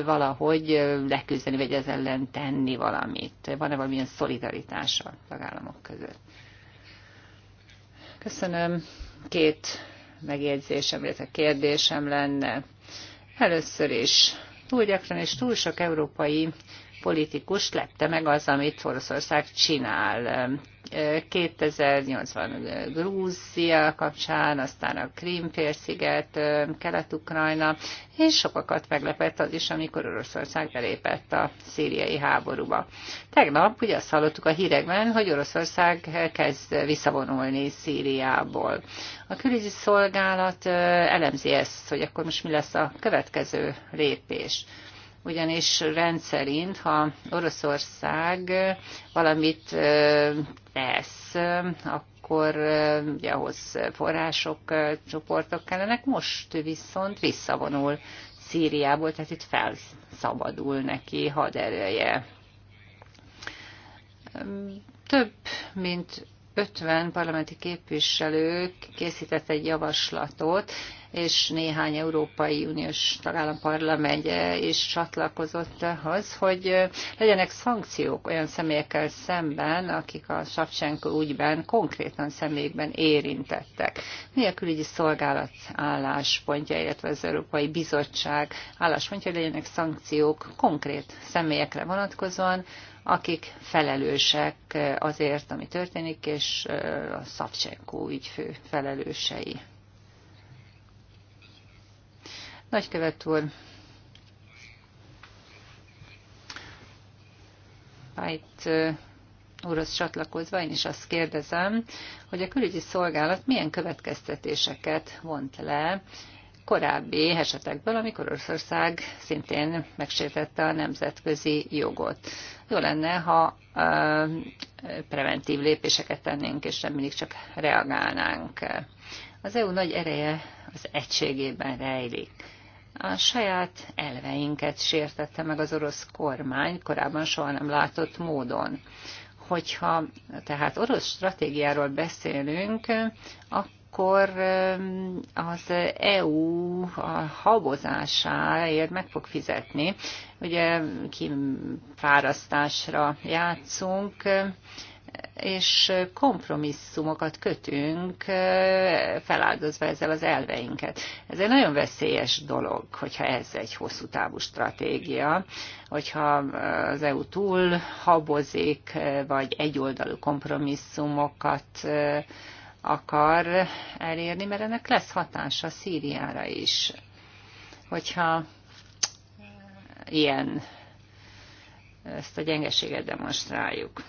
valahogy leküzdeni, vagy ez ellen tenni valamit? Van-e valamilyen szolidaritás a tagállamok között? Köszönöm. Két megjegyzésem, illetve kérdésem lenne. Először is túl gyakran és túl sok európai politikus lepte meg az, amit Oroszország csinál. 2080 Grúzia kapcsán, aztán a Krímfélsziget, Kelet-Ukrajna, és sokakat meglepett az is, amikor Oroszország belépett a szíriai háborúba. Tegnap ugye azt hallottuk a hírekben, hogy Oroszország kezd visszavonulni Szíriából. A külügyi szolgálat elemzi ezt, hogy akkor most mi lesz a következő lépés ugyanis rendszerint, ha Oroszország valamit tesz, akkor ugye ahhoz források, csoportok kellenek, most viszont visszavonul Szíriából, tehát itt felszabadul neki haderője. Több mint 50 parlamenti képviselő készített egy javaslatot, és néhány Európai Uniós tagállam parlamentje is csatlakozott ahhoz, hogy legyenek szankciók olyan személyekkel szemben, akik a Savchenko úgyben konkrétan személyekben érintettek. Mi a külügyi szolgálat álláspontja, illetve az Európai Bizottság álláspontja, hogy legyenek szankciók konkrét személyekre vonatkozóan, akik felelősek azért, ami történik, és a Szavcsenkó ügyfő felelősei. Nagykövet úr, itt úrhoz csatlakozva én is azt kérdezem, hogy a külügyi szolgálat milyen következtetéseket vont le korábbi esetekből, amikor Oroszország szintén megsértette a nemzetközi jogot. Jó lenne, ha ö, preventív lépéseket tennénk, és nem mindig csak reagálnánk. Az EU nagy ereje az egységében rejlik a saját elveinket sértette meg az orosz kormány korábban soha nem látott módon. Hogyha tehát orosz stratégiáról beszélünk, akkor eh, az EU a habozásáért meg fog fizetni. Ugye kifárasztásra játszunk, és kompromisszumokat kötünk, feláldozva ezzel az elveinket. Ez egy nagyon veszélyes dolog, hogyha ez egy hosszú távú stratégia, hogyha az EU túl habozik, vagy egyoldalú kompromisszumokat akar elérni, mert ennek lesz hatása Szíriára is. Hogyha ilyen ezt a gyengeséget demonstráljuk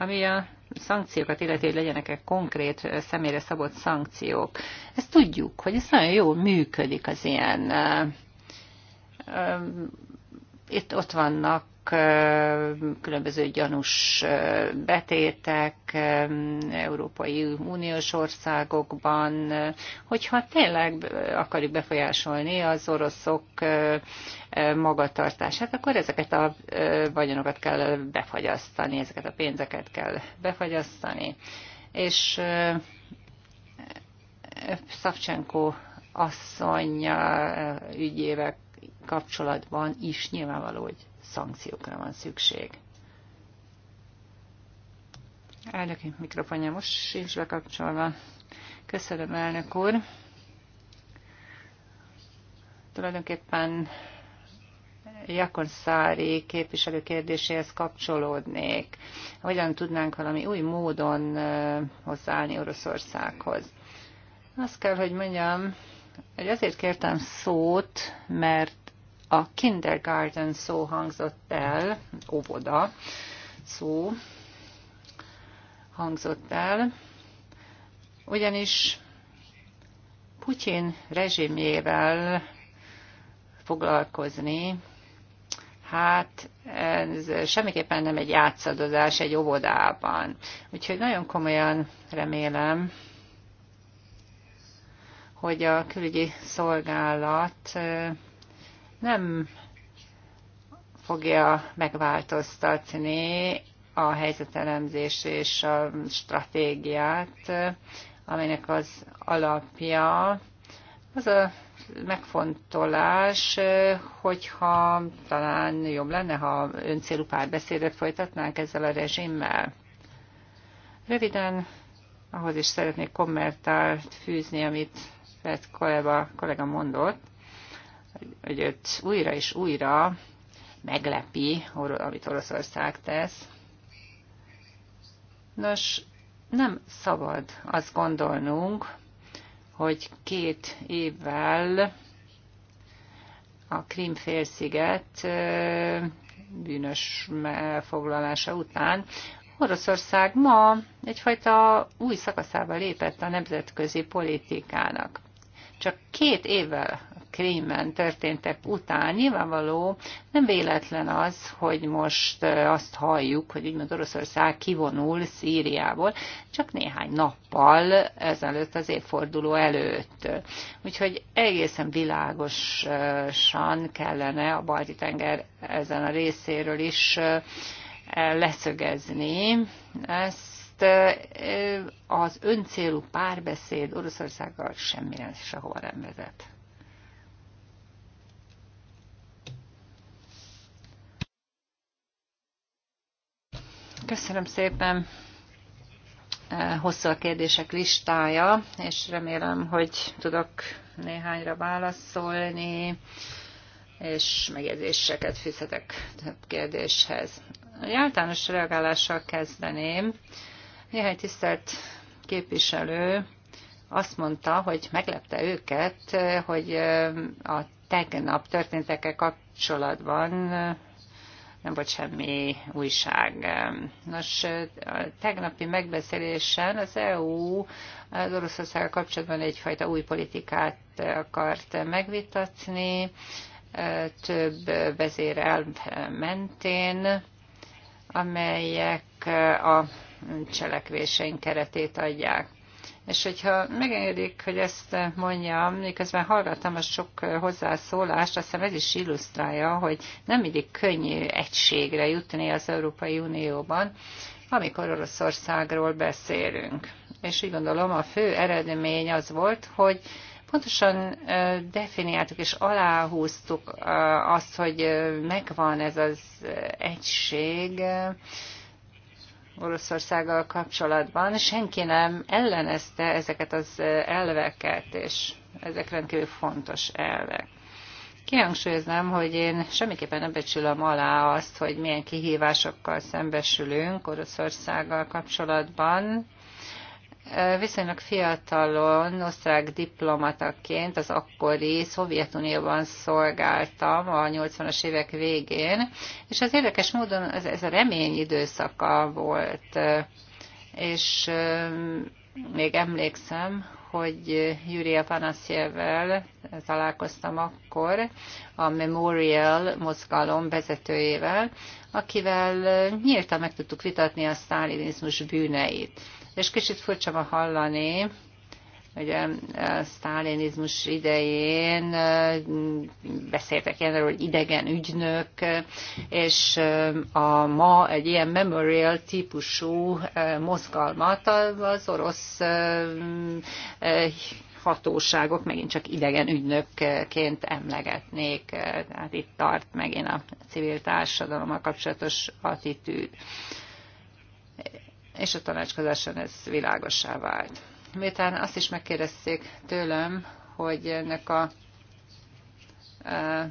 ami a szankciókat illeti, hogy legyenek-e konkrét személyre szabott szankciók. Ezt tudjuk, hogy ez nagyon jól működik az ilyen itt ott vannak különböző gyanús betétek Európai Uniós országokban, hogyha tényleg akarjuk befolyásolni az oroszok magatartását, akkor ezeket a vagyonokat kell befagyasztani, ezeket a pénzeket kell befagyasztani. És Szavcsenko asszony ügyével kapcsolatban is nyilvánvaló, hogy szankciókra van szükség. Elnök mikrofonja most sincs bekapcsolva. Köszönöm, elnök úr. Tulajdonképpen Jakon Szári képviselő kérdéséhez kapcsolódnék. Hogyan tudnánk valami új módon hozzáállni Oroszországhoz? Azt kell, hogy mondjam, hogy azért kértem szót, mert a kindergarten szó hangzott el, óvoda szó hangzott el, ugyanis Putyin rezsimjével foglalkozni, hát ez semmiképpen nem egy játszadozás egy óvodában. Úgyhogy nagyon komolyan remélem, hogy a külügyi szolgálat nem fogja megváltoztatni a helyzetelemzés és a stratégiát, amelynek az alapja az a megfontolás, hogyha talán jobb lenne, ha öncélú párbeszédet folytatnánk ezzel a rezsimmel. Röviden ahhoz is szeretnék kommentált fűzni, amit Fett kollega, kollega mondott hogy őt újra és újra meglepi, amit Oroszország tesz. Nos, nem szabad azt gondolnunk, hogy két évvel a Krímfélsziget bűnös foglalása után Oroszország ma egyfajta új szakaszába lépett a nemzetközi politikának. Csak két évvel Krímen történtek után nyilvánvaló nem véletlen az, hogy most azt halljuk, hogy úgymond Oroszország kivonul Szíriából, csak néhány nappal ezelőtt az évforduló előtt. Úgyhogy egészen világosan kellene a Balti-tenger ezen a részéről is leszögezni ezt, az öncélú párbeszéd Oroszországgal semmire sehova nem vezet. Köszönöm szépen. E, hosszú a kérdések listája, és remélem, hogy tudok néhányra válaszolni, és megjegyzéseket fizetek több kérdéshez. A általános reagálással kezdeném. Néhány tisztelt képviselő azt mondta, hogy meglepte őket, hogy e, a tegnap történtekkel kapcsolatban nem volt semmi újság. Nos, a tegnapi megbeszélésen az EU az Oroszország kapcsolatban egyfajta új politikát akart megvitatni, több vezérel mentén, amelyek a cselekvéseink keretét adják és hogyha megengedik, hogy ezt mondjam, miközben hallgattam a sok hozzászólást, azt hiszem ez is illusztrálja, hogy nem mindig könnyű egységre jutni az Európai Unióban, amikor Oroszországról beszélünk. És úgy gondolom a fő eredmény az volt, hogy pontosan definiáltuk és aláhúztuk azt, hogy megvan ez az egység, Oroszországgal kapcsolatban. Senki nem ellenezte ezeket az elveket, és ezek rendkívül fontos elvek. Kihangsúlyoznám, hogy én semmiképpen nem becsülöm alá azt, hogy milyen kihívásokkal szembesülünk Oroszországgal kapcsolatban, Viszonylag fiatalon, osztrák diplomataként az akkori Szovjetunióban szolgáltam a 80-as évek végén, és az érdekes módon ez, ez a remény időszaka volt, és még emlékszem, hogy Júria Panaszjevvel találkoztam akkor, a Memorial mozgalom vezetőjével, akivel nyíltan meg tudtuk vitatni a sztálinizmus bűneit és kicsit furcsa ma hallani, ugye a sztálinizmus idején beszéltek ilyenről, hogy idegen ügynök, és a ma egy ilyen memorial típusú mozgalmat az orosz hatóságok megint csak idegen ügynökként emlegetnék. Tehát itt tart megint a civil társadalommal kapcsolatos attitűd és a tanácskozáson ez világossá vált. Miután azt is megkérdezték tőlem, hogy ennek a e,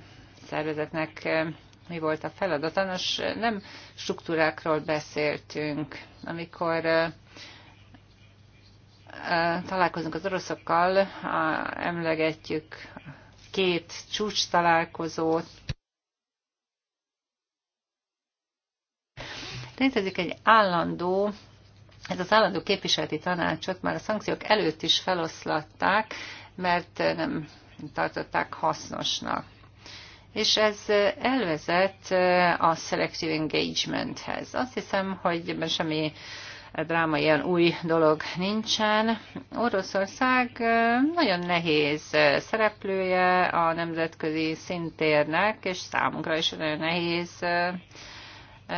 szervezetnek e, mi volt a feladata. Nos, nem struktúrákról beszéltünk. Amikor e, találkozunk az oroszokkal, emlegetjük két csúcs találkozót. Létezik egy állandó ez az állandó képviseleti tanácsot már a szankciók előtt is feloszlatták, mert nem tartották hasznosnak. És ez elvezet a selective engagementhez. Azt hiszem, hogy ebben semmi dráma ilyen új dolog nincsen. Oroszország nagyon nehéz szereplője a nemzetközi szintérnek, és számunkra is nagyon nehéz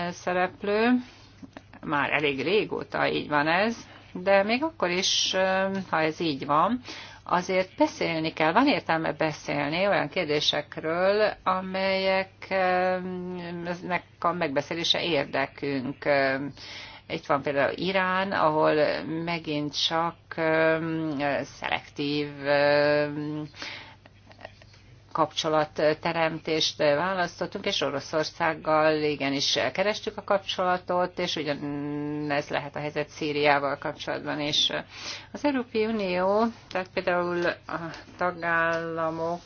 szereplő már elég régóta így van ez, de még akkor is, ha ez így van, azért beszélni kell, van értelme beszélni olyan kérdésekről, amelyeknek a megbeszélése érdekünk. Itt van például Irán, ahol megint csak szelektív kapcsolatteremtést választottunk, és Oroszországgal igenis kerestük a kapcsolatot, és ugyanez lehet a helyzet Szíriával kapcsolatban is. Az Európai Unió, tehát például a tagállamok,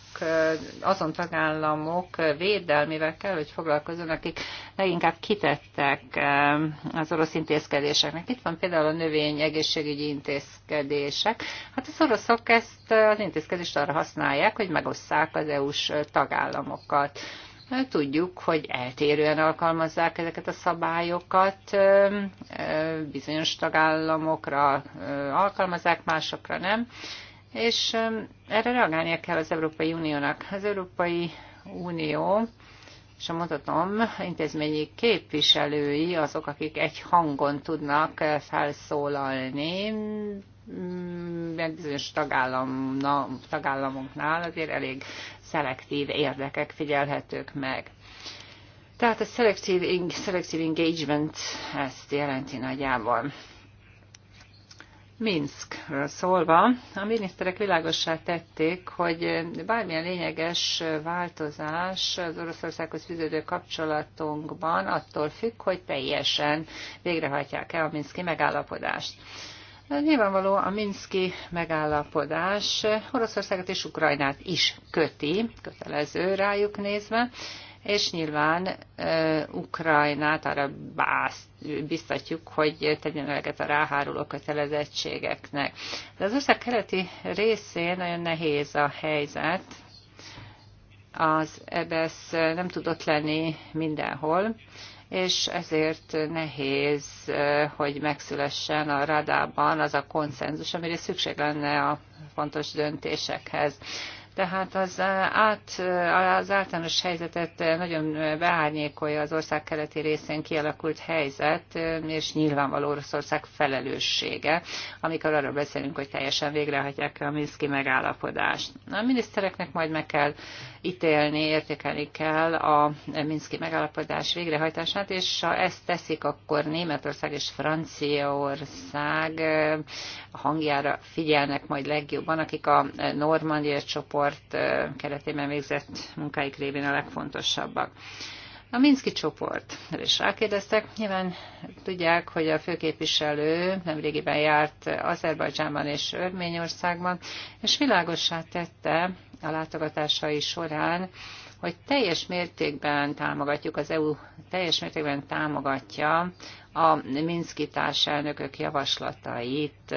azon tagállamok védelmével kell, hogy foglalkozzanak, akik leginkább kitettek eh, az orosz intézkedéseknek. Itt van például a növény egészségügyi intézkedések. Hát az oroszok ezt eh, az intézkedést arra használják, hogy megosszák az EU-s eh, tagállamokat. Tudjuk, hogy eltérően alkalmazzák ezeket a szabályokat, bizonyos tagállamokra alkalmazzák, másokra nem, és erre reagálnia kell az Európai Uniónak. Az Európai Unió és a mondhatom intézményi képviselői azok, akik egy hangon tudnak felszólalni, mm, mert bizonyos tagállam, na, tagállamoknál azért elég szelektív érdekek figyelhetők meg. Tehát a selective, selective engagement ezt jelenti nagyjából. Minskről szólva, a miniszterek világossá tették, hogy bármilyen lényeges változás az Oroszországhoz fűződő kapcsolatunkban attól függ, hogy teljesen végrehajtják-e a Minszki megállapodást. Nyilvánvaló a Minszki megállapodás Oroszországot és Ukrajnát is köti, kötelező rájuk nézve, és nyilván Ukrajnát arra biztatjuk, hogy tegyen eleget a ráháruló kötelezettségeknek. De az ország keleti részén nagyon nehéz a helyzet. Az EBSZ e nem tudott lenni mindenhol, és ezért nehéz, hogy megszülessen a radában az a konszenzus, amire szükség lenne a fontos döntésekhez. Tehát az, eh, át, eh, az általános helyzetet eh, nagyon beárnyékolja az ország keleti részén kialakult helyzet, és nyilvánvaló Oroszország felelőssége, amikor arról beszélünk, hogy teljesen végrehajtják a Minszki megállapodást. A minisztereknek majd meg kell ítélni, értékelni kell a Minszki megállapodás végrehajtását, és ha ezt teszik, akkor Németország és Franciaország hangjára figyelnek majd legjobban, akik a Normandia csoport csoport keretében végzett munkáik révén a legfontosabbak. A Minszki csoport, is rákérdeztek, nyilván tudják, hogy a főképviselő nemrégiben járt Azerbajdzsánban és Örményországban, és világossá tette a látogatásai során, hogy teljes mértékben támogatjuk, az EU teljes mértékben támogatja a Minszki társelnökök javaslatait,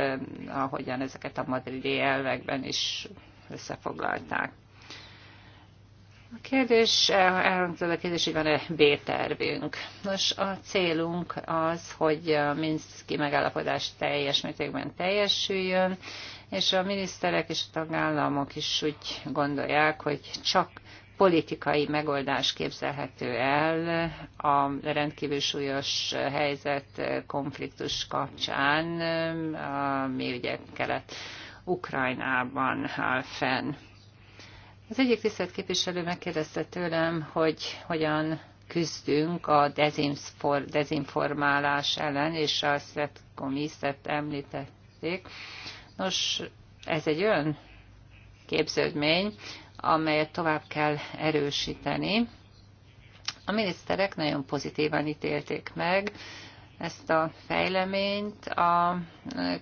ahogyan ezeket a madridi elvekben is összefoglalták. A kérdés, elhangzott a kérdés, hogy van-e B-tervünk. Nos, a célunk az, hogy a Minszki megállapodás teljes mértékben teljesüljön, és a miniszterek és a tagállamok is úgy gondolják, hogy csak politikai megoldás képzelhető el a rendkívül súlyos helyzet konfliktus kapcsán, ami ugye kelet Ukrajnában áll fenn. Az egyik tisztelt képviselő megkérdezte tőlem, hogy hogyan küzdünk a dezinformálás ellen, és a SZETCOMISZ-et említették. Nos, ez egy olyan képződmény, amelyet tovább kell erősíteni. A miniszterek nagyon pozitívan ítélték meg, ezt a fejleményt. A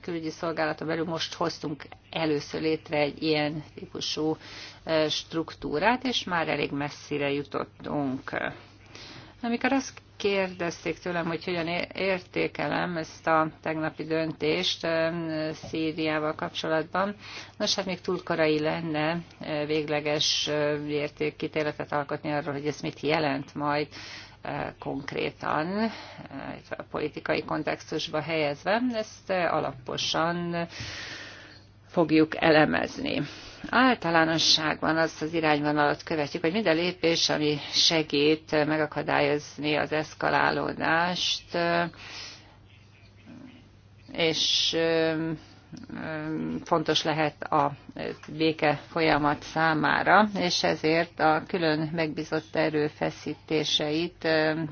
külügyi szolgálata belül most hoztunk először létre egy ilyen típusú struktúrát, és már elég messzire jutottunk. Amikor azt kérdezték tőlem, hogy hogyan értékelem ezt a tegnapi döntést Szíriával kapcsolatban. Nos, hát még túl korai lenne végleges értékkítéletet alkotni arról, hogy ez mit jelent majd konkrétan, a politikai kontextusba helyezve, ezt alaposan fogjuk elemezni. Általánosságban azt az irányvonalat követjük, hogy minden lépés, ami segít megakadályozni az eszkalálódást, és fontos lehet a béke folyamat számára, és ezért a külön megbízott erőfeszítéseit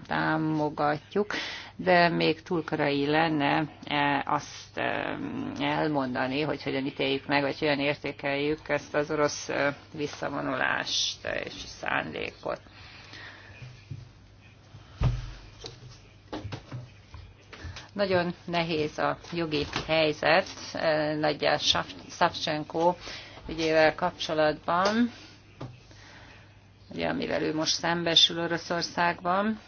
támogatjuk, de még túlkorai lenne e, azt elmondani, hogy hogyan ítéljük meg, vagy hogyan értékeljük ezt az orosz visszavonulást és szándékot. Nagyon nehéz a jogi helyzet eh, Nagyja Savchenko ügyével kapcsolatban, ugye, amivel ő most szembesül Oroszországban.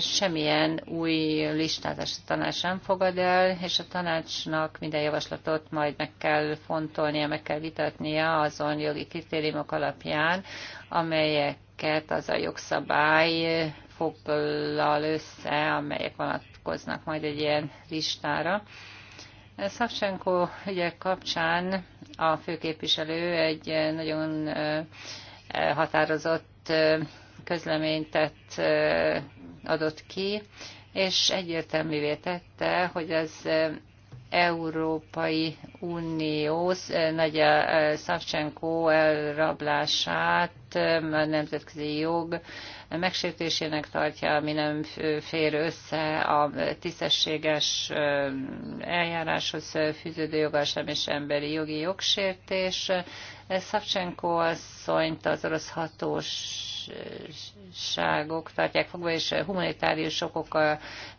Semmilyen új a tanács nem fogad el, és a tanácsnak minden javaslatot majd meg kell fontolnia, meg kell vitatnia azon jogi kritériumok alapján, amelyek az a jogszabály foglal össze, amelyek vonatkoznak majd egy ilyen listára. Szavcsenko ügyek kapcsán a főképviselő egy nagyon határozott közleményt tett, adott ki, és egyértelművé tette, hogy az Európai Uniós eh, nagy eh, eh, Szavcsenkó elrablását a nemzetközi jog megsértésének tartja, ami nem fér össze a tisztességes eljáráshoz fűződő joga, sem és emberi jogi jogsértés. Szavcsenkó asszonyt az orosz hatós ságok tartják fogva, és humanitárius okok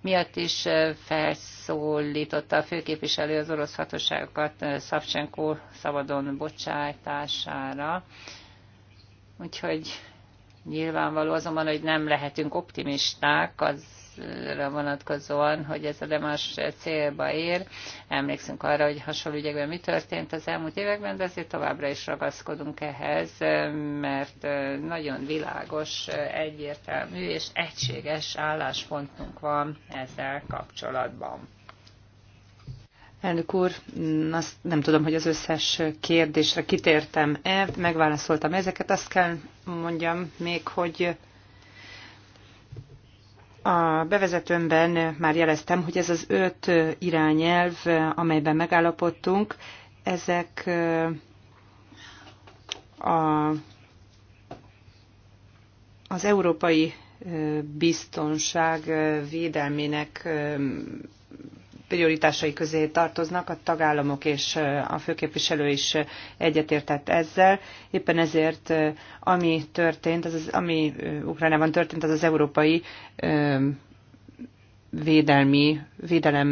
miatt is felszólította a főképviselő az orosz hatóságokat magát eh, Szavcsenko szabadon bocsájtására. Úgyhogy nyilvánvaló azonban, hogy nem lehetünk optimisták azra vonatkozóan, hogy ez a demás célba ér. Emlékszünk arra, hogy hasonló ügyekben mi történt az elmúlt években, de azért továbbra is ragaszkodunk ehhez, mert eh, nagyon világos, eh, egyértelmű és egységes álláspontunk van ezzel kapcsolatban. Elnök úr, mm, azt nem tudom, hogy az összes kérdésre kitértem-e, megválaszoltam ezeket. Azt kell mondjam még, hogy a bevezetőmben már jeleztem, hogy ez az öt irányelv, amelyben megállapodtunk, ezek a, az európai biztonság védelmének prioritásai közé tartoznak, a tagállamok és a főképviselő is egyetértett ezzel. Éppen ezért ami történt, az, az ami Ukrajnában történt, az az európai védelmi, védelem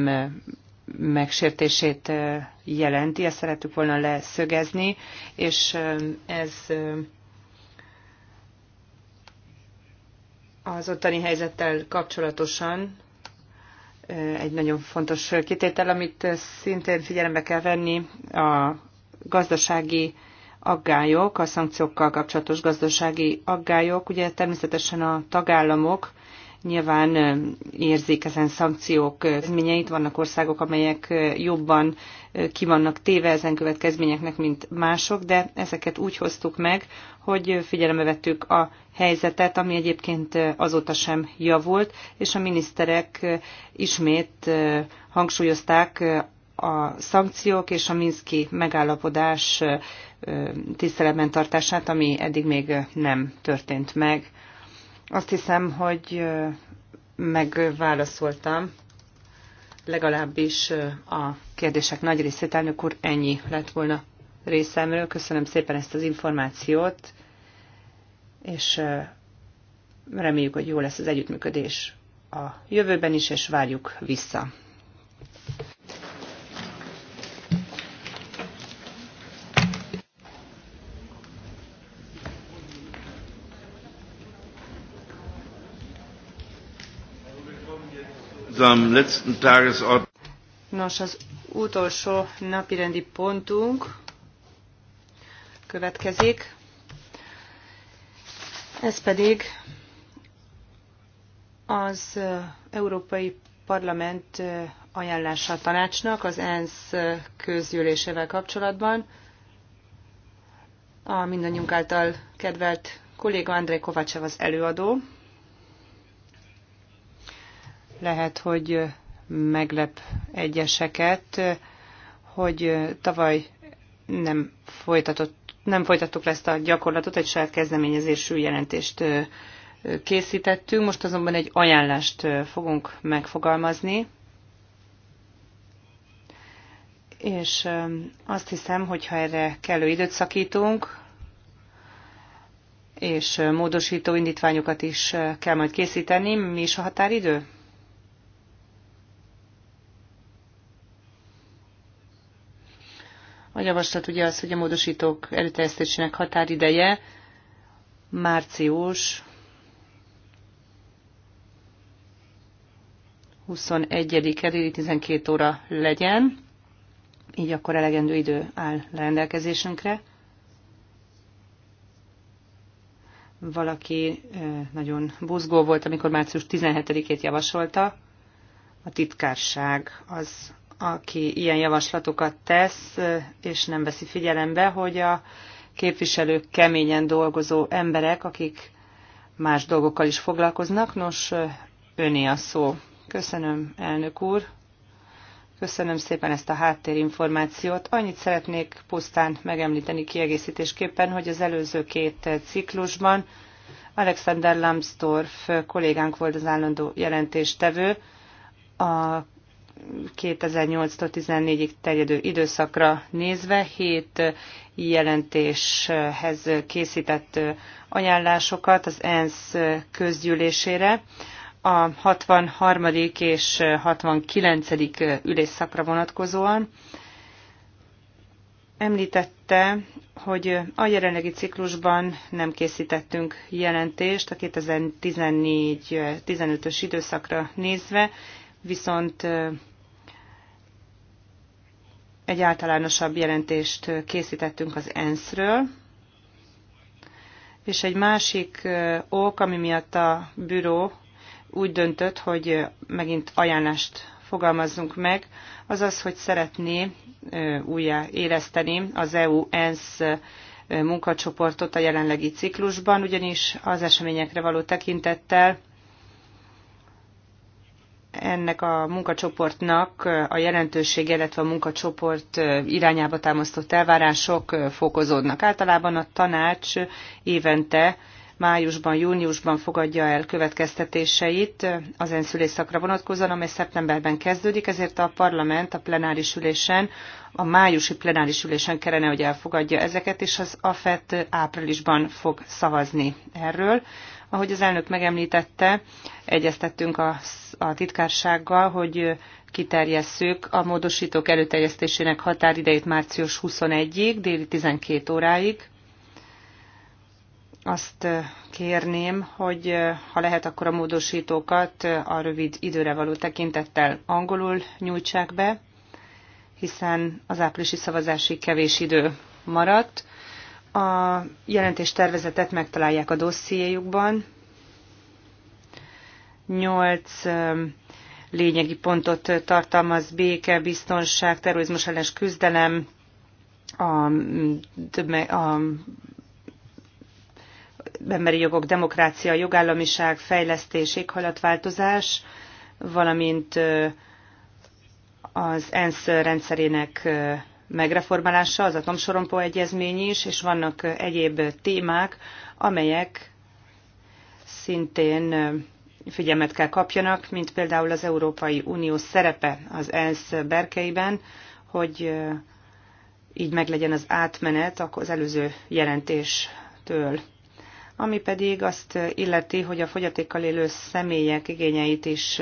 megsértését jelenti, ezt szerettük volna leszögezni, és ez az ottani helyzettel kapcsolatosan Eh, egy nagyon fontos kitétel, amit szintén figyelembe kell venni a gazdasági aggályok, a szankciókkal kapcsolatos gazdasági aggályok. Ugye természetesen a tagállamok nyilván érzik ezen szankciók kezményeit. Vannak országok, amelyek jobban kivannak téve ezen következményeknek, mint mások, de ezeket úgy hoztuk meg, hogy figyelembe vettük a helyzetet, ami egyébként azóta sem javult, és a miniszterek ismét hangsúlyozták a szankciók és a Minszki megállapodás tiszteletben tartását, ami eddig még nem történt meg azt hiszem, hogy megválaszoltam legalábbis a kérdések nagy részét. Elnök úr, ennyi lett volna részemről. Köszönöm szépen ezt az információt, és reméljük, hogy jó lesz az együttműködés a jövőben is, és várjuk vissza. unserem letzten Tagesordnung. Nos, az utolsó napirendi pontunk következik. Ez pedig az Európai Parlament ajánlása a tanácsnak az ENSZ közgyűlésével kapcsolatban. A mindannyiunk által kedvelt kolléga André Kovácsev az előadó. Lehet, hogy meglep egyeseket, hogy tavaly nem, folytatott, nem folytattuk le ezt a gyakorlatot, egy saját kezdeményezésű jelentést készítettünk, most azonban egy ajánlást fogunk megfogalmazni, és azt hiszem, hogy ha erre kellő időt szakítunk, és módosító indítványokat is kell majd készíteni, mi is a határidő? A javaslat ugye az, hogy a módosítók előterjesztésének határideje március 21-e 12 óra legyen, így akkor elegendő idő áll rendelkezésünkre. Valaki nagyon buzgó volt, amikor március 17-ét javasolta. A titkárság az aki ilyen javaslatokat tesz, és nem veszi figyelembe, hogy a képviselők keményen dolgozó emberek, akik más dolgokkal is foglalkoznak. Nos, öné a szó. Köszönöm, elnök úr. Köszönöm szépen ezt a háttérinformációt. Annyit szeretnék pusztán megemlíteni kiegészítésképpen, hogy az előző két ciklusban Alexander Lambsdorff kollégánk volt az állandó jelentéstevő, a 2008-tól 14-ig terjedő időszakra nézve hét jelentéshez készített ajánlásokat az ENSZ közgyűlésére a 63. és 69. ülésszakra vonatkozóan. Említette, hogy a jelenlegi ciklusban nem készítettünk jelentést a 2014-15-ös időszakra nézve, viszont egy általánosabb jelentést készítettünk az ENSZ-ről, és egy másik ok, ami miatt a büró úgy döntött, hogy megint ajánlást fogalmazzunk meg, az az, hogy szeretné újra éleszteni az EU-ENSZ munkacsoportot a jelenlegi ciklusban, ugyanis az eseményekre való tekintettel ennek a munkacsoportnak a jelentőség, illetve a munkacsoport irányába támasztott elvárások fokozódnak. Általában a tanács évente májusban, júniusban fogadja el következtetéseit az ENSZ szakra vonatkozóan, amely szeptemberben kezdődik, ezért a parlament a plenáris ülésen, a májusi plenáris ülésen kellene, hogy elfogadja ezeket, és az AFET áprilisban fog szavazni erről. Ahogy az elnök megemlítette, egyeztettünk a a titkársággal, hogy kiterjesszük a módosítók előterjesztésének határidejét március 21-ig, déli 12 óráig. Azt kérném, hogy ha lehet, akkor a módosítókat a rövid időre való tekintettel angolul nyújtsák be, hiszen az áprilisi szavazásig kevés idő maradt. A jelentés tervezetet megtalálják a dossziéjukban, nyolc lényegi pontot tartalmaz béke, biztonság, terrorizmus ellenes küzdelem, a, a emberi jogok, demokrácia, jogállamiság, fejlesztés, éghajlatváltozás, valamint az ENSZ rendszerének megreformálása, az atomsorompó egyezmény is, és vannak egyéb témák, amelyek szintén figyelmet kell kapjanak, mint például az Európai Unió szerepe az ENSZ berkeiben, hogy így meglegyen az átmenet az előző jelentéstől. Ami pedig azt illeti, hogy a fogyatékkal élő személyek igényeit is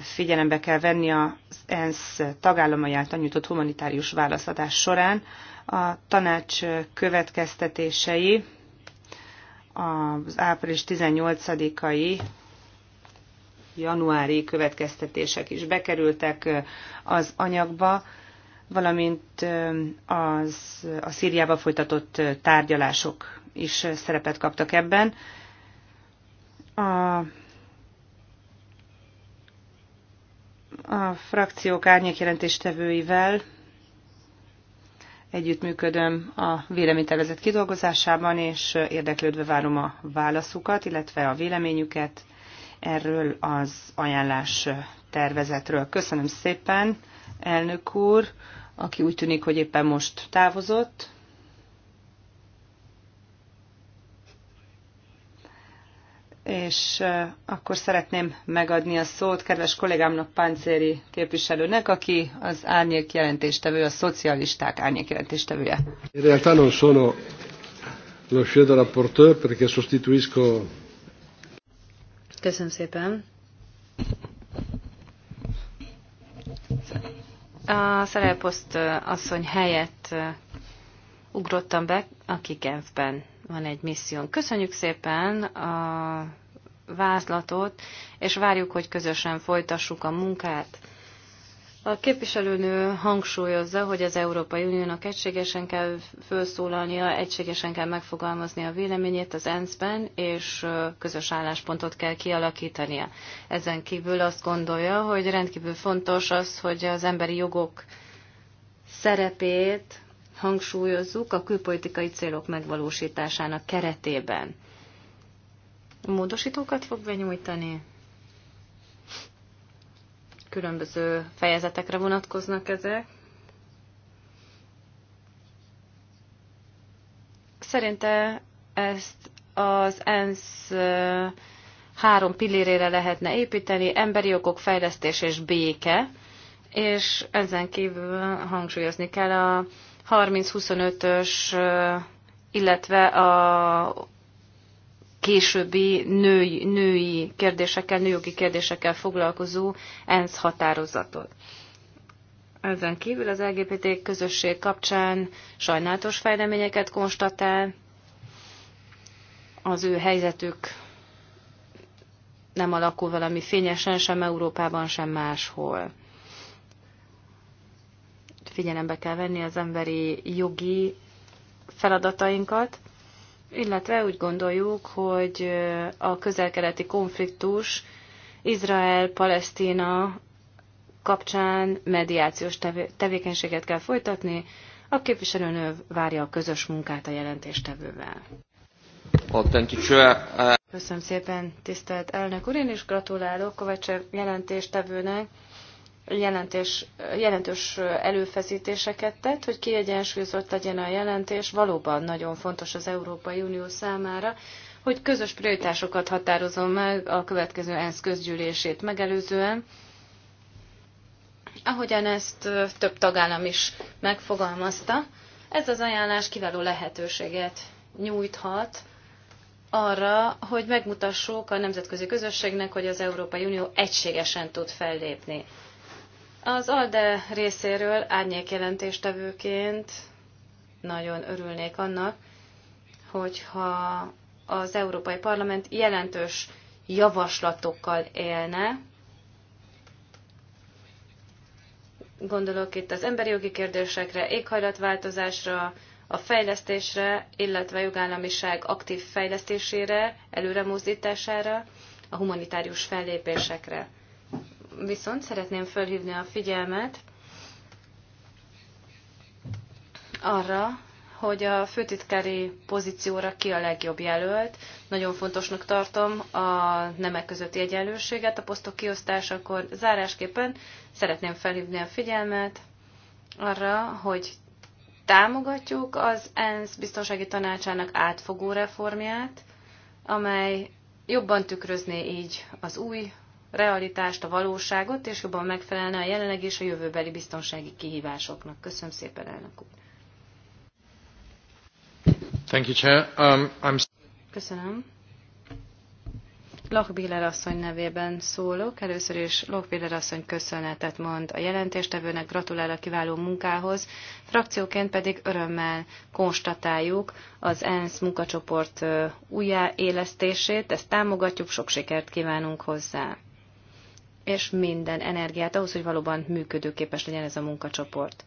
figyelembe kell venni az ENSZ tagállamai által nyújtott humanitárius válaszadás során. A tanács következtetései az április 18-ai januári következtetések is bekerültek az anyagba, valamint az, a Szíriába folytatott tárgyalások is szerepet kaptak ebben. A a frakciók árnyékjelentéstevőivel együttműködöm a véleménytervezet kidolgozásában, és érdeklődve várom a válaszukat, illetve a véleményüket, erről az ajánlás tervezetről. Köszönöm szépen, elnök úr, aki úgy tűnik, hogy éppen most távozott. és eh, akkor szeretném megadni a szót kedves kollégámnak, Páncéri képviselőnek, aki az árnyék jelentéstevő, a szocialisták árnyék jelentéstevője. In realtà non sono lo rapporteur perché sostituisco Köszönöm szépen. A szerelposzt asszony helyett ugrottam be, aki Genfben van egy misszión. Köszönjük szépen a vázlatot, és várjuk, hogy közösen folytassuk a munkát. A képviselőnő hangsúlyozza, hogy az Európai Uniónak egységesen kell felszólalnia, egységesen kell megfogalmazni a véleményét az ENSZ-ben, és közös álláspontot kell kialakítania. Ezen kívül azt gondolja, hogy rendkívül fontos az, hogy az emberi jogok szerepét hangsúlyozzuk a külpolitikai célok megvalósításának keretében. Módosítókat fog benyújtani? különböző fejezetekre vonatkoznak ezek. Szerinte ezt az ENSZ három pillérére lehetne építeni, emberi jogok, fejlesztés és béke, és ezen kívül hangsúlyozni kell a 30-25-ös, illetve a későbbi női, női kérdésekkel, nőjogi kérdésekkel foglalkozó ENSZ határozatot. Ezen kívül az LGBT közösség kapcsán sajnálatos fejleményeket konstatál, az ő helyzetük nem alakul valami fényesen sem Európában, sem máshol. Figyelembe kell venni az emberi jogi feladatainkat, illetve úgy gondoljuk, hogy a közelkeleti konfliktus Izrael-Palesztina kapcsán mediációs tevékenységet kell folytatni, a képviselőnő várja a közös munkát a jelentéstevővel. Uh, Köszönöm szépen, tisztelt elnök úr, én is gratulálok Kovács jelentéstevőnek jelentés, jelentős előfeszítéseket tett, hogy kiegyensúlyozott legyen a jelentés. Valóban nagyon fontos az Európai Unió számára, hogy közös prioritásokat határozom meg a következő ENSZ közgyűlését megelőzően, ahogyan ezt több tagállam is megfogalmazta. Ez az ajánlás kiváló lehetőséget nyújthat arra, hogy megmutassuk a nemzetközi közösségnek, hogy az Európai Unió egységesen tud fellépni. Az ALDE részéről árnyékjelentéstevőként nagyon örülnék annak, hogyha az Európai Parlament jelentős javaslatokkal élne. Gondolok itt az emberi jogi kérdésekre, éghajlatváltozásra, a fejlesztésre, illetve jogállamiság aktív fejlesztésére, előremozdítására, a humanitárius fellépésekre viszont szeretném felhívni a figyelmet arra, hogy a főtitkári pozícióra ki a legjobb jelölt. Nagyon fontosnak tartom a nemek közötti egyenlőséget a posztok kiosztásakor. Zárásképpen szeretném felhívni a figyelmet arra, hogy támogatjuk az ENSZ biztonsági tanácsának átfogó reformját, amely jobban tükrözné így az új realitást, a valóságot, és jobban megfelelne a jelenlegi és a jövőbeli biztonsági kihívásoknak. Köszönöm szépen, elnök úr. Thank you, Chair. Um, I'm... Köszönöm. Lochbiller asszony nevében szólok. Először is Lochbiller asszony köszönetet mond a jelentéstevőnek, gratulál a kiváló munkához. Frakcióként pedig örömmel konstatáljuk az ENSZ munkacsoport újjáélesztését, ezt támogatjuk, sok sikert kívánunk hozzá és minden energiát ahhoz, hogy valóban működőképes legyen ez a munkacsoport.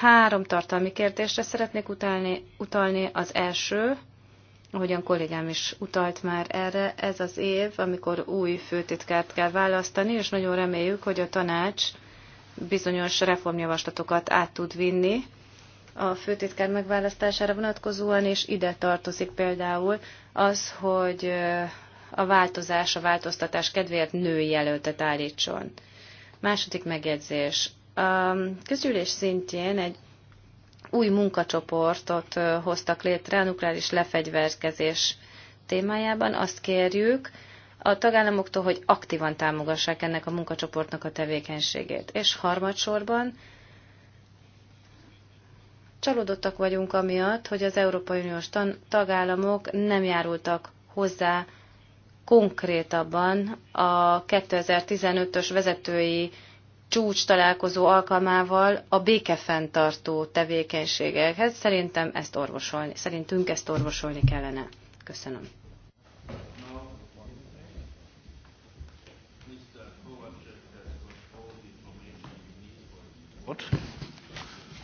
Három tartalmi kérdésre szeretnék utalni. utalni. Az első, ahogyan kollégám is utalt már erre, ez az év, amikor új főtitkárt kell választani, és nagyon reméljük, hogy a tanács bizonyos reformjavaslatokat át tud vinni a főtitkár megválasztására vonatkozóan, és ide tartozik például az, hogy a változás, a változtatás kedvéért női jelöltet állítson. Második megjegyzés. A közülés szintjén egy új munkacsoportot hoztak létre a nukleáris lefegyverkezés témájában. Azt kérjük a tagállamoktól, hogy aktívan támogassák ennek a munkacsoportnak a tevékenységét. És harmadsorban csalódottak vagyunk amiatt, hogy az Európai Uniós tagállamok nem járultak hozzá konkrétabban a 2015-ös vezetői csúcs találkozó alkalmával a békefenntartó tevékenységekhez. Szerintem ezt orvosolni, szerintünk ezt orvosolni kellene. Köszönöm.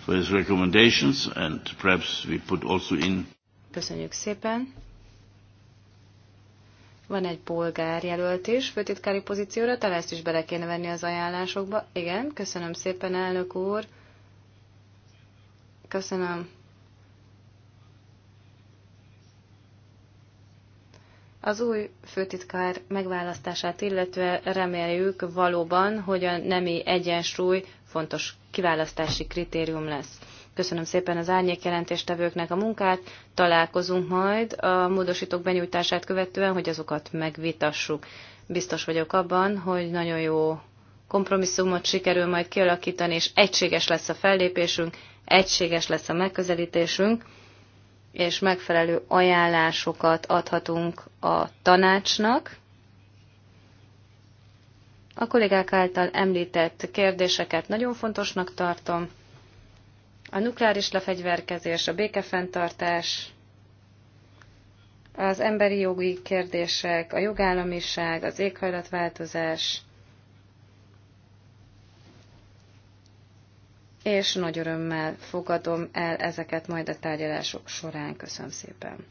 For his recommendations and perhaps we put also in Köszönjük szépen. Van egy polgár jelölt is főtitkári pozícióra, talán ezt is bele kéne venni az ajánlásokba. Igen, köszönöm szépen, elnök úr. Köszönöm. Az új főtitkár megválasztását illetve reméljük valóban, hogy a nemi egyensúly fontos kiválasztási kritérium lesz. Köszönöm szépen az árnyék jelentéstevőknek a munkát. Találkozunk majd a módosítók benyújtását követően, hogy azokat megvitassuk. Biztos vagyok abban, hogy nagyon jó kompromisszumot sikerül majd kialakítani, és egységes lesz a fellépésünk, egységes lesz a megközelítésünk, és megfelelő ajánlásokat adhatunk a tanácsnak. A kollégák által említett kérdéseket nagyon fontosnak tartom a nukleáris lefegyverkezés, a békefenntartás, az emberi jogi kérdések, a jogállamiság, az éghajlatváltozás, és nagy örömmel fogadom el ezeket majd a tárgyalások során. Köszönöm szépen!